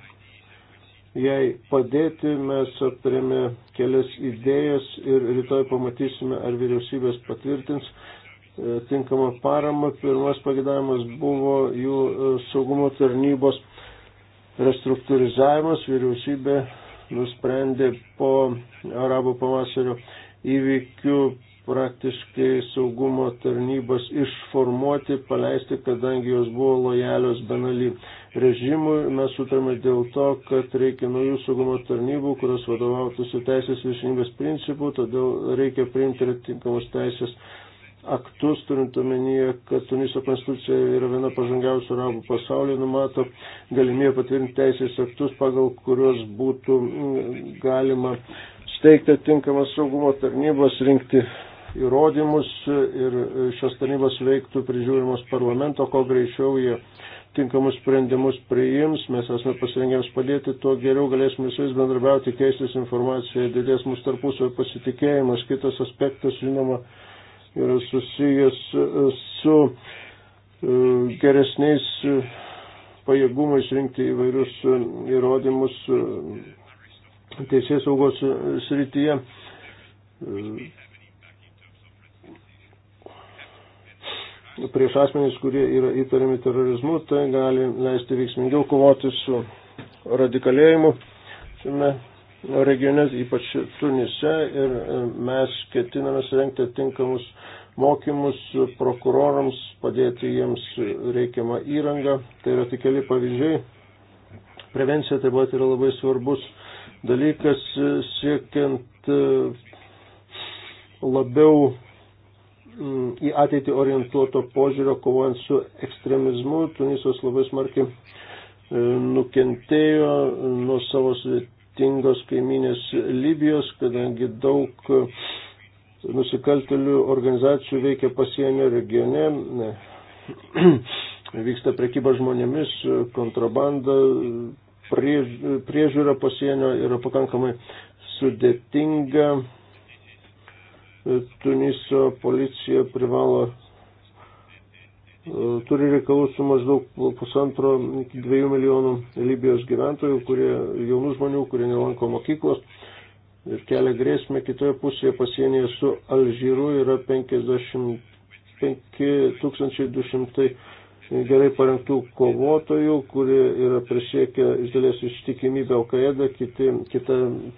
jai padėti. Mes aptarėme kelias idėjas ir rytoj pamatysime, ar vyriausybės patvirtins e, tinkamą paramą. Pirmas pagėdavimas buvo jų e, saugumo tarnybos restruktūrizavimas. Vyriausybė nusprendė po arabų pavasario įvykių praktiškai saugumo tarnybos išformuoti, paleisti, kadangi jos buvo lojalios Benali režimui. Mes sutarėme dėl to, kad reikia naujų saugumo tarnybų, kurios vadovautųsi teisės viršinybės principų, todėl reikia priimti atitinkamus teisės aktus, turint omenyje, kad Tuniso konstitucija yra viena pažangiausių arabų pasaulyje, numato galimybę patvirtinti teisės aktus, pagal kuriuos būtų galima steigti tinkamas saugumo tarnybos, rinkti įrodymus ir šios tarnybos veiktų prižiūrimos parlamento, kuo greičiau jie tinkamus sprendimus priims, mes esame pasirengę jiems padėti, tuo geriau galėsime su jais bendrabiauti, keistis informaciją, didės mūsų tarpusavio pasitikėjimas. Kitas aspektas, žinoma, yra susijęs e, su e, geresniais e, pajėgumais rinkti įvairius įrodymus teisės saugos srityje. prieš asmenys, kurie yra įtariami terorizmu, tai gali leisti veiksmingiau kovoti su radikalėjimu šiame regione, ypač Tunise. Ir e, mes ketiname surenkti tinkamus mokymus prokurorams, padėti jiems reikiamą įrangą. Tai yra tik keli pavyzdžiai. Prevencija taip pat yra labai svarbus dalykas siekiant e, labiau į ateitį orientuoto požiūrio kovojant su ekstremizmu. Tunisas labai smarkiai e, nukentėjo nuo savo sudėtingos kaiminės Libijos, kadangi daug e, nusikaltelių organizacijų veikia pasienio regione, (clears throat) vyksta prekyba žmonėmis, kontrabanda, priežiūra pasienio yra pakankamai sudėtinga Tuniso policija privalo e, turi reikalų su maždaug pusantro iki dviejų milijonų Libijos gyventojų, kurie, jaunų žmonių, kurie nelanko mokyklos ir kelia grėsmę. Kitoje pusėje pasienyje su Alžyru yra 5200 gerai parengtų kovotojų, kurie yra prisiekę iš dalies ištikimybę Alkaeda, kita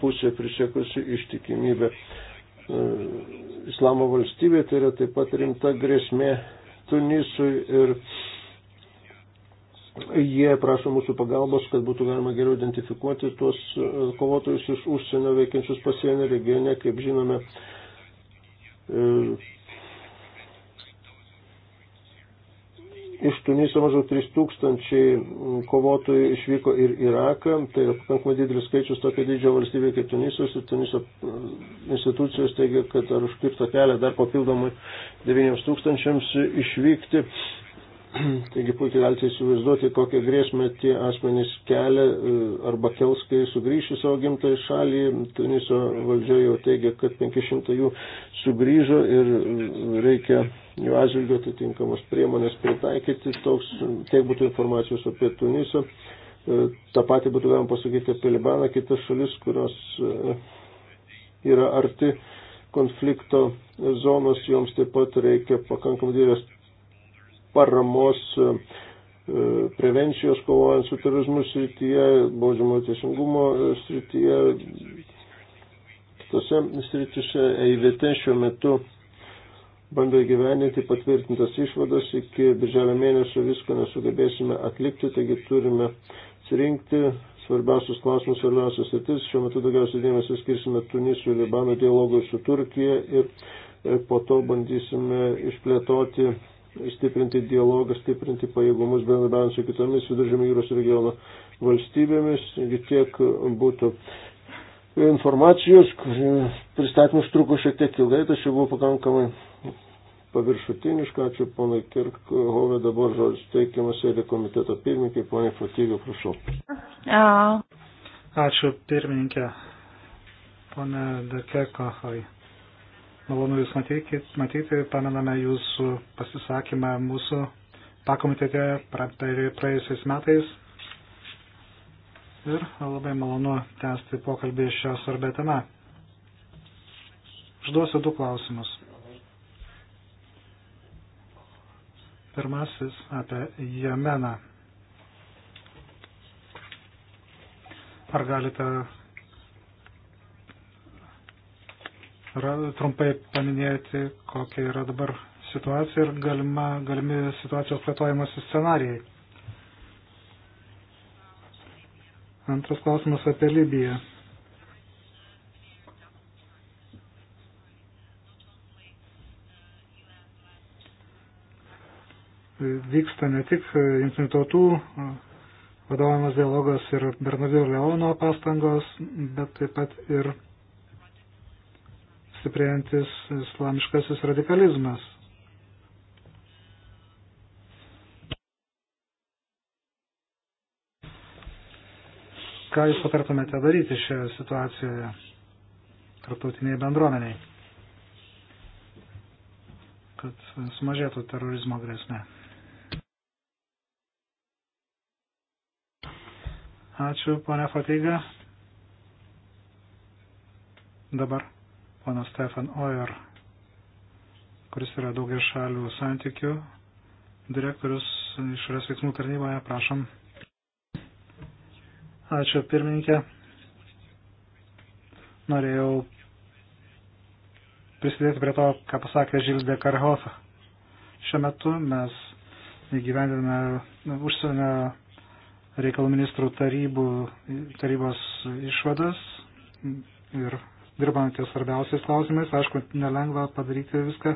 pusė prisiekusi ištikimybę E, Islamo valstybė, tai yra taip pat rimta grėsmė Tunisui ir jie prašo mūsų pagalbos, kad būtų galima geriau identifikuoti tuos e, kovotojus iš užsienio veikiančius pasienio regione, kaip žinome. E, Iš Tuniso maždaug 3000 kovotojų išvyko ir Iraką, tai yra pakankamai didelis skaičius tokio didžio valstybė kaip Tunisas ir Tuniso mm, institucijos teigia, kad ar užkirto kelią dar papildomai 9000 išvykti (clears throat) Taigi puikiai galite įsivaizduoti, kokią grėsmę tie asmenys kelia e, arba kels, kai sugrįš į savo gimtąją šalį. Tuniso valdžia jau teigia, kad 500 jų sugrįžo ir e, reikia jų atžvilgių atitinkamos priemonės pritaikyti. Toks, tiek būtų informacijos apie Tuniso. E, Ta pati būtų galima pasakyti apie Libaną, kitas šalis, kurios yra arti konflikto zonos, joms taip pat reikia pakankamai didelės paramos e, e, prevencijos kovojant su terorizmu srityje, baudžiamo teisingumo e, srityje, kitose srityse EIVT šiuo metu bando įgyveninti patvirtintas išvadas, iki birželio mėnesio visko nesugebėsime atlikti, taigi turime atsirinkti svarbiausius klausimus, svarbiausias sritis. Šiuo metu daugiausiai dėmesio skirsime Tunisų ir Libano dialogui su Turkija ir po to bandysime išplėtoti stiprinti dialogą, stiprinti pajėgumus, bendradarbiaujant su kitomis viduržėmio jūros regiono valstybėmis. Tiek būtų informacijos, kuri pristatymas truko šiek tiek ilgai, tačiau buvo pakankamai paviršutiniška. Ačiū ponai Kirkhovė, dabar žodis teikiamas ir komiteto pirmininkai, ponai Fatyga, prašau. Ačiū pirmininkė, ponė Dekekahai. Malonu Jūs matyti, matyti pamename Jūsų pasisakymą mūsų pakomitete praėjusiais metais. Ir labai malonu tęsti pokalbį šią svarbę temą. Užduosiu du klausimus. Pirmasis apie Jemeną. Ar galite trumpai paminėti, kokia yra dabar situacija ir galima, galimi situacijos plėtojimas scenarijai. Antras klausimas apie Libiją. Vyksta ne tik jungtinių tautų vadovavimas dialogas ir Bernardino Leono pastangos, bet taip pat ir stiprėjantis islamiškasis radikalizmas. Ką Jūs patartumėte daryti šioje situacijoje tarptautiniai bendruomeniai, kad sumažėtų terorizmo grėsmė? Ačiū, ponia Fatiga. Dabar ponas Stefan Oer, kuris yra daugia šalių santykių direktorius išorės veiksmų tarnyboje. Prašom. Ačiū pirmininkė. Norėjau prisidėti prie to, ką pasakė Žildė Karhofa. Šiuo metu mes įgyvendiname užsienio reikalų ministrų tarybų, tarybos išvadas ir dirbame ties svarbiausiais klausimais. Aišku, nelengva padaryti viską,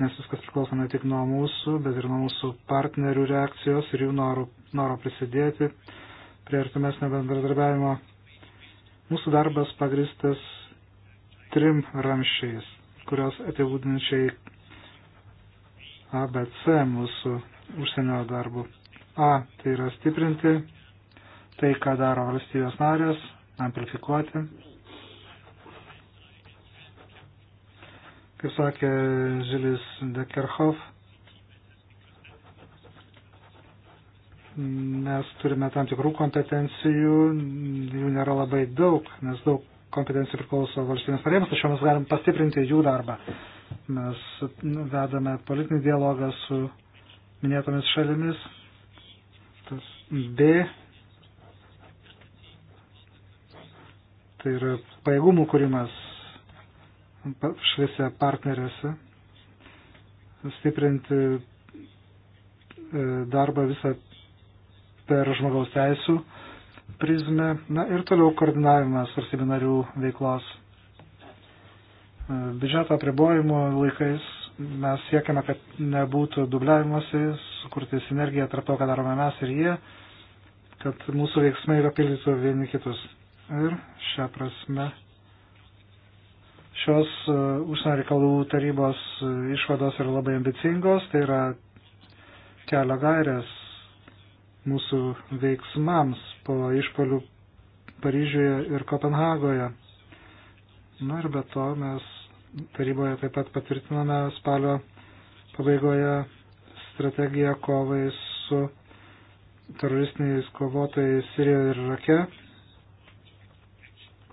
nes viskas priklauso ne tik nuo mūsų, bet ir nuo mūsų partnerių reakcijos ir jų norų, noro prisidėti prie artimesnio bendradarbiavimo. Mūsų darbas pagristas trim ramšiais, kurios apibūdinčiai ABC mūsų užsienio darbų. A, tai yra stiprinti tai, ką daro valstybės narės, amplifikuoti Kaip sakė Žilis Dekerhoff, mes turime tam tikrų kompetencijų, jų nėra labai daug, nes daug kompetencijų priklauso valstybės narėms, tačiau mes galim pastiprinti jų darbą. Mes vedame politinį dialogą su minėtomis šalimis. Tas B. Tai yra pajėgumų kūrimas šalise partnerėse, stiprinti e, darbą visą per žmogaus teisų prizmę, na ir toliau koordinavimas valstybių narių veiklos. E, biudžeto apribojimo laikais mes siekiame, kad nebūtų dubliavimuose, sukurti sinergiją tarp to, ką darome mes ir jie, kad mūsų veiksmai papildytų vieni kitus. Ir šią prasme Šios e, užsienio reikalų tarybos e, išvados yra labai ambicingos, tai yra kelio gairės mūsų veiksmams po išpolių Paryžiuje ir Kopenhagoje. Na ir be to mes taryboje taip pat patvirtiname spalio pabaigoje strategiją kovai su teroristiniais kovotojais Sirijoje ir Irake.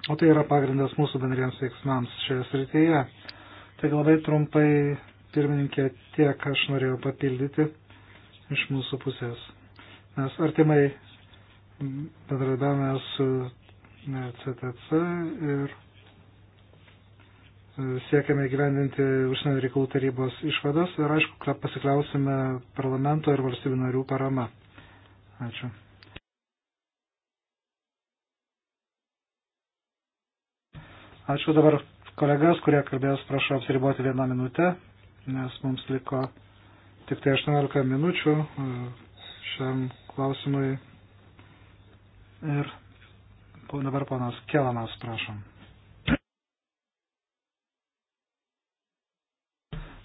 O tai yra pagrindas mūsų bendriems veiksmams šioje srityje. Taigi labai trumpai, pirmininkė, tiek aš norėjau papildyti iš mūsų pusės. Mes artimai bendradarbiavame su CTC ir e, siekiame gyvendinti užsienio reikalų tarybos išvadas ir aišku, pasikliausime parlamento ir valstybių narių parama. Ačiū. Ačiū dabar kolegas, kurie kalbės, prašau apsiriboti vieną minutę, nes mums liko tik tai 18 minučių e, šiam klausimui. Ir dabar ponas Kelanas, prašom.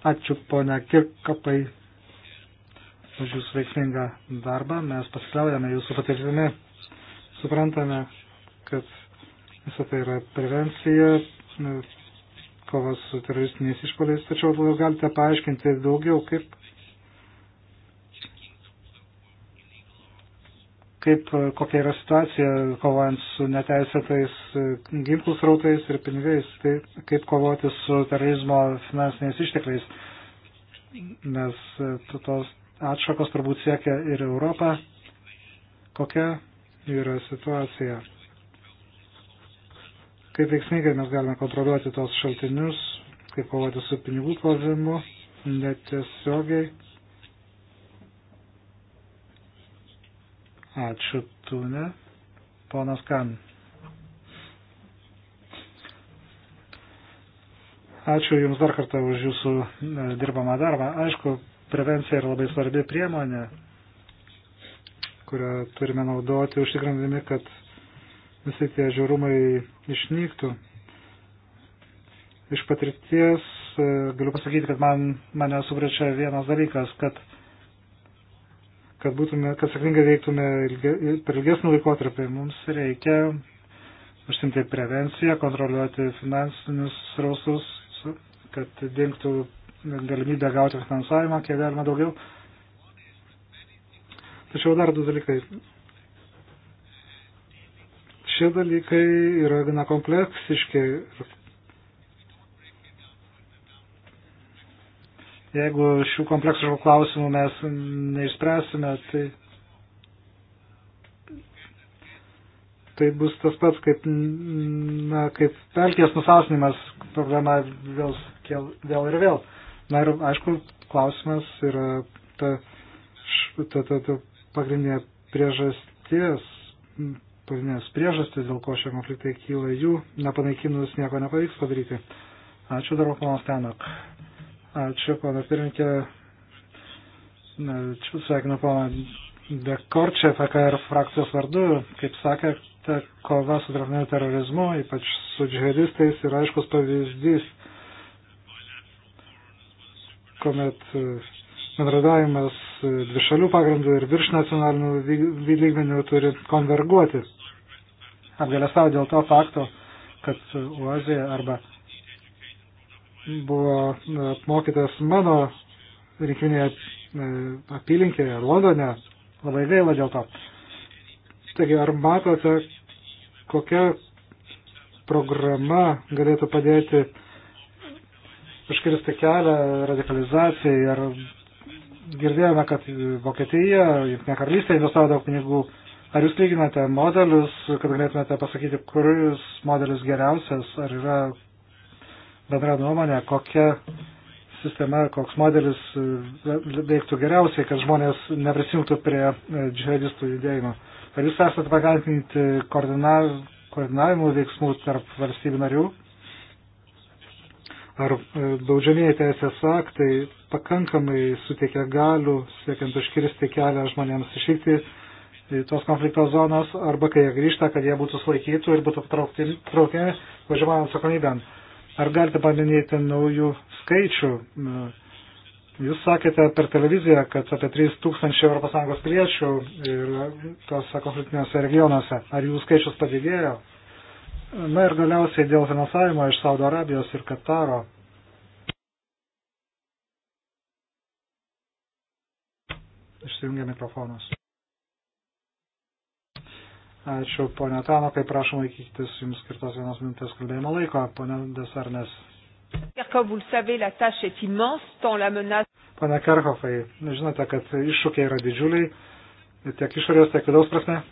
Ačiū ponia Kirkapai už jūsų veiksmingą darbą. Mes pasikliaujame jūsų patirtimi. Suprantame, kad Visą tai yra prevencija, kovas su teroristiniais išpoliais, tačiau gal galite paaiškinti daugiau, kaip, kaip kokia yra situacija kovojant su neteisėtais ginklų srautais ir pinigais, tai kaip kovoti su terorizmo finansiniais ištekliais, nes tos atšakos turbūt siekia ir Europą. Kokia yra situacija? kaip veiksmingai mes galime kontroliuoti tos šaltinius, kaip kovoti su pinigų plovimu netiesiogiai. Ačiū, Tune. Ponas Kan. Ačiū Jums dar kartą už Jūsų e, dirbamą darbą. Aišku, prevencija yra labai svarbi priemonė, kurią turime naudoti, užtikrindami, kad visi tie žiaurumai išnyktų. Iš patirties e, galiu pasakyti, kad man, mane sugrečia vienas dalykas, kad, kad, būtume, kad sėkmingai veiktume ilge, per ilgesnį laikotarpį. Mums reikia užsimti prevenciją, kontroliuoti finansinius srausus, kad dinktų galimybę gauti finansavimą, kiek galima daugiau. Tačiau dar du dalykai. Šie dalykai yra gana kompleksiški. Jeigu šių kompleksiškų klausimų mes neišspręsime, tai tai bus tas pats, kaip, na, kaip pelkės nusausinimas, problema vėl, kėl, vėl ir vėl. Na ir aišku, klausimas yra ta, ta, ta, ta pagrindinė priežasties pagrindinės priežastis, dėl ko šie konfliktai kyla, jų nepanaikinus nieko nepavyks padaryti. Ačiū dar, ponas Tenok. Ačiū, ponas pirmininkė. Čia sveikinu poną Dekorčev, AKR frakcijos vardu. Kaip sakė, ta kova su dragniniu terorizmu, ypač su džihadistais, yra aiškus pavyzdys, kuomet bendradavimas dvišalių pagrindų ir virš nacionalinių lygmenių turi konverguoti. Apgalėstau dėl to fakto, kad Oazija arba buvo apmokytas mano rinkiminėje e, apylinkėje Londone. Labai gaila dėl to. Taigi, ar matote, kokia programa galėtų padėti užkirsti kelią radikalizacijai ar girdėjome, kad Vokietija, Junktinė karalystė investavo daug pinigų. Ar jūs lyginate modelius, kad galėtumėte pasakyti, kuris modelis geriausias, ar yra bendra nuomonė, kokia sistema, koks modelis e, veiktų geriausiai, kad žmonės neprisijungtų prie e, džihadistų judėjimo. Ar jūs esate pakantinti koordinavimu veiksmų tarp valstybių narių? ar e, baudžiamieji teisės aktai pakankamai suteikia galių, siekiant užkirsti kelią žmonėms išvykti tos konflikto zonos, arba kai jie grįžta, kad jie būtų sulaikytų ir būtų traukiami važiuojant atsakomybėn. Ar galite paminėti naujų skaičių? E, jūs sakėte per televiziją, kad apie 3000 ES piliečių ir tose konfliktinėse regionuose. Ar jų skaičius padidėjo? Na ir galiausiai dėl finansavimo iš Saudo Arabijos ir Kataro. Išsijungia mikrofonas. Ačiū, ponia Tano, kaip prašom laikytis jums skirtos vienos minutės kalbėjimo laiko, ponia Desarnes. Pane Kerhofai, žinote, kad iššūkiai yra didžiuliai, tiek išorės, tiek vidaus prasme.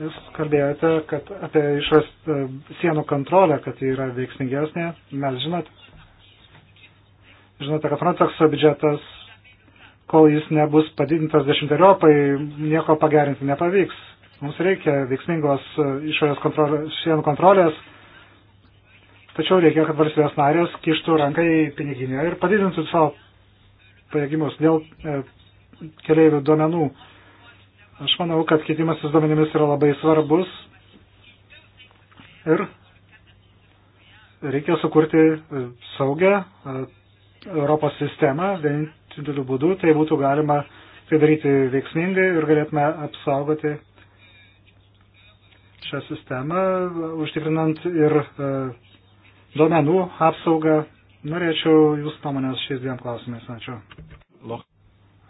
Jūs kalbėjote kad apie išrast e, sienų kontrolę, kad ji yra veiksmingesnė. Mes žinot, žinote, kad Frontexo biudžetas, kol jis nebus padidintas dešimteriopai, nieko pagerinti nepavyks. Mums reikia veiksmingos e, išorės kontrolės, sienų kontrolės, tačiau reikia, kad valstybės narės kištų ranką į piniginę ir padidintų savo pajėgimus dėl e, keliaivių duomenų. E, Aš manau, kad keitimasis duomenimis yra labai svarbus ir reikia sukurti saugę e, Europos sistemą vieninteliu būdu, tai būtų galima tai daryti veiksmingai ir galėtume apsaugoti šią sistemą, užtikrinant ir e, duomenų apsaugą. Norėčiau jūsų nuomonės šiais dviem klausimais. Ačiū.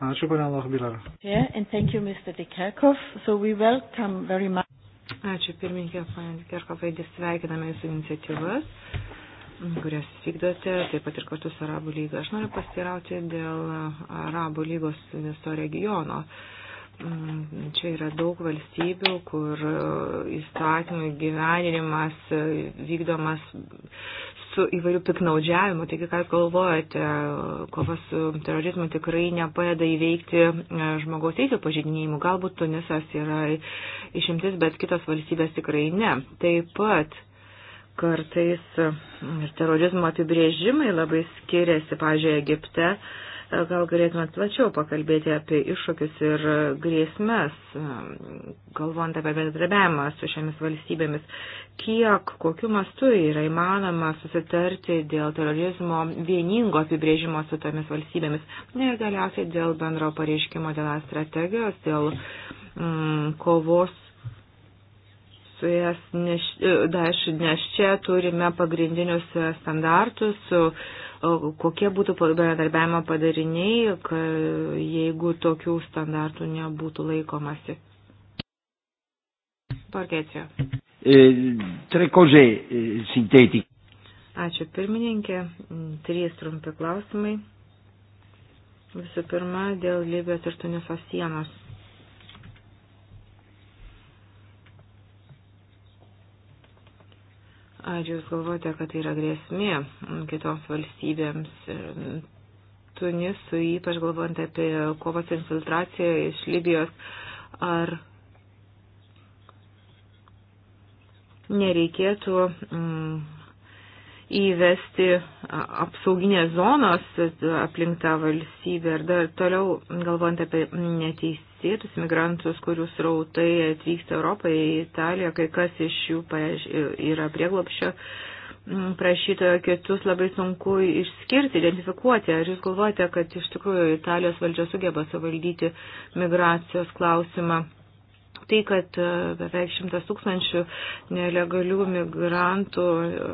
Ačiū, ponia Lochbiller. Ačiū pirmininkė, ponia Dikerkovai, sveikiname jūsų iniciatyvas kurias vykdote, taip pat ir kartu su Arabų lyga. Aš noriu pasirauti dėl Arabų lygos viso regiono. Mm, čia yra daug valstybių, kur įstatymų gyvenimas vykdomas su įvairių piknaudžiavimu. Taigi, ką jūs galvojate, kova su terorizmu tikrai nepadeda įveikti e, žmogaus teisų pažydinėjimų. Galbūt Tunisas yra išimtis, bet kitos valstybės tikrai ne. Taip pat kartais e, ir terorizmo apibrėžimai labai skiriasi, pavyzdžiui, Egipte. E, gal galėtumėt plačiau pakalbėti apie iššūkius ir grėsmės, galvojant apie bendradarbiavimą su šiomis valstybėmis kiek, kokiu mastu yra įmanoma susitarti dėl terorizmo vieningo apibrėžimo su tomis valstybėmis. Ir galiausiai dėl bendro pareiškimo, dėl strategijos, dėl mm, kovos su jas neš, e, daš, nes čia turime pagrindinius standartus, kokie būtų bendradarbiavimo padariniai, jeigu tokių standartų nebūtų laikomasi. Parkėčia. E, tre cose e, sintetiche. Ačiū pirmininkė. Trys trumpi klausimai. Visų pirma, dėl Libijos ir Tuniso sienos. Ar jūs galvojate, kad tai yra grėsmė kitoms valstybėms? Tunisui, ypač galvojant apie kovas infiltraciją iš Libijos, ar nereikėtų mm, įvesti apsauginės zonos aplink tą valstybę ir dar toliau galvojant apie neteisėtus migrantus, kurių srautai atvyksta Europoje į Italiją, kai kas iš jų yra prieglopščio mm, prašytojo kitus labai sunku išskirti, identifikuoti. Ar jūs galvojate, kad iš tikrųjų Italijos valdžia sugeba suvaldyti migracijos klausimą? tai, kad e, beveik šimtas tūkstančių nelegalių migrantų e,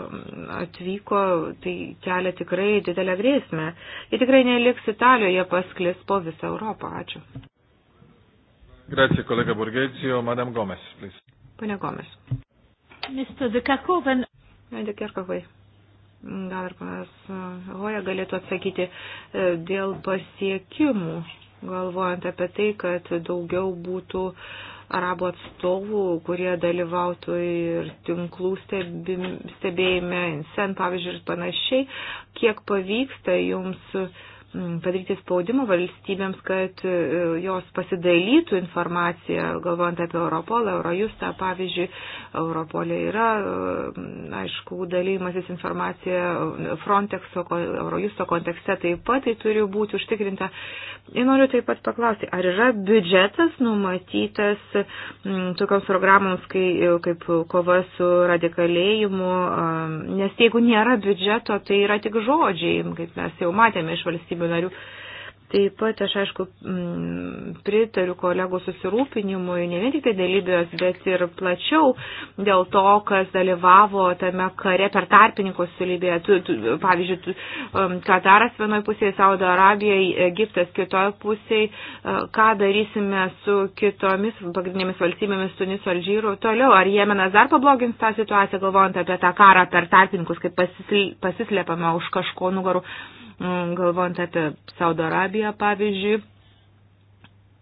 atvyko, tai kelia tikrai didelę grėsmę. Jie tikrai neliks Italijoje, pasklis po visą Europą. Ačiū. Grazie, kolega Borgecijo. Madam Gomes, please. Pane Gomes. Mr. Dekakoven. Dekakoven gal ir panas e, Hoja galėtų atsakyti dėl pasiekimų, galvojant apie tai, kad daugiau būtų uh, arabų atstovų, kurie dalyvautų ir tinklų stebėjime, sen pavyzdžiui ir panašiai, kiek pavyksta jums uh, Mm, padaryti spaudimą valstybėms, kad e, jos pasidalytų informaciją, galvojant apie Europolą, Eurojustą, pavyzdžiui, Europolė yra, mm, aišku, dalymasis informacija Frontexo, Eurojusto kontekste taip pat, tai turi būti užtikrinta. Ir noriu taip pat paklausti, ar yra biudžetas numatytas mm, tokioms programoms, kai, kaip kova su radikalėjimu, nes jeigu nėra biudžeto, tai yra tik žodžiai, kaip mes jau matėme iš valstybės valstybių narių Taip pat aš, aišku, mm, pritariu kolegų susirūpinimui, ne vien tik tai dalybės, bet ir plačiau dėl to, kas dalyvavo tame kare per tarpininkus su Libija. Tu, tu, pavyzdžiui, tu, um, Kataras vienoje pusėje, Saudo Arabija, Egiptas kitoje pusėje. Uh, ką darysime su kitomis pagrindinėmis valstybėmis, Tunisu, Alžyru toliau? Ar Jemenas dar pablogins tą situaciją, galvojant apie tą karą per tarpininkus, kaip pasislepiama už kažko nugarų, mm, galvojant apie Saudo Arabiją? Italiją, pavyzdžiui,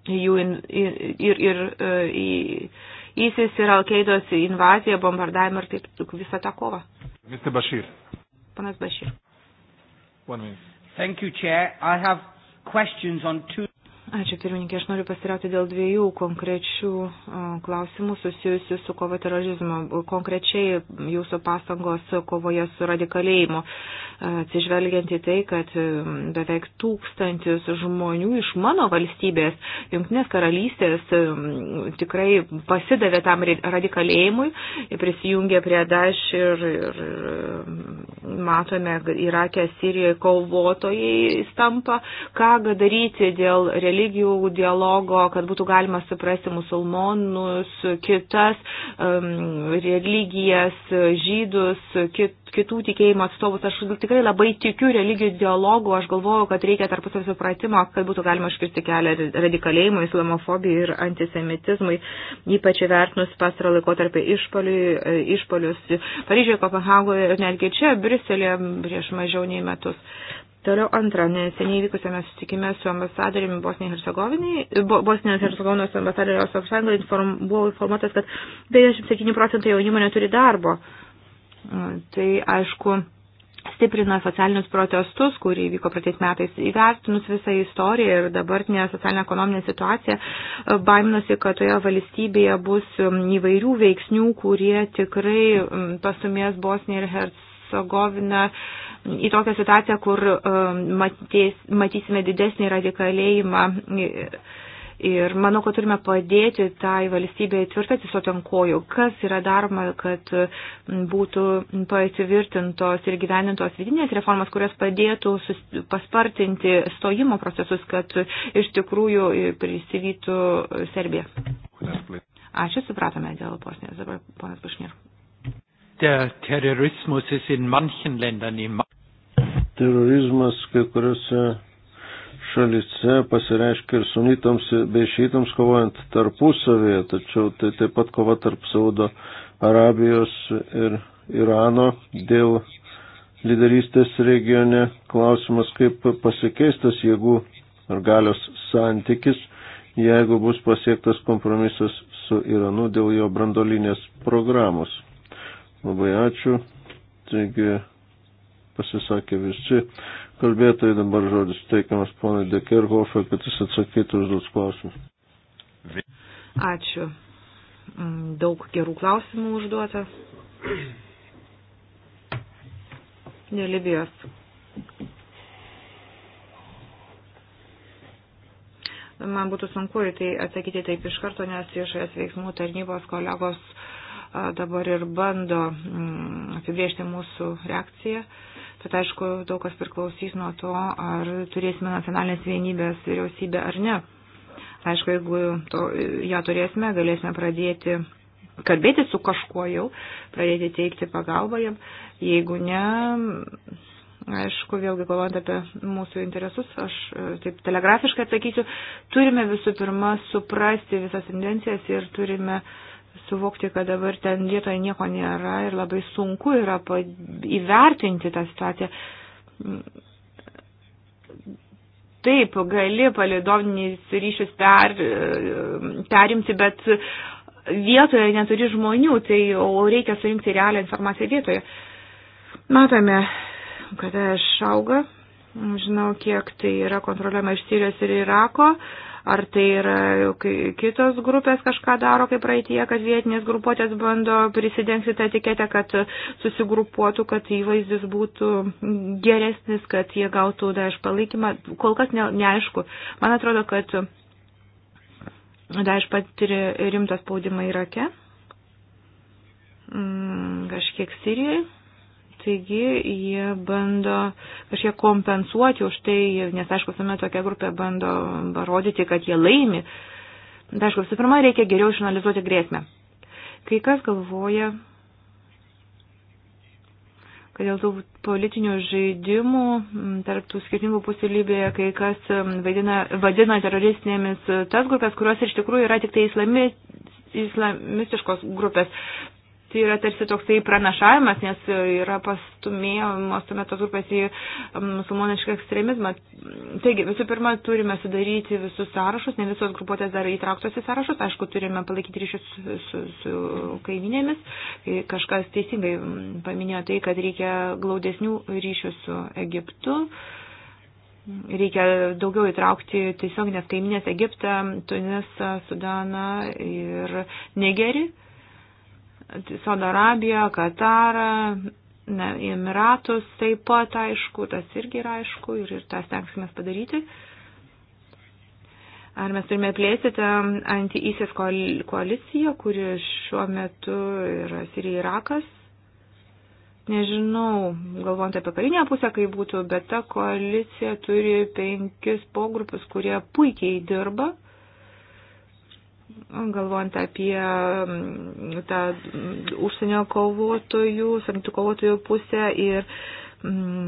jų in, ir, ir, ir e, į ISIS ir Alkeidos invaziją, bombardavimą ir taip visą tą kovą. Mr. Bashir. Panas Bashir. One minute. Thank you, Chair. I have questions on two. Ačiū pirmininkė, aš noriu pasirauti dėl dviejų konkrečių klausimų susijusių su kovo terorizmu. Konkrečiai jūsų pastangos kovoje su radikalėjimu, atsižvelgiant į tai, kad beveik tūkstantis žmonių iš mano valstybės, Junktinės karalystės, tikrai pasidavė tam radikalėjimui, prisijungė prie Daš ir, ir matome, Irake, Sirijoje kovotojai stampa, ką daryti dėl religijos religijų dialogo, kad būtų galima suprasti musulmonus, kitas um, religijas, žydus, kit, kitų tikėjimo atstovus. Aš tikrai labai tikiu religijų dialogų, aš galvoju, kad reikia tarpusavio supratimo, kad būtų galima iškirsti kelią radikalėjimui, islamofobijai ir antisemitizmui, ypač įvertinus pastarą laikotarpį e, išpolius Paryžiuje, Kopenhagoje ir netgi čia, Briuselėje prieš mažiau nei metus. Toliau antra, neseniai vykusiame susitikime su ambasadoriumi Bosnijos Hercegovinos ambasadoriu Europos Sąjungoje inform, buvo informuotas, kad 57 procentai jaunimo neturi darbo. Tai aišku, stiprina socialinius protestus, kurį vyko praeitais metais. Įvertinus visą istoriją ir dabartinę socialinę ekonominę situaciją, baiminusi, kad toje valstybėje bus įvairių veiksnių, kurie tikrai pasumės Bosniją ir Hercegoviną į tokią situaciją, kur um, matės, matysime didesnį radikalėjimą. Ir manau, kad turime padėti tai valstybėje tvirtai atsisoti ant kojų, kas yra daroma, kad būtų patvirtintos ir gyvenintos vidinės reformas, kurios padėtų paspartinti stojimo procesus, kad iš tikrųjų prisivytų Serbija. Ačiū, supratome dėl Bosnijos. Dabar ponas Bušnir. Der Terrorismus ist in manchen Ländern im Terorizmas kai kuriuose šalyse pasireiškia ir sunitams bei šeitams kovojant tarpusavėje, tačiau tai taip pat kova tarp Saudo Arabijos ir Irano dėl lyderystės regione klausimas, kaip pasikeistas jėgų ar galios santykis, jeigu bus pasiektas kompromisas su Iranu dėl jo brandolinės programos. Labai ačiū. Taigi, pasisakė visi kalbėtojai, dabar žodis teikiamas ponai Dekerhofui, kad jis atsakytų už daug klausimų. Ačiū. Mm, daug gerų klausimų užduota. Dėl Libijos. Man būtų sunku į tai atsakyti taip iš karto, nes išorės veiksmų tarnybos kolegos uh, dabar ir bando mm, apibriežti mūsų reakciją. Bet aišku, daug kas priklausys nuo to, ar turėsime nacionalinės vienybės vyriausybę ar ne. Aišku, jeigu to, ją turėsime, galėsime pradėti kalbėti su kažkuo jau, pradėti teikti pagalbą jam. Jeigu ne, aišku, vėlgi galvojant apie mūsų interesus, aš e, taip telegrafiškai atsakysiu, turime visų pirma suprasti visas tendencijas ir turime suvokti, kad dabar ten vietoje nieko nėra ir labai sunku yra įvertinti tą situaciją. Taip, gali palidovinis ryšius per, perimti, bet vietoje neturi žmonių, tai reikia surinkti realią informaciją vietoje. Matome, kad išauga, žinau, kiek tai yra kontroliuojama iš Sirijos ir Irako. Uh, Ar tai yra kitos grupės kažką daro, kaip praeitie, kad vietinės grupuotės bando prisidengti tą etiketę, kad susigrupuotų, kad įvaizdis būtų geresnis, kad jie gautų dar iš palaikymą. Kol kas ne, neaišku. Man atrodo, kad Daesh patiria rimtą spaudimą Irake, mm, kažkiek Sirijoje. Taigi jie bando kažkiek kompensuoti už tai, nes aišku, visuomet tokia grupė bando parodyti, kad jie laimi. Bet aišku, visų pirma, reikia geriau išanalizuoti grėsmę. Kai kas galvoja, kad dėl tų politinių žaidimų tarp tų skirtingų pusių Libijoje, kai kas vadina, vadina teroristinėmis tas grupės, kurios iš tikrųjų yra tik tai islami, islamistiškos grupės tai yra tarsi toksai pranašavimas, nes yra pastumėjamos tuomet tos grupės į mm, musulmonišką ekstremizmą. Taigi, visų pirma, turime sudaryti visus sąrašus, ne visos grupuotės dar įtrauktos į sąrašus, aišku, turime palaikyti ryšius su, su, su kaiminėmis, kažkas teisingai mm, paminėjo tai, kad reikia glaudesnių ryšių su Egiptu. Reikia daugiau įtraukti tiesioginės kaiminės Egiptą, Tunisą, Sudaną ir Negerį Saudo Arabiją, Katarą, ne, Emiratus taip pat aišku, tas irgi yra aišku ir, ir tą stengsime padaryti. Ar mes turime plėsti tą um, anti-ISIS koaliciją, kuri šiuo metu yra Sirija Irakas? Nežinau, galvojant apie karinę pusę, kaip būtų, bet ta koalicija turi penkis pogrupius, kurie puikiai dirba galvojant apie mm, tą mm, užsienio kovotojų, samtų kovotojų pusę ir uh,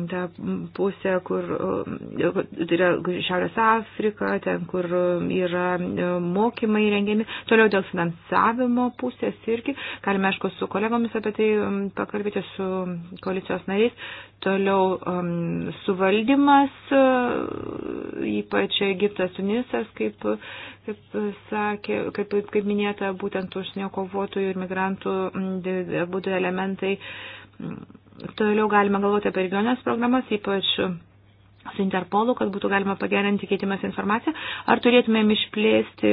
tą pusę, kur e, tai yra Šiaurės Afrika, ten, kur yra e, mokymai rengiami. Toliau dėl finansavimo pusės irgi, galime, aišku, su kolegomis apie tai pakalbėti, su koalicijos nariais. Toliau suvaldymas, e, ypač Egiptas, Tunisas, kaip, kaip sakė, kaip, kaip minėta, būtent užsienio kovotojų ir migrantų būtų elementai Toliau galima galvoti apie regionės programas, ypač su Interpolu, kad būtų galima pagerinti keitimas informaciją. Ar turėtumėm išplėsti,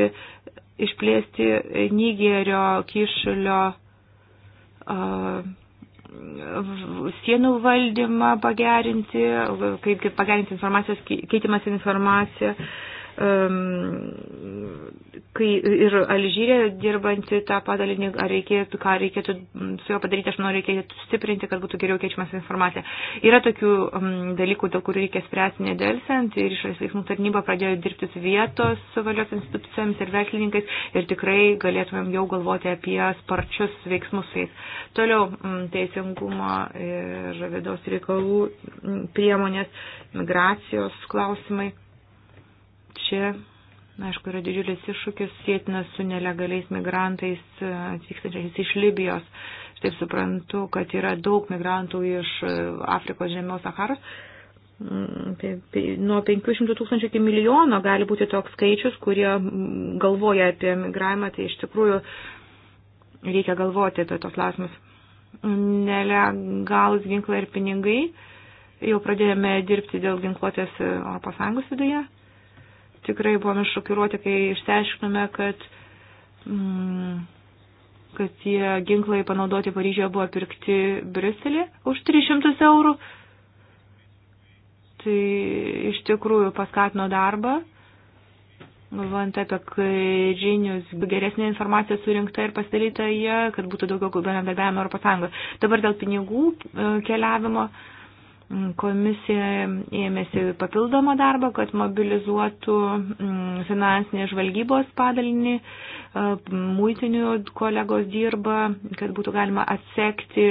išplėsti Nigerio kišulio uh, sienų valdymą pagerinti, kaip, kaip pagerinti informacijos, keitimas informaciją. Uh, Ehm, kai ir Alžyrė dirbanti tą padalinį, ar reikėtų, ką reikėtų mm, su juo padaryti, aš noriu reikėtų stiprinti, kad būtų geriau keičiamas informacija. Yra tokių mm, dalykų, dėl kurių reikia spręsti nedelsiant ir išorės veiksmų tarnyba pradėjo dirbti su vietos valios institucijams ir verslininkais ir tikrai galėtumėm jau galvoti apie sparčius veiksmus su jais. Toliau mm, teisingumo ir vidaus reikalų priemonės, migracijos klausimai čia, aišku, yra didžiulis iššūkis sėtinas su nelegaliais migrantais e, atvykstančiais iš Libijos. Aš taip suprantu, kad yra daug migrantų iš e, Afrikos žemiaus Saharos. Mm, tai, tai nuo 500 tūkstančių iki milijono gali būti toks skaičius, kurie mm, galvoja apie migravimą, tai iš tikrųjų reikia galvoti apie tos klausimus. Nelegalus ginklai ir pinigai. Jau pradėjome dirbti dėl ginkluotės ES viduje tikrai buvome šokiruoti, kai išsiaiškinome, kad, mm, kad tie ginklai panaudoti Paryžioje buvo pirkti Briselė už 300 eurų. Tai iš tikrųjų paskatino darbą, galvojant apie žinius, geresnė informacija surinkta ir pasidalyta jie, kad būtų daugiau bendradarbiavimo Europos Sąjungoje. Dabar dėl pinigų e, keliavimo. E, Komisija ėmėsi papildomą darbą, kad mobilizuotų mm, finansinės žvalgybos padalinį, e, muitinių kolegos dirba, kad būtų galima atsekti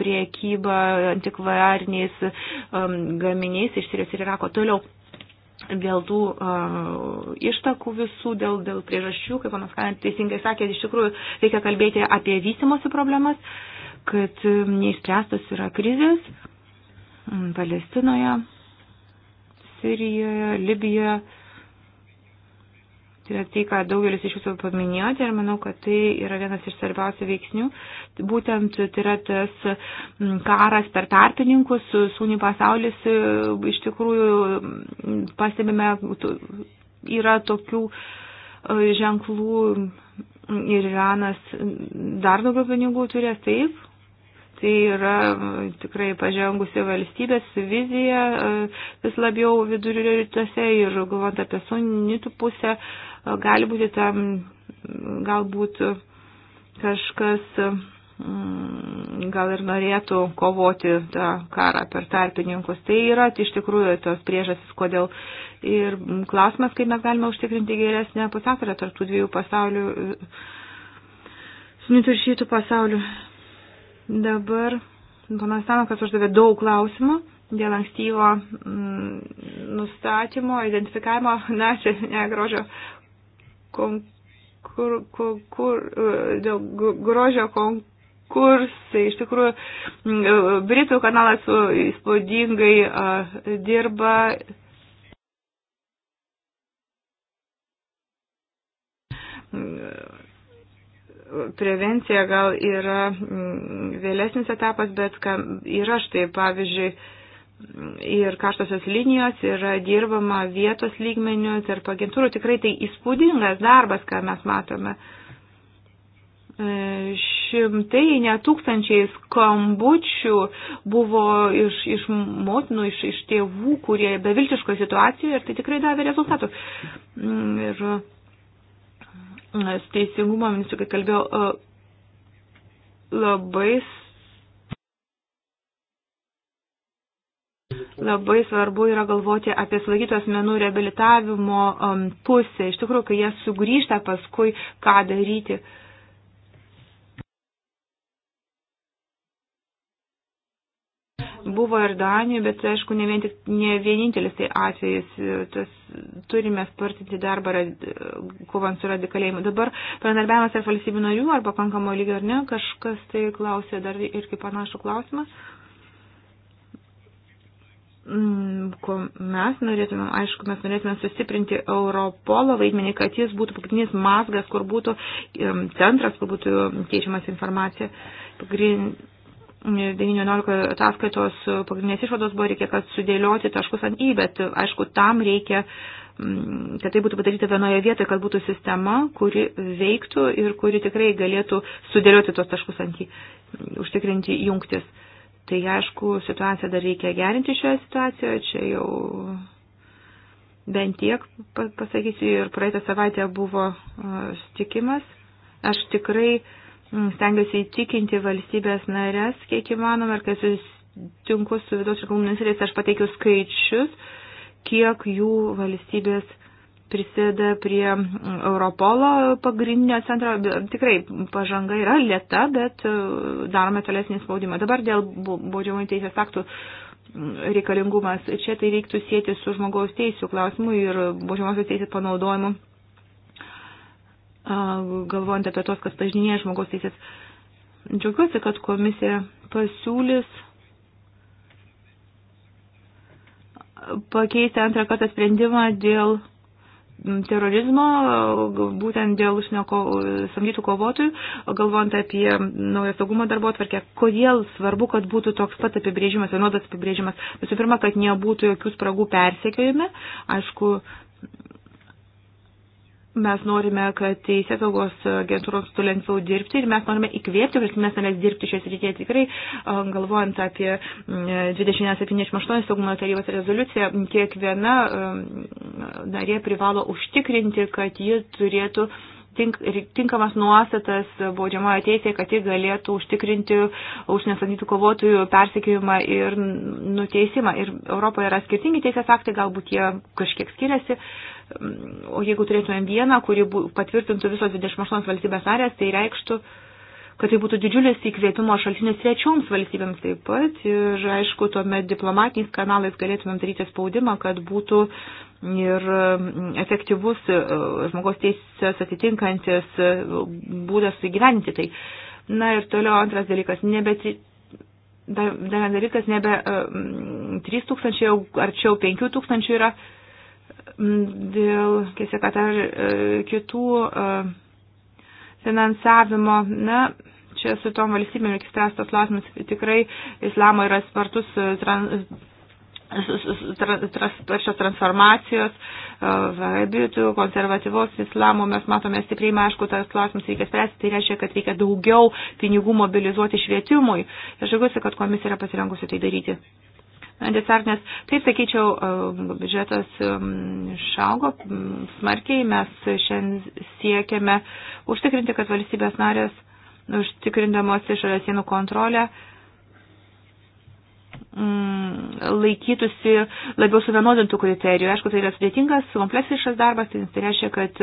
priekybą antikvariniais e, gaminiais iš Sirijos ir Irako toliau dėl tų uh, ištakų visų, dėl, dėl priežasčių, kaip panas Kanė teisingai sakė, iš tikrųjų reikia kalbėti apie vystimosi problemas, kad neišspręstos yra krizės. Uh, Mm, Palestinoje, Sirijoje, Libijoje. Tai yra tai, ką daugelis iš jūsų paminėjote ir manau, kad tai yra vienas iš svarbiausių veiksnių. Būtent tai yra tas mm, karas per tarpininkus, sūnį pasaulis e, iš tikrųjų mm, pastebime, yra tokių e, ženklų ir Iranas dar daugiau pinigų turės, taip, Tai yra tikrai pažengusi valstybės vizija e, vis labiau vidurio rytuose ir galvojant apie sunitų pusę, e, gali būti tam galbūt kažkas gal ir norėtų kovoti tą karą per tarpininkus. Tai yra iš tikrųjų tos priežasis, kodėl. Ir klausimas, kaip mes galime užtikrinti geresnę pusiausvyrą tarp tų dviejų pasaulių, sunitų ir šytų pasaulių. Dabar panas Tanokas uždavė daug klausimų dėl ankstyvo m, mm, nustatymo, identifikavimo, (laughs) na, čia negrožio konkur, konkur, dėl grožio konkursų kursai. Iš tikrųjų, mm, Britų kanalas įspūdingai dirba prevencija gal yra mm, vėlesnis etapas, bet yra štai, pavyzdžiui, mm, ir karštosios linijos yra dirbama vietos lygmenių tarp agentūrų. Tikrai tai įspūdingas darbas, ką mes matome. E, šimtai, ne tūkstančiai skambučių buvo iš, iš motinų, iš, iš tėvų, kurie beviltiško situacijoje ir tai tikrai davė rezultatų. Mm, ir teisingumo ministru, kai kalbėjau, e, labai, labai svarbu yra galvoti apie sulaikytų asmenų reabilitavimo pusę. Iš tikrųjų, kai jie sugrįžta paskui, ką daryti. Uh, buvo ir Danijoje, bet aišku, ne, vien tik, ne vienintelis tai atvejis. Tas, turime spartinti darbą kovant su radikalėjimu. Dabar bendarbiavimas ar valstybių narių, ar pakankamo lygio ar ne, kažkas tai klausė dar irgi panašų klausimą. Mm, ko mes norėtume, aišku, mes norėtume sustiprinti Europolo vaidmenį, kad jis būtų pagrindinis mazgas, kur būtų centras, kur būtų keičiamas informacija. Pagrind 19 ataskaitos pagrindinės išvados buvo reikia, kad sudėlioti taškus ant į, bet aišku, tam reikia, mm, kad tai būtų padaryta vienoje vietoje, kad būtų sistema, kuri veiktų ir kuri tikrai galėtų sudėlioti tos taškus ant į, mm, užtikrinti jungtis. Tai aišku, situaciją dar reikia gerinti šioje situacijoje, čia jau bent tiek pasakysiu ir praeitą savaitę buvo stikimas. Aš tikrai uh, Mm, stengiuosi įtikinti valstybės narės, kiek įmanoma, ir kai susitinku su vidaus reikalų ministrės, aš pateikiu skaičius, kiek jų valstybės prisideda prie mm, Europolo pagrindinio centro. Tikrai pažanga yra lėta, bet e, darome tolesnį spaudimą. Dabar dėl baudžiamųjų teisės aktų mm, reikalingumas. Čia tai reiktų sėti su žmogaus teisų klausimu ir baudžiamosios teisės panaudojimu galvojant apie tos, kas pažinėja žmogaus teisės. Džiaugiuosi, kad komisija pasiūlys pakeisti antrą kartą sprendimą dėl terorizmo, būtent dėl užsienio ko, samdytų kovotojų, galvojant apie naują saugumo darbo atvarkę. Kodėl svarbu, kad būtų toks pat apibrėžimas, vienodas apibrėžimas? Visų pirma, kad nebūtų jokių spragų persekiojime. Aišku, mes norime, kad teisėsaugos agentūroms būtų lengviau dirbti ir mes norime įkvėpti valstybės narės dirbti šios rytyje. Tikrai, galvojant apie 2078 saugumo tarybos rezoliuciją, kiekviena narė privalo užtikrinti, kad ji turėtų tink, tinkamas nuostatas baudžiamojo teisėje, kad ji galėtų užtikrinti už nesamdytų kovotojų persekiojimą ir nuteisimą. Ir Europoje yra skirtingi teisės aktai, galbūt jie kažkiek skiriasi, O jeigu turėtumėm vieną, kuri patvirtintų visos 28 valstybės narės, tai reikštų, kad tai būtų didžiulis įkvėpimo šaltinis trečioms valstybėms taip pat. Ir aišku, tuomet diplomatiniais kanalais galėtumėm daryti spaudimą, kad būtų ir efektyvus e, žmogaus teisės atitinkantis e, būdas įgyveninti tai. Na ir toliau antras dalykas. Nebeti, dar, dar dalykas nebe 3000 e, arčiau 5000 yra dėl, kaip sakat, ar e, kitų e, finansavimo, na, čia su tom valstybėm reikia spręsti tos klausimus, tikrai islamo yra spartus e, trans, sparčios transformacijos, vahabitų, konservatyvos islamo, mes matome stipriai, aišku, tas klausimas reikia spręsti, tai reiškia, kad reikia daugiau pinigų mobilizuoti švietimui. Aš žiūrėsiu, kad komisija yra pasirengusi tai daryti. Desarnės. Taip sakyčiau, e, biudžetas išaugo smarkiai, mes šiandien siekiame užtikrinti, kad valstybės narės užtikrindamos išorės sienų kontrolę Mm, laikytųsi labiau suvienodintų kriterijų. Aišku, tai yra sudėtingas, kompleksiškas darbas, tai, tai reiškia, kad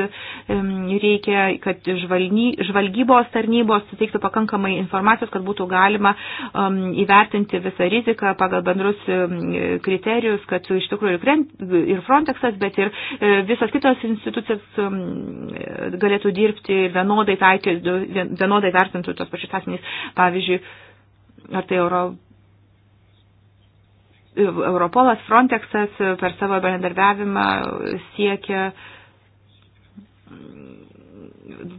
reikia, kad žvalny, žvalgybos tarnybos suteiktų pakankamai informacijos, kad būtų galima um, įvertinti visą riziką pagal bendrus kriterijus, kad iš tikrųjų ir Frontexas, bet ir e, visos kitos institucijos galėtų dirbti vienodai, taikė, vienodai vertintų tos pačius asmenys. Pavyzdžiui, ar tai Europos Europolas, Frontexas per savo bendarbiavimą siekia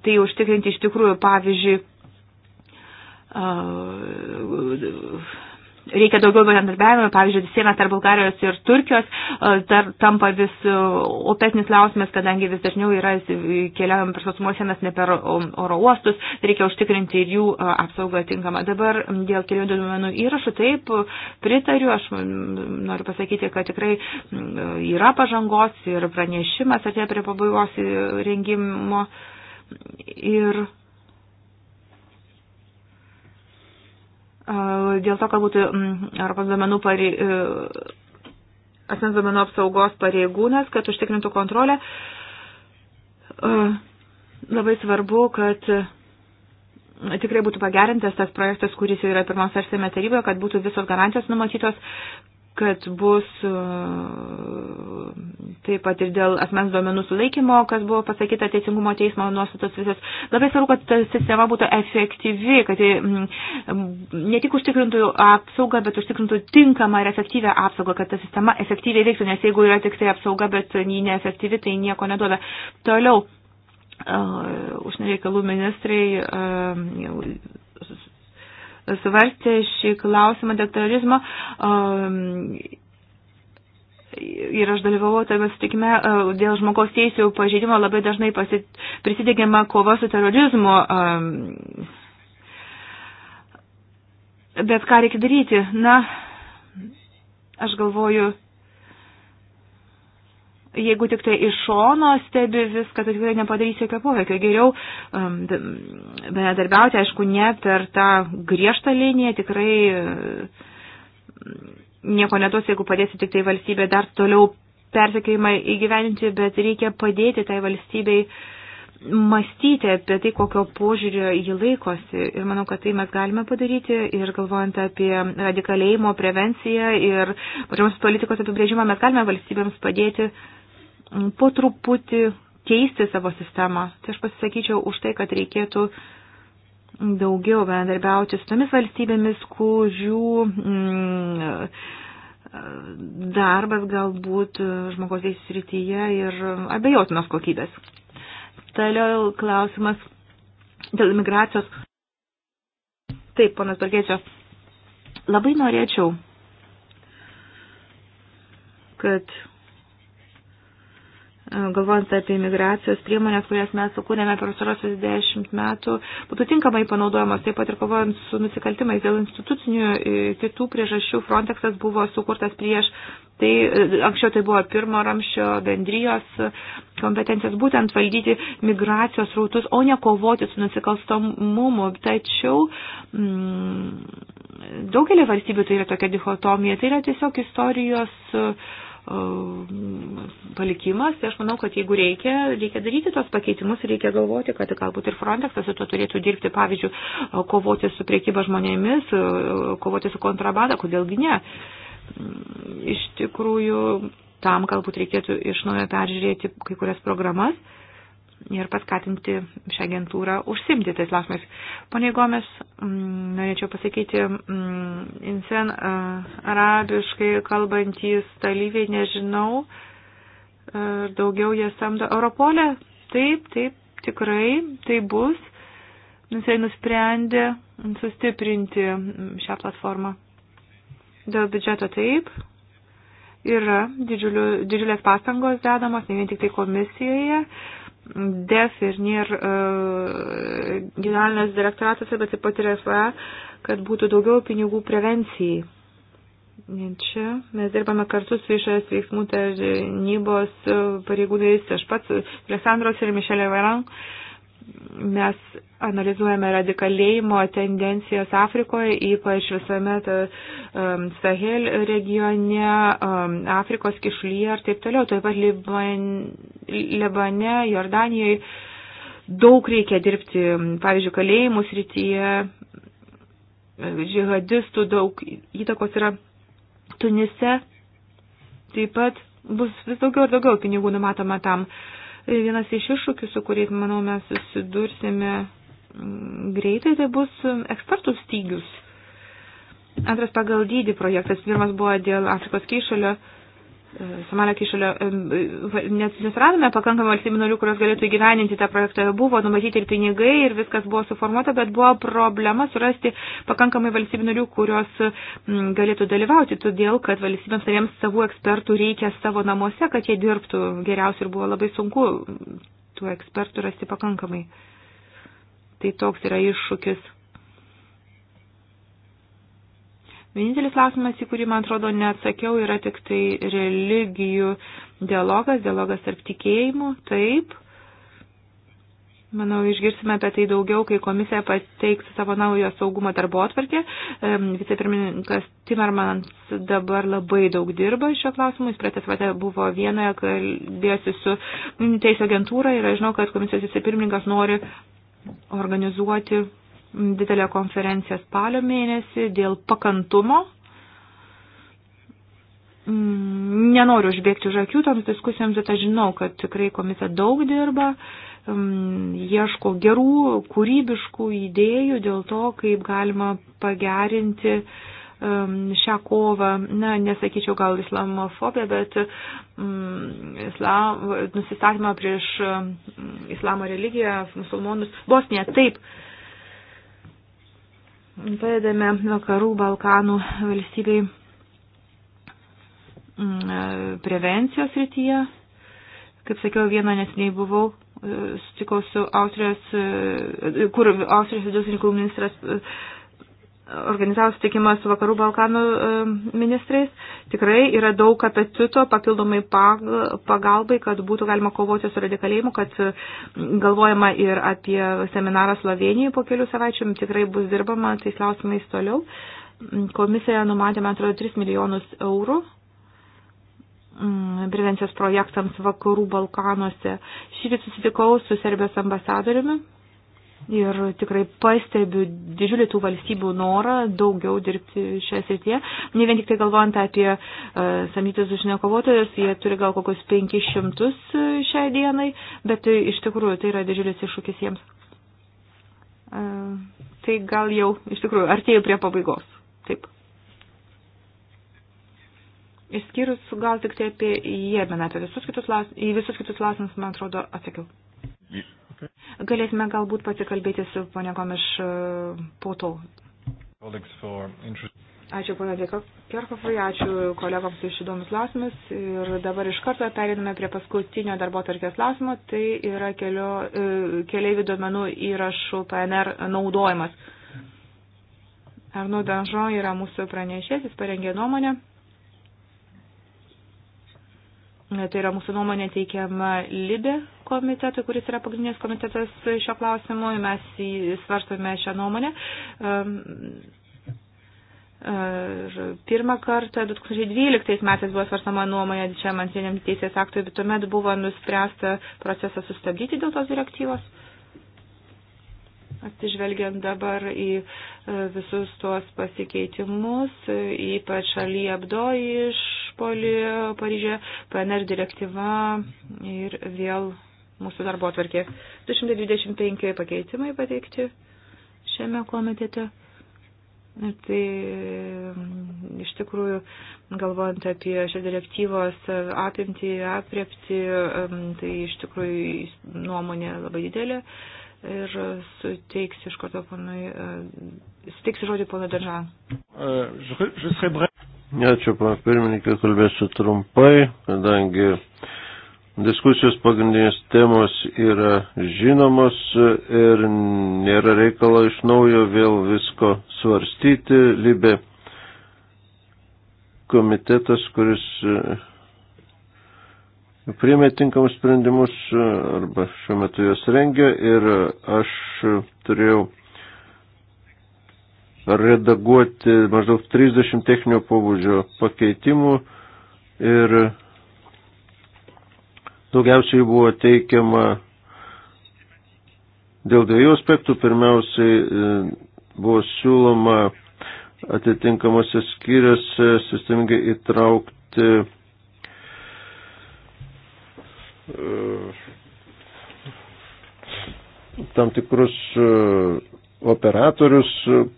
tai užtikrinti iš tikrųjų, pavyzdžiui, reikia daugiau bendradarbiavimo, pavyzdžiui, siena tarp Bulgarijos ir Turkijos e, dar tampa vis e, opesnis klausimas, kadangi vis dažniau yra keliaujam per sausumos sienas, ne per oro uostus, reikia užtikrinti ir jų e, apsaugą tinkamą. Dabar dėl kelių duomenų įrašų taip pritariu, aš noriu pasakyti, kad tikrai yra pažangos ir pranešimas atėjo prie pabaigos rengimo. Ir dėl to, kad būtų mm, Europos duomenų parei, e, asmens duomenų apsaugos pareigūnas, kad užtikrintų kontrolę. Labai svarbu, kad e, tikrai būtų pagerintas tas projektas, kuris yra pirmiausia arsime taryboje, kad būtų visos garantijos numatytos, kad bus e, taip pat ir dėl asmens duomenų sulaikymo, kas buvo pasakyta teisingumo teismo nuostatos visas. Labai svarbu, kad ta sistema būtų efektyvi, kad mm, ne tik užtikrintų apsaugą, bet užtikrintų tinkamą ir efektyvę apsaugą, kad ta sistema efektyviai veiktų, nes jeigu yra tik tai apsauga, bet ji neefektyvi, tai nieko neduoda. Toliau, e, užsienio reikalų ministrai e, svarstė šį klausimą dėl terorizmo. Um, ir aš dalyvavau tame sutikime uh, dėl žmogaus teisų pažeidimo labai dažnai pasit, prisidegiama kova su terorizmu. Um, bet ką reikia daryti? Na, aš galvoju, jeigu tik tai iš šono stebi viską, tai tikrai nepadarys jokio poveikio. Geriau um, bendradarbiauti, aišku, ne per tą griežtą liniją, tikrai um, nieko neduos, jeigu padėsi tik tai valstybė dar toliau persekėjimą įgyveninti, bet reikia padėti tai valstybei mąstyti apie tai, kokio požiūrio jį laikosi. Ir manau, kad tai mes galime padaryti ir galvojant apie radikalėjimo prevenciją ir pačios politikos apibrėžimą, mes galime valstybėms padėti uh, po truputį keisti savo sistemą. Tai aš pasisakyčiau už tai, kad reikėtų daugiau bendarbiauti su tomis valstybėmis, kurių mm, darbas galbūt žmogaus teisų srityje ir abejotinos kokybės. Toliau klausimas dėl imigracijos. Taip, ponas Balgėčio, labai norėčiau, kad galvojant apie migracijos priemonės, kurias mes sukūrėme per pastarosius dešimt metų, būtų tinkamai panaudojamos, taip pat ir kovojant su nusikaltimais dėl institucinių e, kitų priežasčių. Frontexas buvo sukurtas prieš, tai e, anksčiau tai buvo pirmo ramščio bendrijos e, kompetencijos būtent valdyti migracijos rautus, o ne kovoti su nusikalstamumu. Tačiau mm, daugelį valstybių tai yra tokia dichotomija, tai yra tiesiog istorijos. Uh, E, palikimas. Tai aš manau, kad jeigu reikia, reikia daryti tos pakeitimus ir reikia galvoti, kad galbūt ir Frontexas su to turėtų dirbti, pavyzdžiui, e, kovoti su priekyba žmonėmis, e, kovoti su kontrabanda, kodėlgi ne. Iš tikrųjų, tam galbūt reikėtų iš naujo peržiūrėti kai kurias programas ir paskatinti šią agentūrą užsimti tais klausimais. Pone Gomes, mm, norėčiau pasakyti, mm, insen e, arabiškai kalbantys dalyviai, nežinau, e, daugiau jie samdo Europolę. Taip, taip, tikrai, tai bus. Jisai nusprendė sustiprinti šią platformą. Dėl biudžeto taip, yra didžiulės pastangos dedamos, ne vien tik tai komisijoje, DEF ir NIR e, generalinės direktoratose, bet taip pat ir FA, kad būtų daugiau pinigų prevencijai. Čia mes dirbame kartu su išorės veiksmų tarnybos pareigūnais, aš pats, Alessandros ir Mišelė Varan. Uh, mes analizuojame radikalėjimo tendencijas Afrikoje, ypač visame ta, um, Sahel regione, um, Afrikos kišlyje ir taip toliau. Taip pat Liban, Libane, Jordanijoje daug reikia dirbti, pavyzdžiui, kalėjimų srityje, žihadistų daug įtakos yra Tunise. Taip pat bus vis daugiau ir daugiau pinigų numatoma tam. Uh, Vienas iš iššūkių, su kuriais, manau, mes susidursime mm, greitai, tai bus ekspertų stygius. Antras pagal dydį projektas, pirmas buvo dėl Afrikos kyšalio Somalio kišulio, nes nesuradome pakankamai valstybių narių, kurios galėtų įgyveninti tą projektą. Buvo numatyti ir pinigai ir viskas buvo suformuota, bet buvo problema surasti pakankamai valstybių narių, kurios galėtų dalyvauti, todėl kad valstybėms narėms savų ekspertų reikia savo namuose, kad jie dirbtų geriausiai ir buvo labai sunku tų ekspertų rasti pakankamai. Tai toks yra iššūkis. Vienintelis klausimas, į kurį, man atrodo, neatsakiau, yra tik tai religijų dialogas, dialogas tarp tikėjimų. Taip, Manau, išgirsime apie tai daugiau, kai komisija pateiks savo naujo saugumo darbo atvarkę. Vicepirmininkas Timermans dabar labai daug dirba šio klausimu. Jis prie svate buvo vienoje, kalbėjosi su teisė agentūra ir aš žinau, kad komisijos vicepirmininkas nori organizuoti didelę konferenciją spalio mėnesį dėl pakantumo. Mm, nenoriu užbėgti už akių toms diskusijoms, bet aš žinau, kad tikrai komisija daug dirba, mm, ieško gerų, kūrybiškų idėjų dėl to, kaip galima pagerinti mm, šią kovą, na, nesakyčiau gal islamofobiją, bet mm, islam, nusistatymą prieš islamo religiją, musulmonus. Bosnija, taip, uh, Padedame vakarų Balkanų valstybei mm, e, prevencijos rytyje. Kaip sakiau, vieną nesiniai buvau, e, sutikau su Austrijos, e, kur Austrijos vidaus reikalų ministras organizavo sutikimą su Vakarų Balkanų e, ministrais. Tikrai yra daug apetito papildomai pagalbai, kad būtų galima kovoti su radikalėjimu, kad galvojama ir apie seminarą Slovenijoje po kelių savaičių, tikrai bus dirbama tais klausimais toliau. Komisija numatė, man atrodo, 3 milijonus eurų prevencijos projektams Vakarų Balkanuose. Šį susitikau su Serbijos ambasadoriumi Ir tikrai pastebiu didžiulį tų valstybių norą daugiau dirbti šią srityje. Ne vien tik tai galvojant apie uh, e, samytis užsienio kovotojus, jie turi gal kokius 500 šiai dienai, bet tai iš tikrųjų tai yra didžiulis iššūkis jiems. Uh, tai gal jau iš tikrųjų artėjau prie pabaigos. Taip. Išskyrus gal tik tai apie Jemeną, apie visus kitus, į visus kitus klausimus, man atrodo, atsakiau. Galėsime galbūt pasikalbėti su ponia Gomiš e, po to. Ačiū pana Kerkofui, ačiū kolegoms iš įdomus klausimus. Ir dabar iš karto perėdame prie paskutinio darbo tarkės klausimo, tai yra kelio, e, keliaivių duomenų įrašų PNR naudojimas. Arnu Danžon yra mūsų pranešės, jis parengė nuomonę. E, tai yra mūsų nuomonė teikiama Libė komitetui, kuris yra pagrindinis komitetas šio klausimu, mes svarstome šią nuomonę. Ehm, ir pirmą kartą 2012 metais buvo svarstama nuomonė čia mantiniam teisės aktui, bet tuomet buvo nuspręsta procesą sustabdyti dėl tos direktyvos atsižvelgiant dabar į e, visus tuos pasikeitimus, ypač šaly apdo išpolį Paryžė, PNR direktyva ir vėl mūsų darbo atvarkės. 225 pakeitimai pateikti šiame komitete. Tai mm, iš tikrųjų, galvojant apie šią direktyvos apimtį, aprepti, mm, tai iš tikrųjų nuomonė labai didelė ir suteiks iš karto ponui, e, suteiks žodį pono Daržan. E, Ačiū, pana pirmininkė, kalbėsiu trumpai, kadangi Diskusijos pagrindinės temos yra žinomos ir nėra reikalo iš naujo vėl visko svarstyti. Libė komitetas, kuris e, priėmė tinkamus sprendimus e, arba šiuo metu juos rengia ir aš turėjau redaguoti maždaug 30 techninio pobūdžio pakeitimų ir Daugiausiai buvo teikiama dėl dviejų aspektų. Pirmiausiai e, buvo siūloma atitinkamose skyriuose sistemingai įtraukti e, tam tikrus e, operatorius,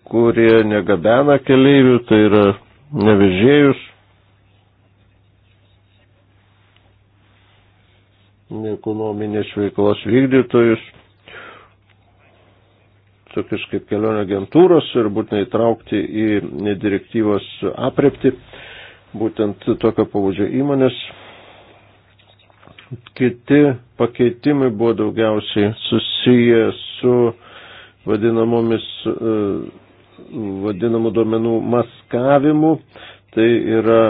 kurie negabena keleivių, tai yra nevežėjus. ekonominės veiklos vykdytojus, tokius kaip kelionio agentūros ir būtinai traukti į direktyvos aprepti būtent tokio pavudžio įmonės. Kiti pakeitimai buvo daugiausiai susiję su vadinamomis, e, vadinamų duomenų maskavimu. Tai yra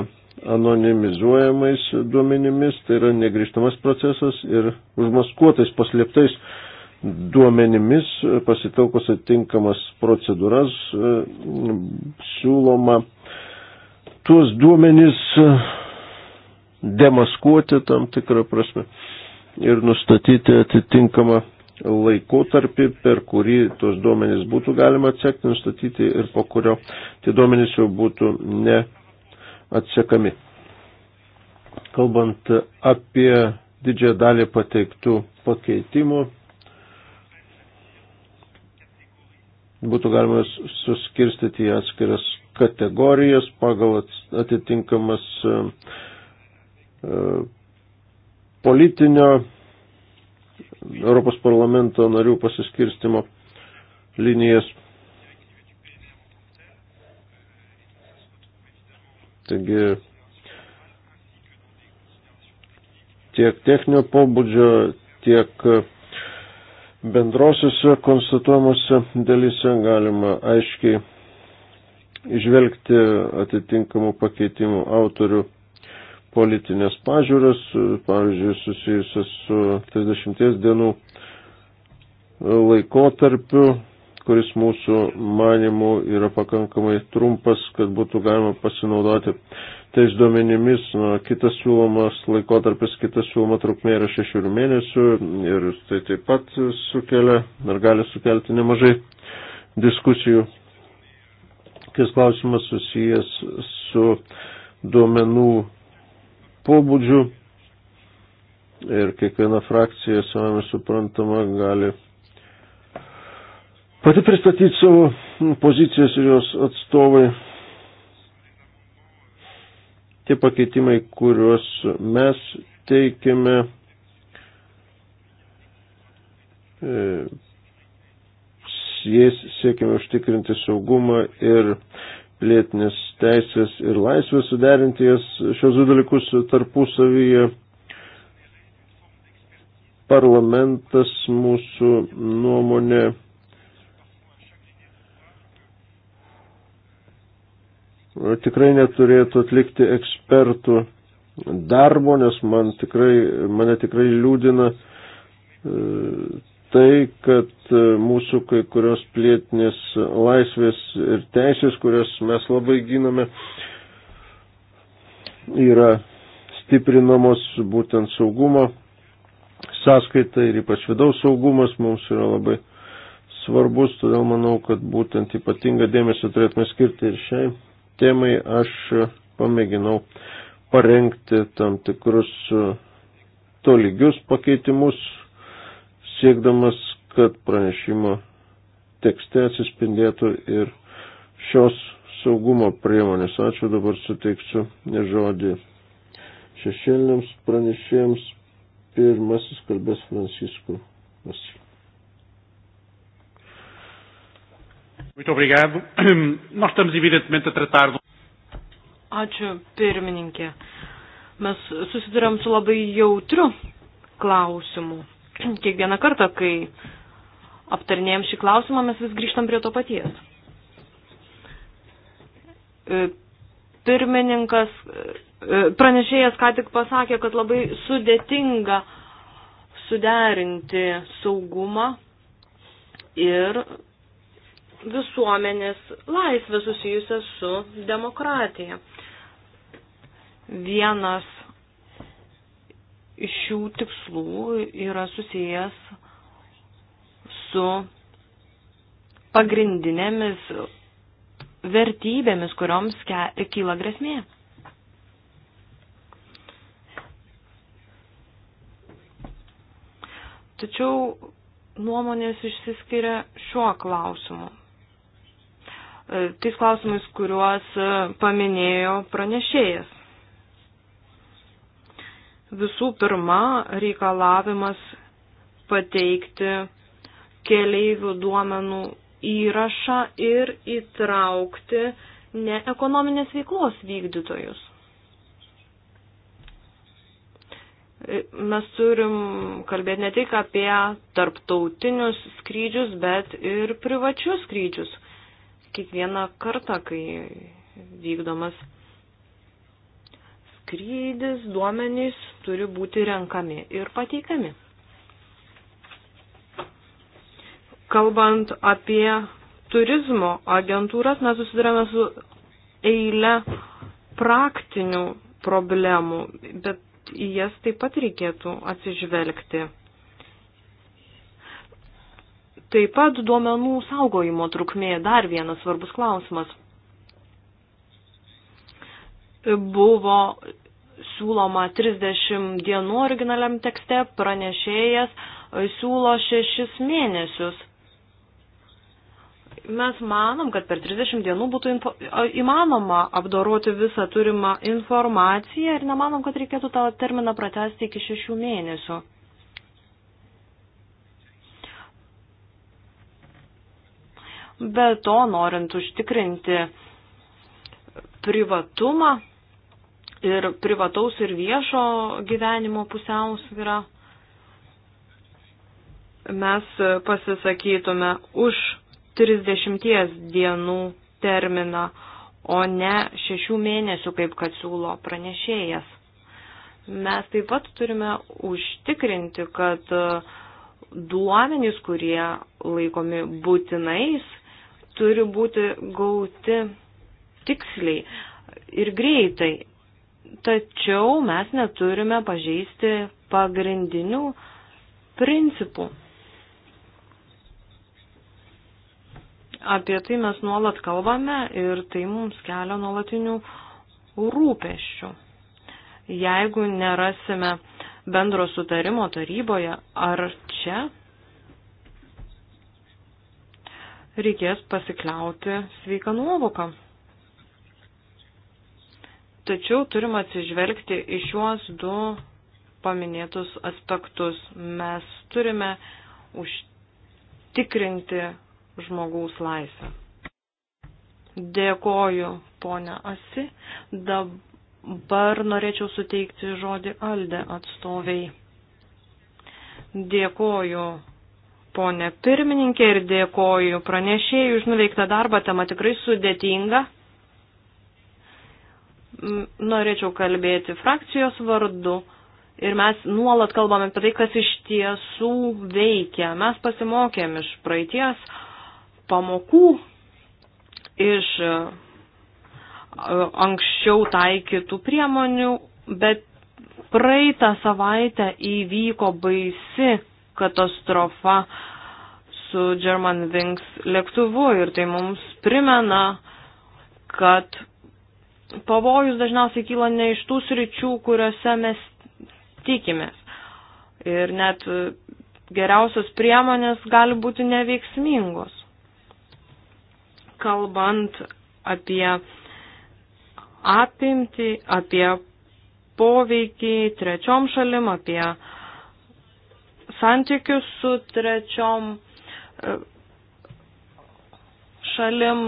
anonimizuojamais duomenimis, tai yra negrįžtamas procesas ir užmaskuotais paslėptais duomenimis pasitaukus atitinkamas procedūras e, siūloma tuos duomenys demaskuoti tam tikrą prasme ir nustatyti atitinkamą laikotarpį, per kurį tos duomenys būtų galima atsekti, nustatyti ir po kurio tie duomenys jau būtų ne atsekami. Kalbant apie didžiąją dalį pateiktų pakeitimų, būtų galima suskirstyti į atskiras kategorijas pagal atitinkamas e, e, politinio Europos parlamento narių pasiskirstimo linijas. Taigi tiek techninio pobūdžio, tiek bendrosiuose konstatuomuose dalyse galima aiškiai išvelgti atitinkamų pakeitimų autorių politinės pažiūras, pavyzdžiui, susijusias su 30 dienų laikotarpiu kuris mūsų manimų yra pakankamai trumpas, kad būtų galima pasinaudoti tais duomenimis. Na, kitas siūlomas laikotarpis, kitas siūloma trukmė yra šešių mėnesių ir tai taip pat sukelia ar gali sukelti nemažai diskusijų. Kis klausimas susijęs su duomenų pobūdžiu ir kiekviena frakcija, savame suprantama, gali pati pristatyti savo pozicijas ir jos atstovai. Tie pakeitimai, kuriuos mes teikiame, jais e, siekime užtikrinti saugumą ir pilietinės teisės ir laisvės, suderinti jas šios du dalykus tarpusavyje. Parlamentas mūsų nuomonė tikrai neturėtų atlikti ekspertų darbo, nes man tikrai, mane tikrai liūdina e, tai, kad e, mūsų kai kurios plėtinės laisvės ir teisės, kurias mes labai giname, yra stiprinamos būtent saugumo sąskaita ir ypač vidaus saugumas mums yra labai svarbus, todėl manau, kad būtent ypatingą dėmesį turėtume skirti ir šiai temai aš pamėginau parengti tam tikrus tolygius pakeitimus, siekdamas, kad pranešimo tekste atsispindėtų ir šios saugumo priemonės. Ačiū dabar suteiksiu žodį šešėliniams pranešėjams. Pirmasis kalbės Francisku Vasilijus. Muito obrigado. (clears throat) Nós estamos evidentemente a tratar do... Um Ačiū, pirmininkė. Mes susidurėm su labai jautriu klausimu. (clears throat) Kiekvieną kartą, kai aptarnėjom šį klausimą, mes vis grįžtam prie to paties. E, pirmininkas, e, pranešėjas ką tik pasakė, kad labai sudėtinga suderinti saugumą ir visuomenės laisvę susijusią su demokratija. Vienas iš šių tikslų yra susijęs su pagrindinėmis vertybėmis, kurioms kyla grėsmė. Tačiau nuomonės išsiskiria šiuo klausimu. E, tais klausimais, kuriuos e, paminėjo pranešėjas. Visų pirma, reikalavimas pateikti keleivių duomenų įrašą ir įtraukti neekonominės veiklos vykdytojus. E, mes turim kalbėti ne tik apie tarptautinius skrydžius, bet ir privačius skrydžius kiekvieną kartą, kai vykdomas skrydis, duomenys turi būti renkami ir pateikami. Kalbant apie turizmo agentūras, mes susidurėme su eile praktinių problemų, bet į jas taip pat reikėtų atsižvelgti. Taip pat duomenų saugojimo trukmė dar vienas svarbus klausimas. Buvo siūloma 30 dienų originaliam tekste, pranešėjas siūlo 6 mėnesius. Mes manom, kad per 30 dienų būtų info, įmanoma apdoroti visą turimą informaciją ir nemanom, kad reikėtų tą terminą pratesti iki 6 mėnesių. Be to, norint užtikrinti privatumą ir privataus ir viešo gyvenimo pusiausvyrą, mes pasisakytume už 30 dienų terminą, o ne 6 mėnesių, kaip kad siūlo pranešėjas. Mes taip pat turime užtikrinti, kad duomenys, kurie laikomi būtinais, turi būti gauti tiksliai ir greitai. Tačiau mes neturime pažeisti pagrindinių principų. Apie tai mes nuolat kalbame ir tai mums kelia nuolatinių rūpeščių. Jeigu nerasime bendro sutarimo taryboje ar čia, reikės pasikliauti sveiką nuovoką. Tačiau turim atsižvelgti į šiuos du paminėtus aspektus. Mes turime užtikrinti žmogaus laisvę. Dėkoju, ponia Asi. Dabar norėčiau suteikti žodį Alde atstoviai. Dėkoju ponė pirmininkė, ir dėkoju pranešėjų už nuveiktą darbą, tema tikrai sudėtinga. Norėčiau kalbėti frakcijos vardu ir mes nuolat kalbame apie tai, kas iš tiesų veikia. Mes pasimokėm iš praeities pamokų, iš e, anksčiau taikytų priemonių, bet praeitą savaitę įvyko baisi katastrofa su German Wings lėktuvu ir tai mums primena, kad pavojus dažniausiai kyla ne iš tų sričių, kuriuose mes tikimės. Ir net geriausios priemonės gali būti neveiksmingos. Kalbant apie apimti, apie poveikį trečiom šalim, apie uh, santykių su trečiom e, šalim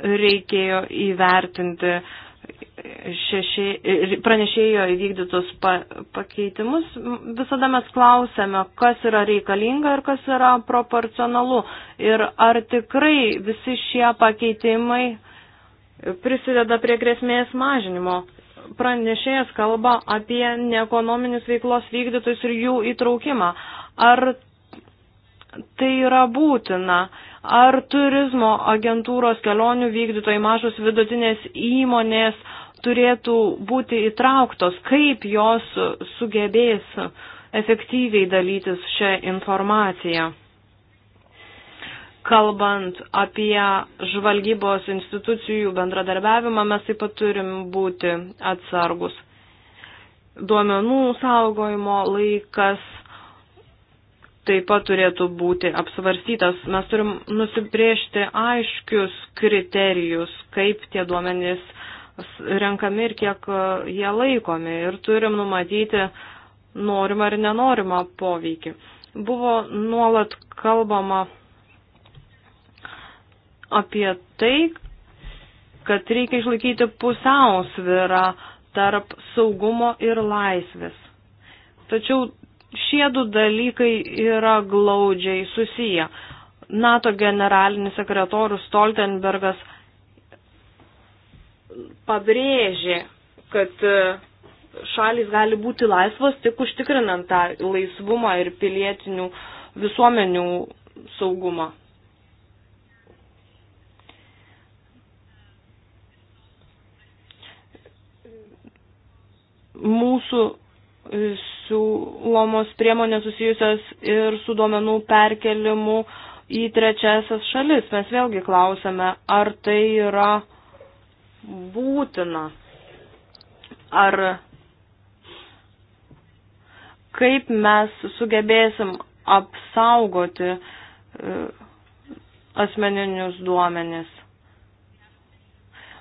reikėjo įvertinti šeši, e, pranešėjo įvykdytus pa, pakeitimus. Visada mes klausėme, kas yra reikalinga ir kas yra proporcionalu. Ir ar tikrai visi šie pakeitimai prisideda prie grėsmės mažinimo pranešėjas kalba apie neekonominius veiklos vykdytojus ir jų įtraukimą. Ar tai yra būtina? Ar turizmo agentūros kelionių vykdytojai mažos vidutinės įmonės turėtų būti įtrauktos? Kaip jos sugebės efektyviai dalytis šią informaciją? Kalbant apie žvalgybos institucijų bendradarbiavimą, mes taip pat turim būti atsargus. Duomenų saugojimo laikas taip pat turėtų būti apsvarstytas. Mes turim nusibriežti aiškius kriterijus, kaip tie duomenys renkami ir kiek jie laikomi. Ir turim numatyti norimą ir nenorimą poveikį. Buvo nuolat kalbama apie tai, kad reikia išlaikyti pusiausvyrą tarp saugumo ir laisvės. Tačiau šie du dalykai yra glaudžiai susiję. NATO generalinis sekretorius Stoltenbergas pabrėžė, kad e, šalis gali būti laisvas tik užtikrinant tą laisvumą ir pilietinių visuomenių saugumą. mūsų e, siūlomos priemonės susijusios ir su duomenų perkelimu į trečiasias šalis. Mes vėlgi klausėme, ar tai yra būtina, ar kaip mes sugebėsim apsaugoti e, asmeninius duomenis.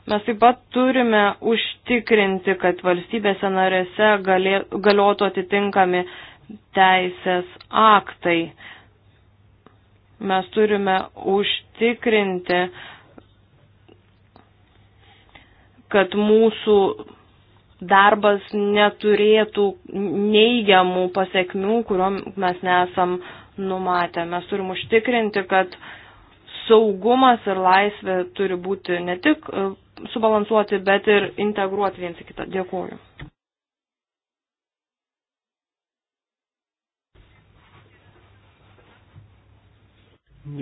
Mes taip pat turime užtikrinti, kad valstybėse narėse galė, galiotų atitinkami teisės aktai. Mes turime užtikrinti, kad mūsų darbas neturėtų neigiamų pasiekmių, kuriuom mes nesam numatę. Mes turim užtikrinti, kad saugumas ir laisvė turi būti ne tik subalansuoti, bet ir integruoti viens į kitą. Dėkuoju.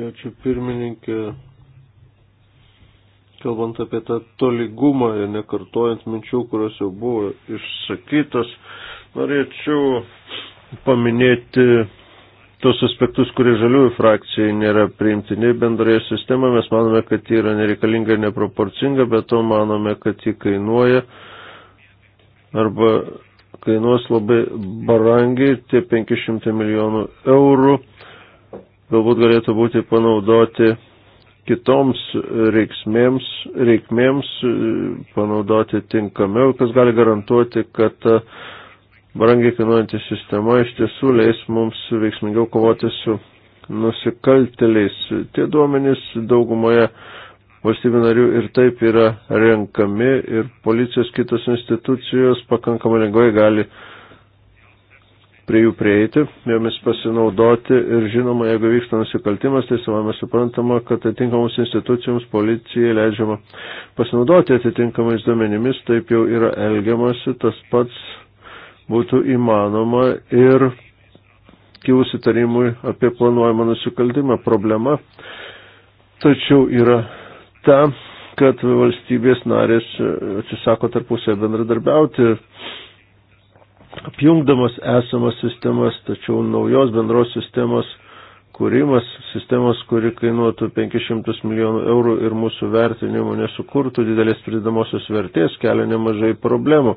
Ačiū pirmininkė. Kalbant apie tą tolygumą ir nekartojant minčių, kurios jau buvo išsakytos, norėčiau paminėti tuos aspektus, kurie žaliųjų frakcijai nėra priimtini bendroje sistemoje. Mes manome, kad ji yra nereikalinga ir neproporcinga, bet to manome, kad ji kainuoja arba kainuos labai barangiai tie 500 milijonų eurų. Galbūt galėtų būti panaudoti kitoms reiksmėms, reikmėms, panaudoti tinkamiau, kas gali garantuoti, kad uh, brangiai kainuojantį sistema iš tiesų leis mums veiksmingiau kovoti su nusikalteliais. Tie duomenys daugumoje valstybių narių ir taip yra renkami ir policijos kitos institucijos pakankamai lengvai gali prie jų prieiti, jomis pasinaudoti ir žinoma, jeigu vyksta nusikaltimas, tai savame suprantama, kad atitinkamus institucijoms policijai leidžiama pasinaudoti atitinkamais duomenimis, taip jau yra elgiamasi, tas pats būtų įmanoma ir kilus įtarimui apie planuojamą nusikaltimą. Problema tačiau yra ta, kad valstybės narės e, atsisako tarpusėje bendradarbiauti, apjungdamas esamas sistemas, tačiau naujos bendros sistemos kūrimas, sistemos, kuri kainuotų 500 milijonų eurų ir mūsų vertinimų nesukurtų didelės pridamosios vertės, kelia nemažai problemų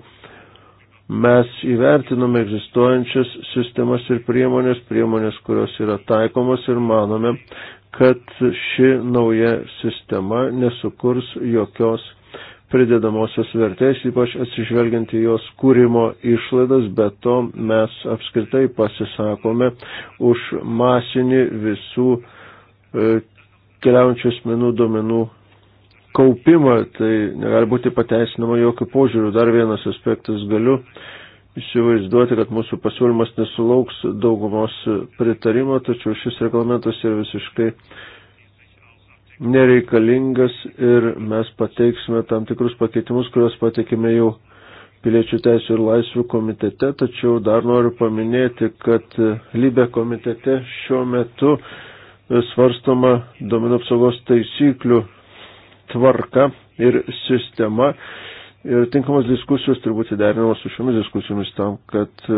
mes įvertinome egzistuojančias sistemas ir priemonės, priemonės, kurios yra taikomos ir manome, kad ši nauja sistema nesukurs jokios pridedamosios vertės, ypač atsižvelgiant į jos kūrimo išlaidas, bet to mes apskritai pasisakome už masinį visų e, keliaujančių asmenų duomenų kaupimą, tai negali būti pateisinama jokių požiūrių. Dar vienas aspektas galiu įsivaizduoti, kad mūsų pasiūlymas nesulauks daugumos pritarimo, tačiau šis reglamentas yra visiškai nereikalingas ir mes pateiksime tam tikrus pakeitimus, kuriuos pateikime jau piliečių teisų ir laisvių komitete, tačiau dar noriu paminėti, kad Libė komitete šiuo metu svarstoma domino apsaugos taisyklių tvarka ir sistema. Ir tinkamas diskusijos turbūt įderinamas su šiomis diskusijomis tam, kad e,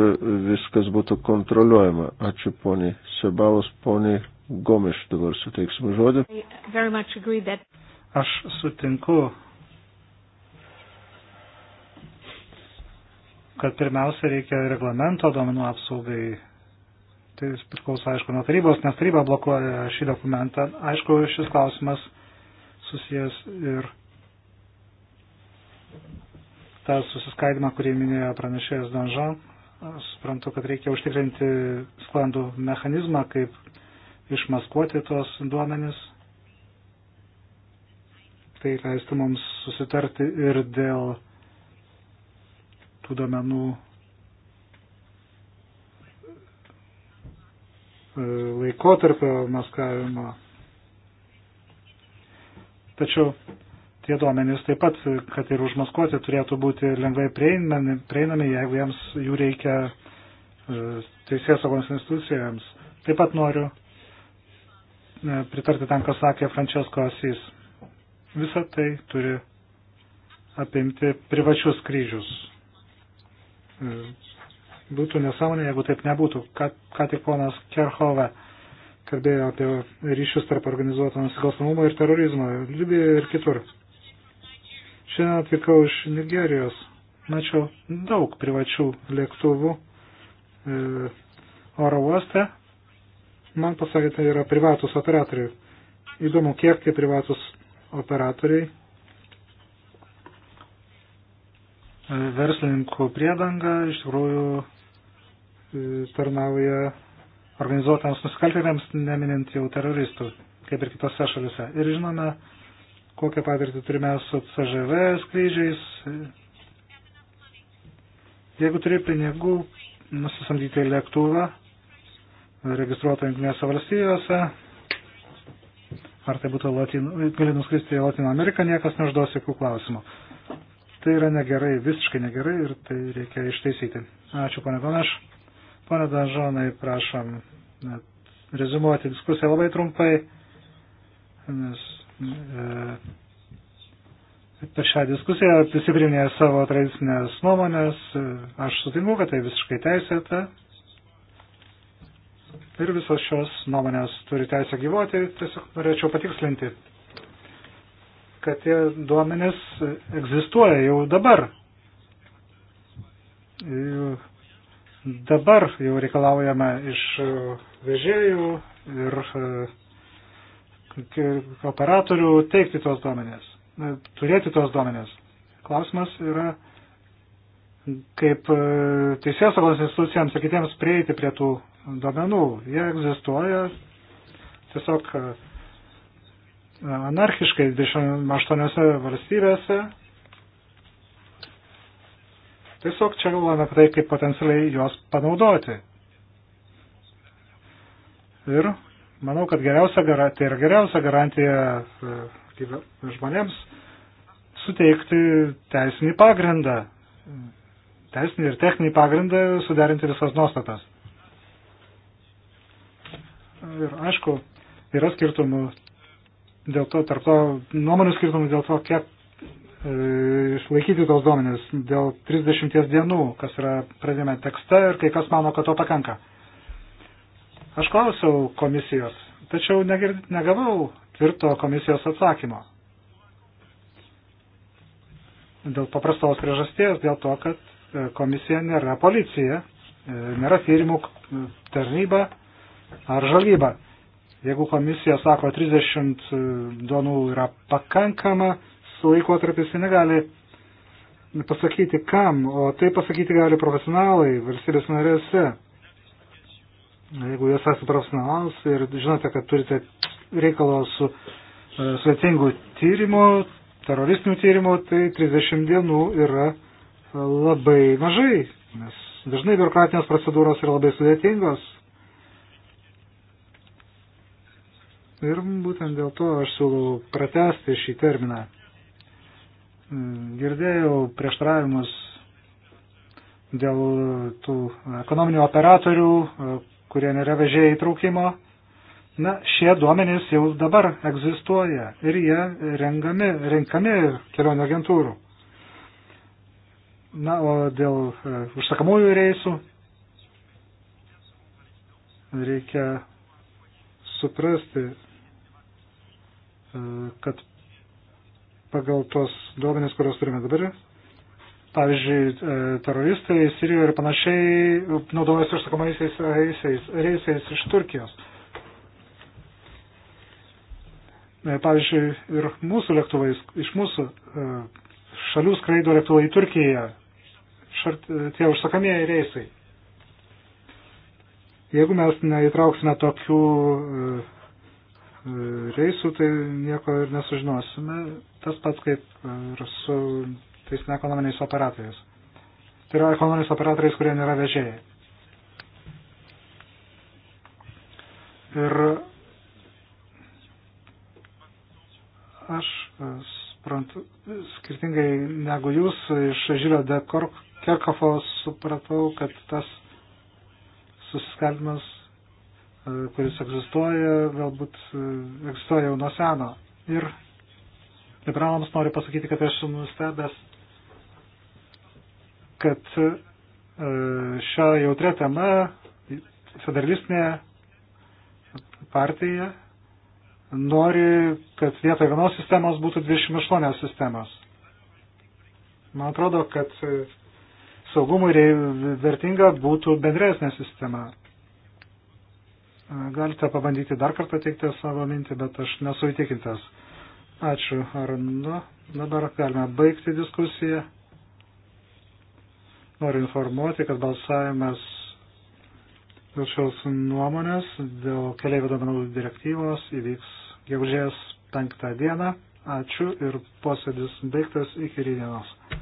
viskas būtų kontroliuojama. Ačiū poniai Sebalos, poniai Gomiš dabar suteiksime žodį. Aš sutinku, kad pirmiausia reikia reglamento domenų apsaugai. Tai priklauso, aišku, nuo tarybos, nes taryba blokuoja šį dokumentą. Aišku, šis klausimas susijęs ir tą susiskaidimą, kurį minėjo pranešėjas Danžan. Suprantu, kad reikia užtikrinti sklandų mechanizmą, kaip išmaskuoti tos duomenis. Tai leistų mums susitarti ir dėl tų duomenų e, laikotarpio maskavimo Tačiau tie duomenys taip pat, kad ir užmaskuoti, turėtų būti lengvai prieinami, prieinami jeigu jiems jų reikia e, teisės saugos institucijoms. Taip pat noriu e, pritarti tam, ką sakė Francesco Asys. Visa tai turi apimti privačius kryžius. E, būtų nesąmonė, jeigu taip nebūtų. Ką, ką tik ponas Kerhove kalbėjo apie ryšius tarp organizuoto nusikalstamumo ir terorizmo Libijoje ir kitur. Šiandien atvykau iš Nigerijos. Mačiau daug privačių lėktuvų e, oro uoste. Man pasakė, tai yra privatus operatoriai. Įdomu, kiek tie privatus operatoriai e, verslininkų priedanga iš tikrųjų e, tarnauja organizuotams nusikaltėliams, neminint jau teroristų, kaip ir kitose šalise. Ir žinome, kokią patirtį turime su CŽV skrydžiais. Jeigu turi pinigų nusisamdyti lėktuvą, registruotą Junktinėse valstijose, ar tai būtų Latino, gali nuskristi į Latino Ameriką, niekas neužduos jokių klausimų. Tai yra negerai, visiškai negerai ir tai reikia ištaisyti. Ačiū, pane Panaš. Pane Danžonai, prašom rezumuoti diskusiją labai trumpai, nes e, per šią diskusiją prisiprinė savo tradicinės nuomonės. Aš sutinku, kad tai visiškai teisėta. Ir visos šios nuomonės turi teisę gyvoti. Tiesiog norėčiau patikslinti, kad tie duomenys egzistuoja jau dabar. Jų Dabar jau reikalaujame iš e, vežėjų ir e, operatorių teikti tos duomenės, e, turėti tos duomenės. Klausimas yra, kaip teisės saugos institucijams ir kitiems prieiti prie tų duomenų. Jie egzistuoja tiesiog anarchiškai 28 valstybėse Tiesiog čia galvojame apie tai, kaip potencialiai juos panaudoti. Ir manau, kad geriausia, tai yra geriausia garantija e, žmonėms suteikti teisinį pagrindą, teisinį ir techninį pagrindą suderinti visas nuostatas. Ir aišku, yra skirtumų dėl to, tarp to nuomonių skirtumų dėl to, kiek E, išlaikyti tos duomenis dėl 30 dienų, kas yra pradėme tekste ir kai kas mano, kad to pakanka. Aš klausiau komisijos, tačiau negird, negavau tvirto komisijos atsakymo. Dėl paprastos priežasties, dėl to, kad e, komisija nėra policija, e, nėra tyrimų tarnyba ar žalyba. Jeigu komisija sako, 30 duonų yra pakankama, laikotarpis negali pasakyti kam, o tai pasakyti gali profesionalai valstybės narėse. Jeigu jūs esate profesionalas ir žinote, kad turite reikalo su e, svetingų tyrimų, teroristinių tyrimų, tai 30 dienų yra labai mažai, nes dažnai biurokratinės procedūros yra labai sudėtingos. Ir būtent dėl to aš siūlau pratesti šį terminą. Mm, girdėjau prieštaravimus dėl tų ekonominių operatorių, e, kurie nėra vežėjai įtraukimo. Na, šie duomenys jau dabar egzistuoja ir jie rengami, renkami kelionių agentūrų. Na, o dėl e, užsakamųjų reisų reikia suprasti, e, kad pagal tos duomenys, kurios turime dabar. Pavyzdžiui, e, teroristai Sirijoje ir panašiai naudojasi užsakomaisiais reisais, reisais iš Turkijos. E, pavyzdžiui, ir mūsų lėktuvais, iš mūsų e, šalių skraido lėktuvai į Turkiją, šart, tie užsakamieji reisai. Jeigu mes neįtrauksime tokių reisų, tai nieko ir nesužinosime. Tas pats kaip ir su tais neekonominiais operatoriais. Tai yra ekonominiais operatoriais, kurie nėra vežėjai. Ir aš e, suprantu, skirtingai negu jūs iš Žilio de Kerkofo supratau, kad tas susiskaldimas E, kuris egzistuoja, galbūt e, egzistuoja jau nuo seno. Ir liberalams noriu pasakyti, kad aš nustebęs, kad e, šią jautrę temą federalistinė partija nori, kad vietoj vienos sistemos būtų 28 sistemos. Man atrodo, kad saugumui vertinga būtų bendresnė sistema. Galite pabandyti dar kartą teikti savo mintį, bet aš nesu įtikintas. Ačiū, Arnu. Dabar galime baigti diskusiją. Noriu informuoti, kad balsavimas dėl šios nuomonės, dėl keliaivių duomenų direktyvos įvyks gegužės penktą dieną. Ačiū ir posėdis baigtas iki rydienos.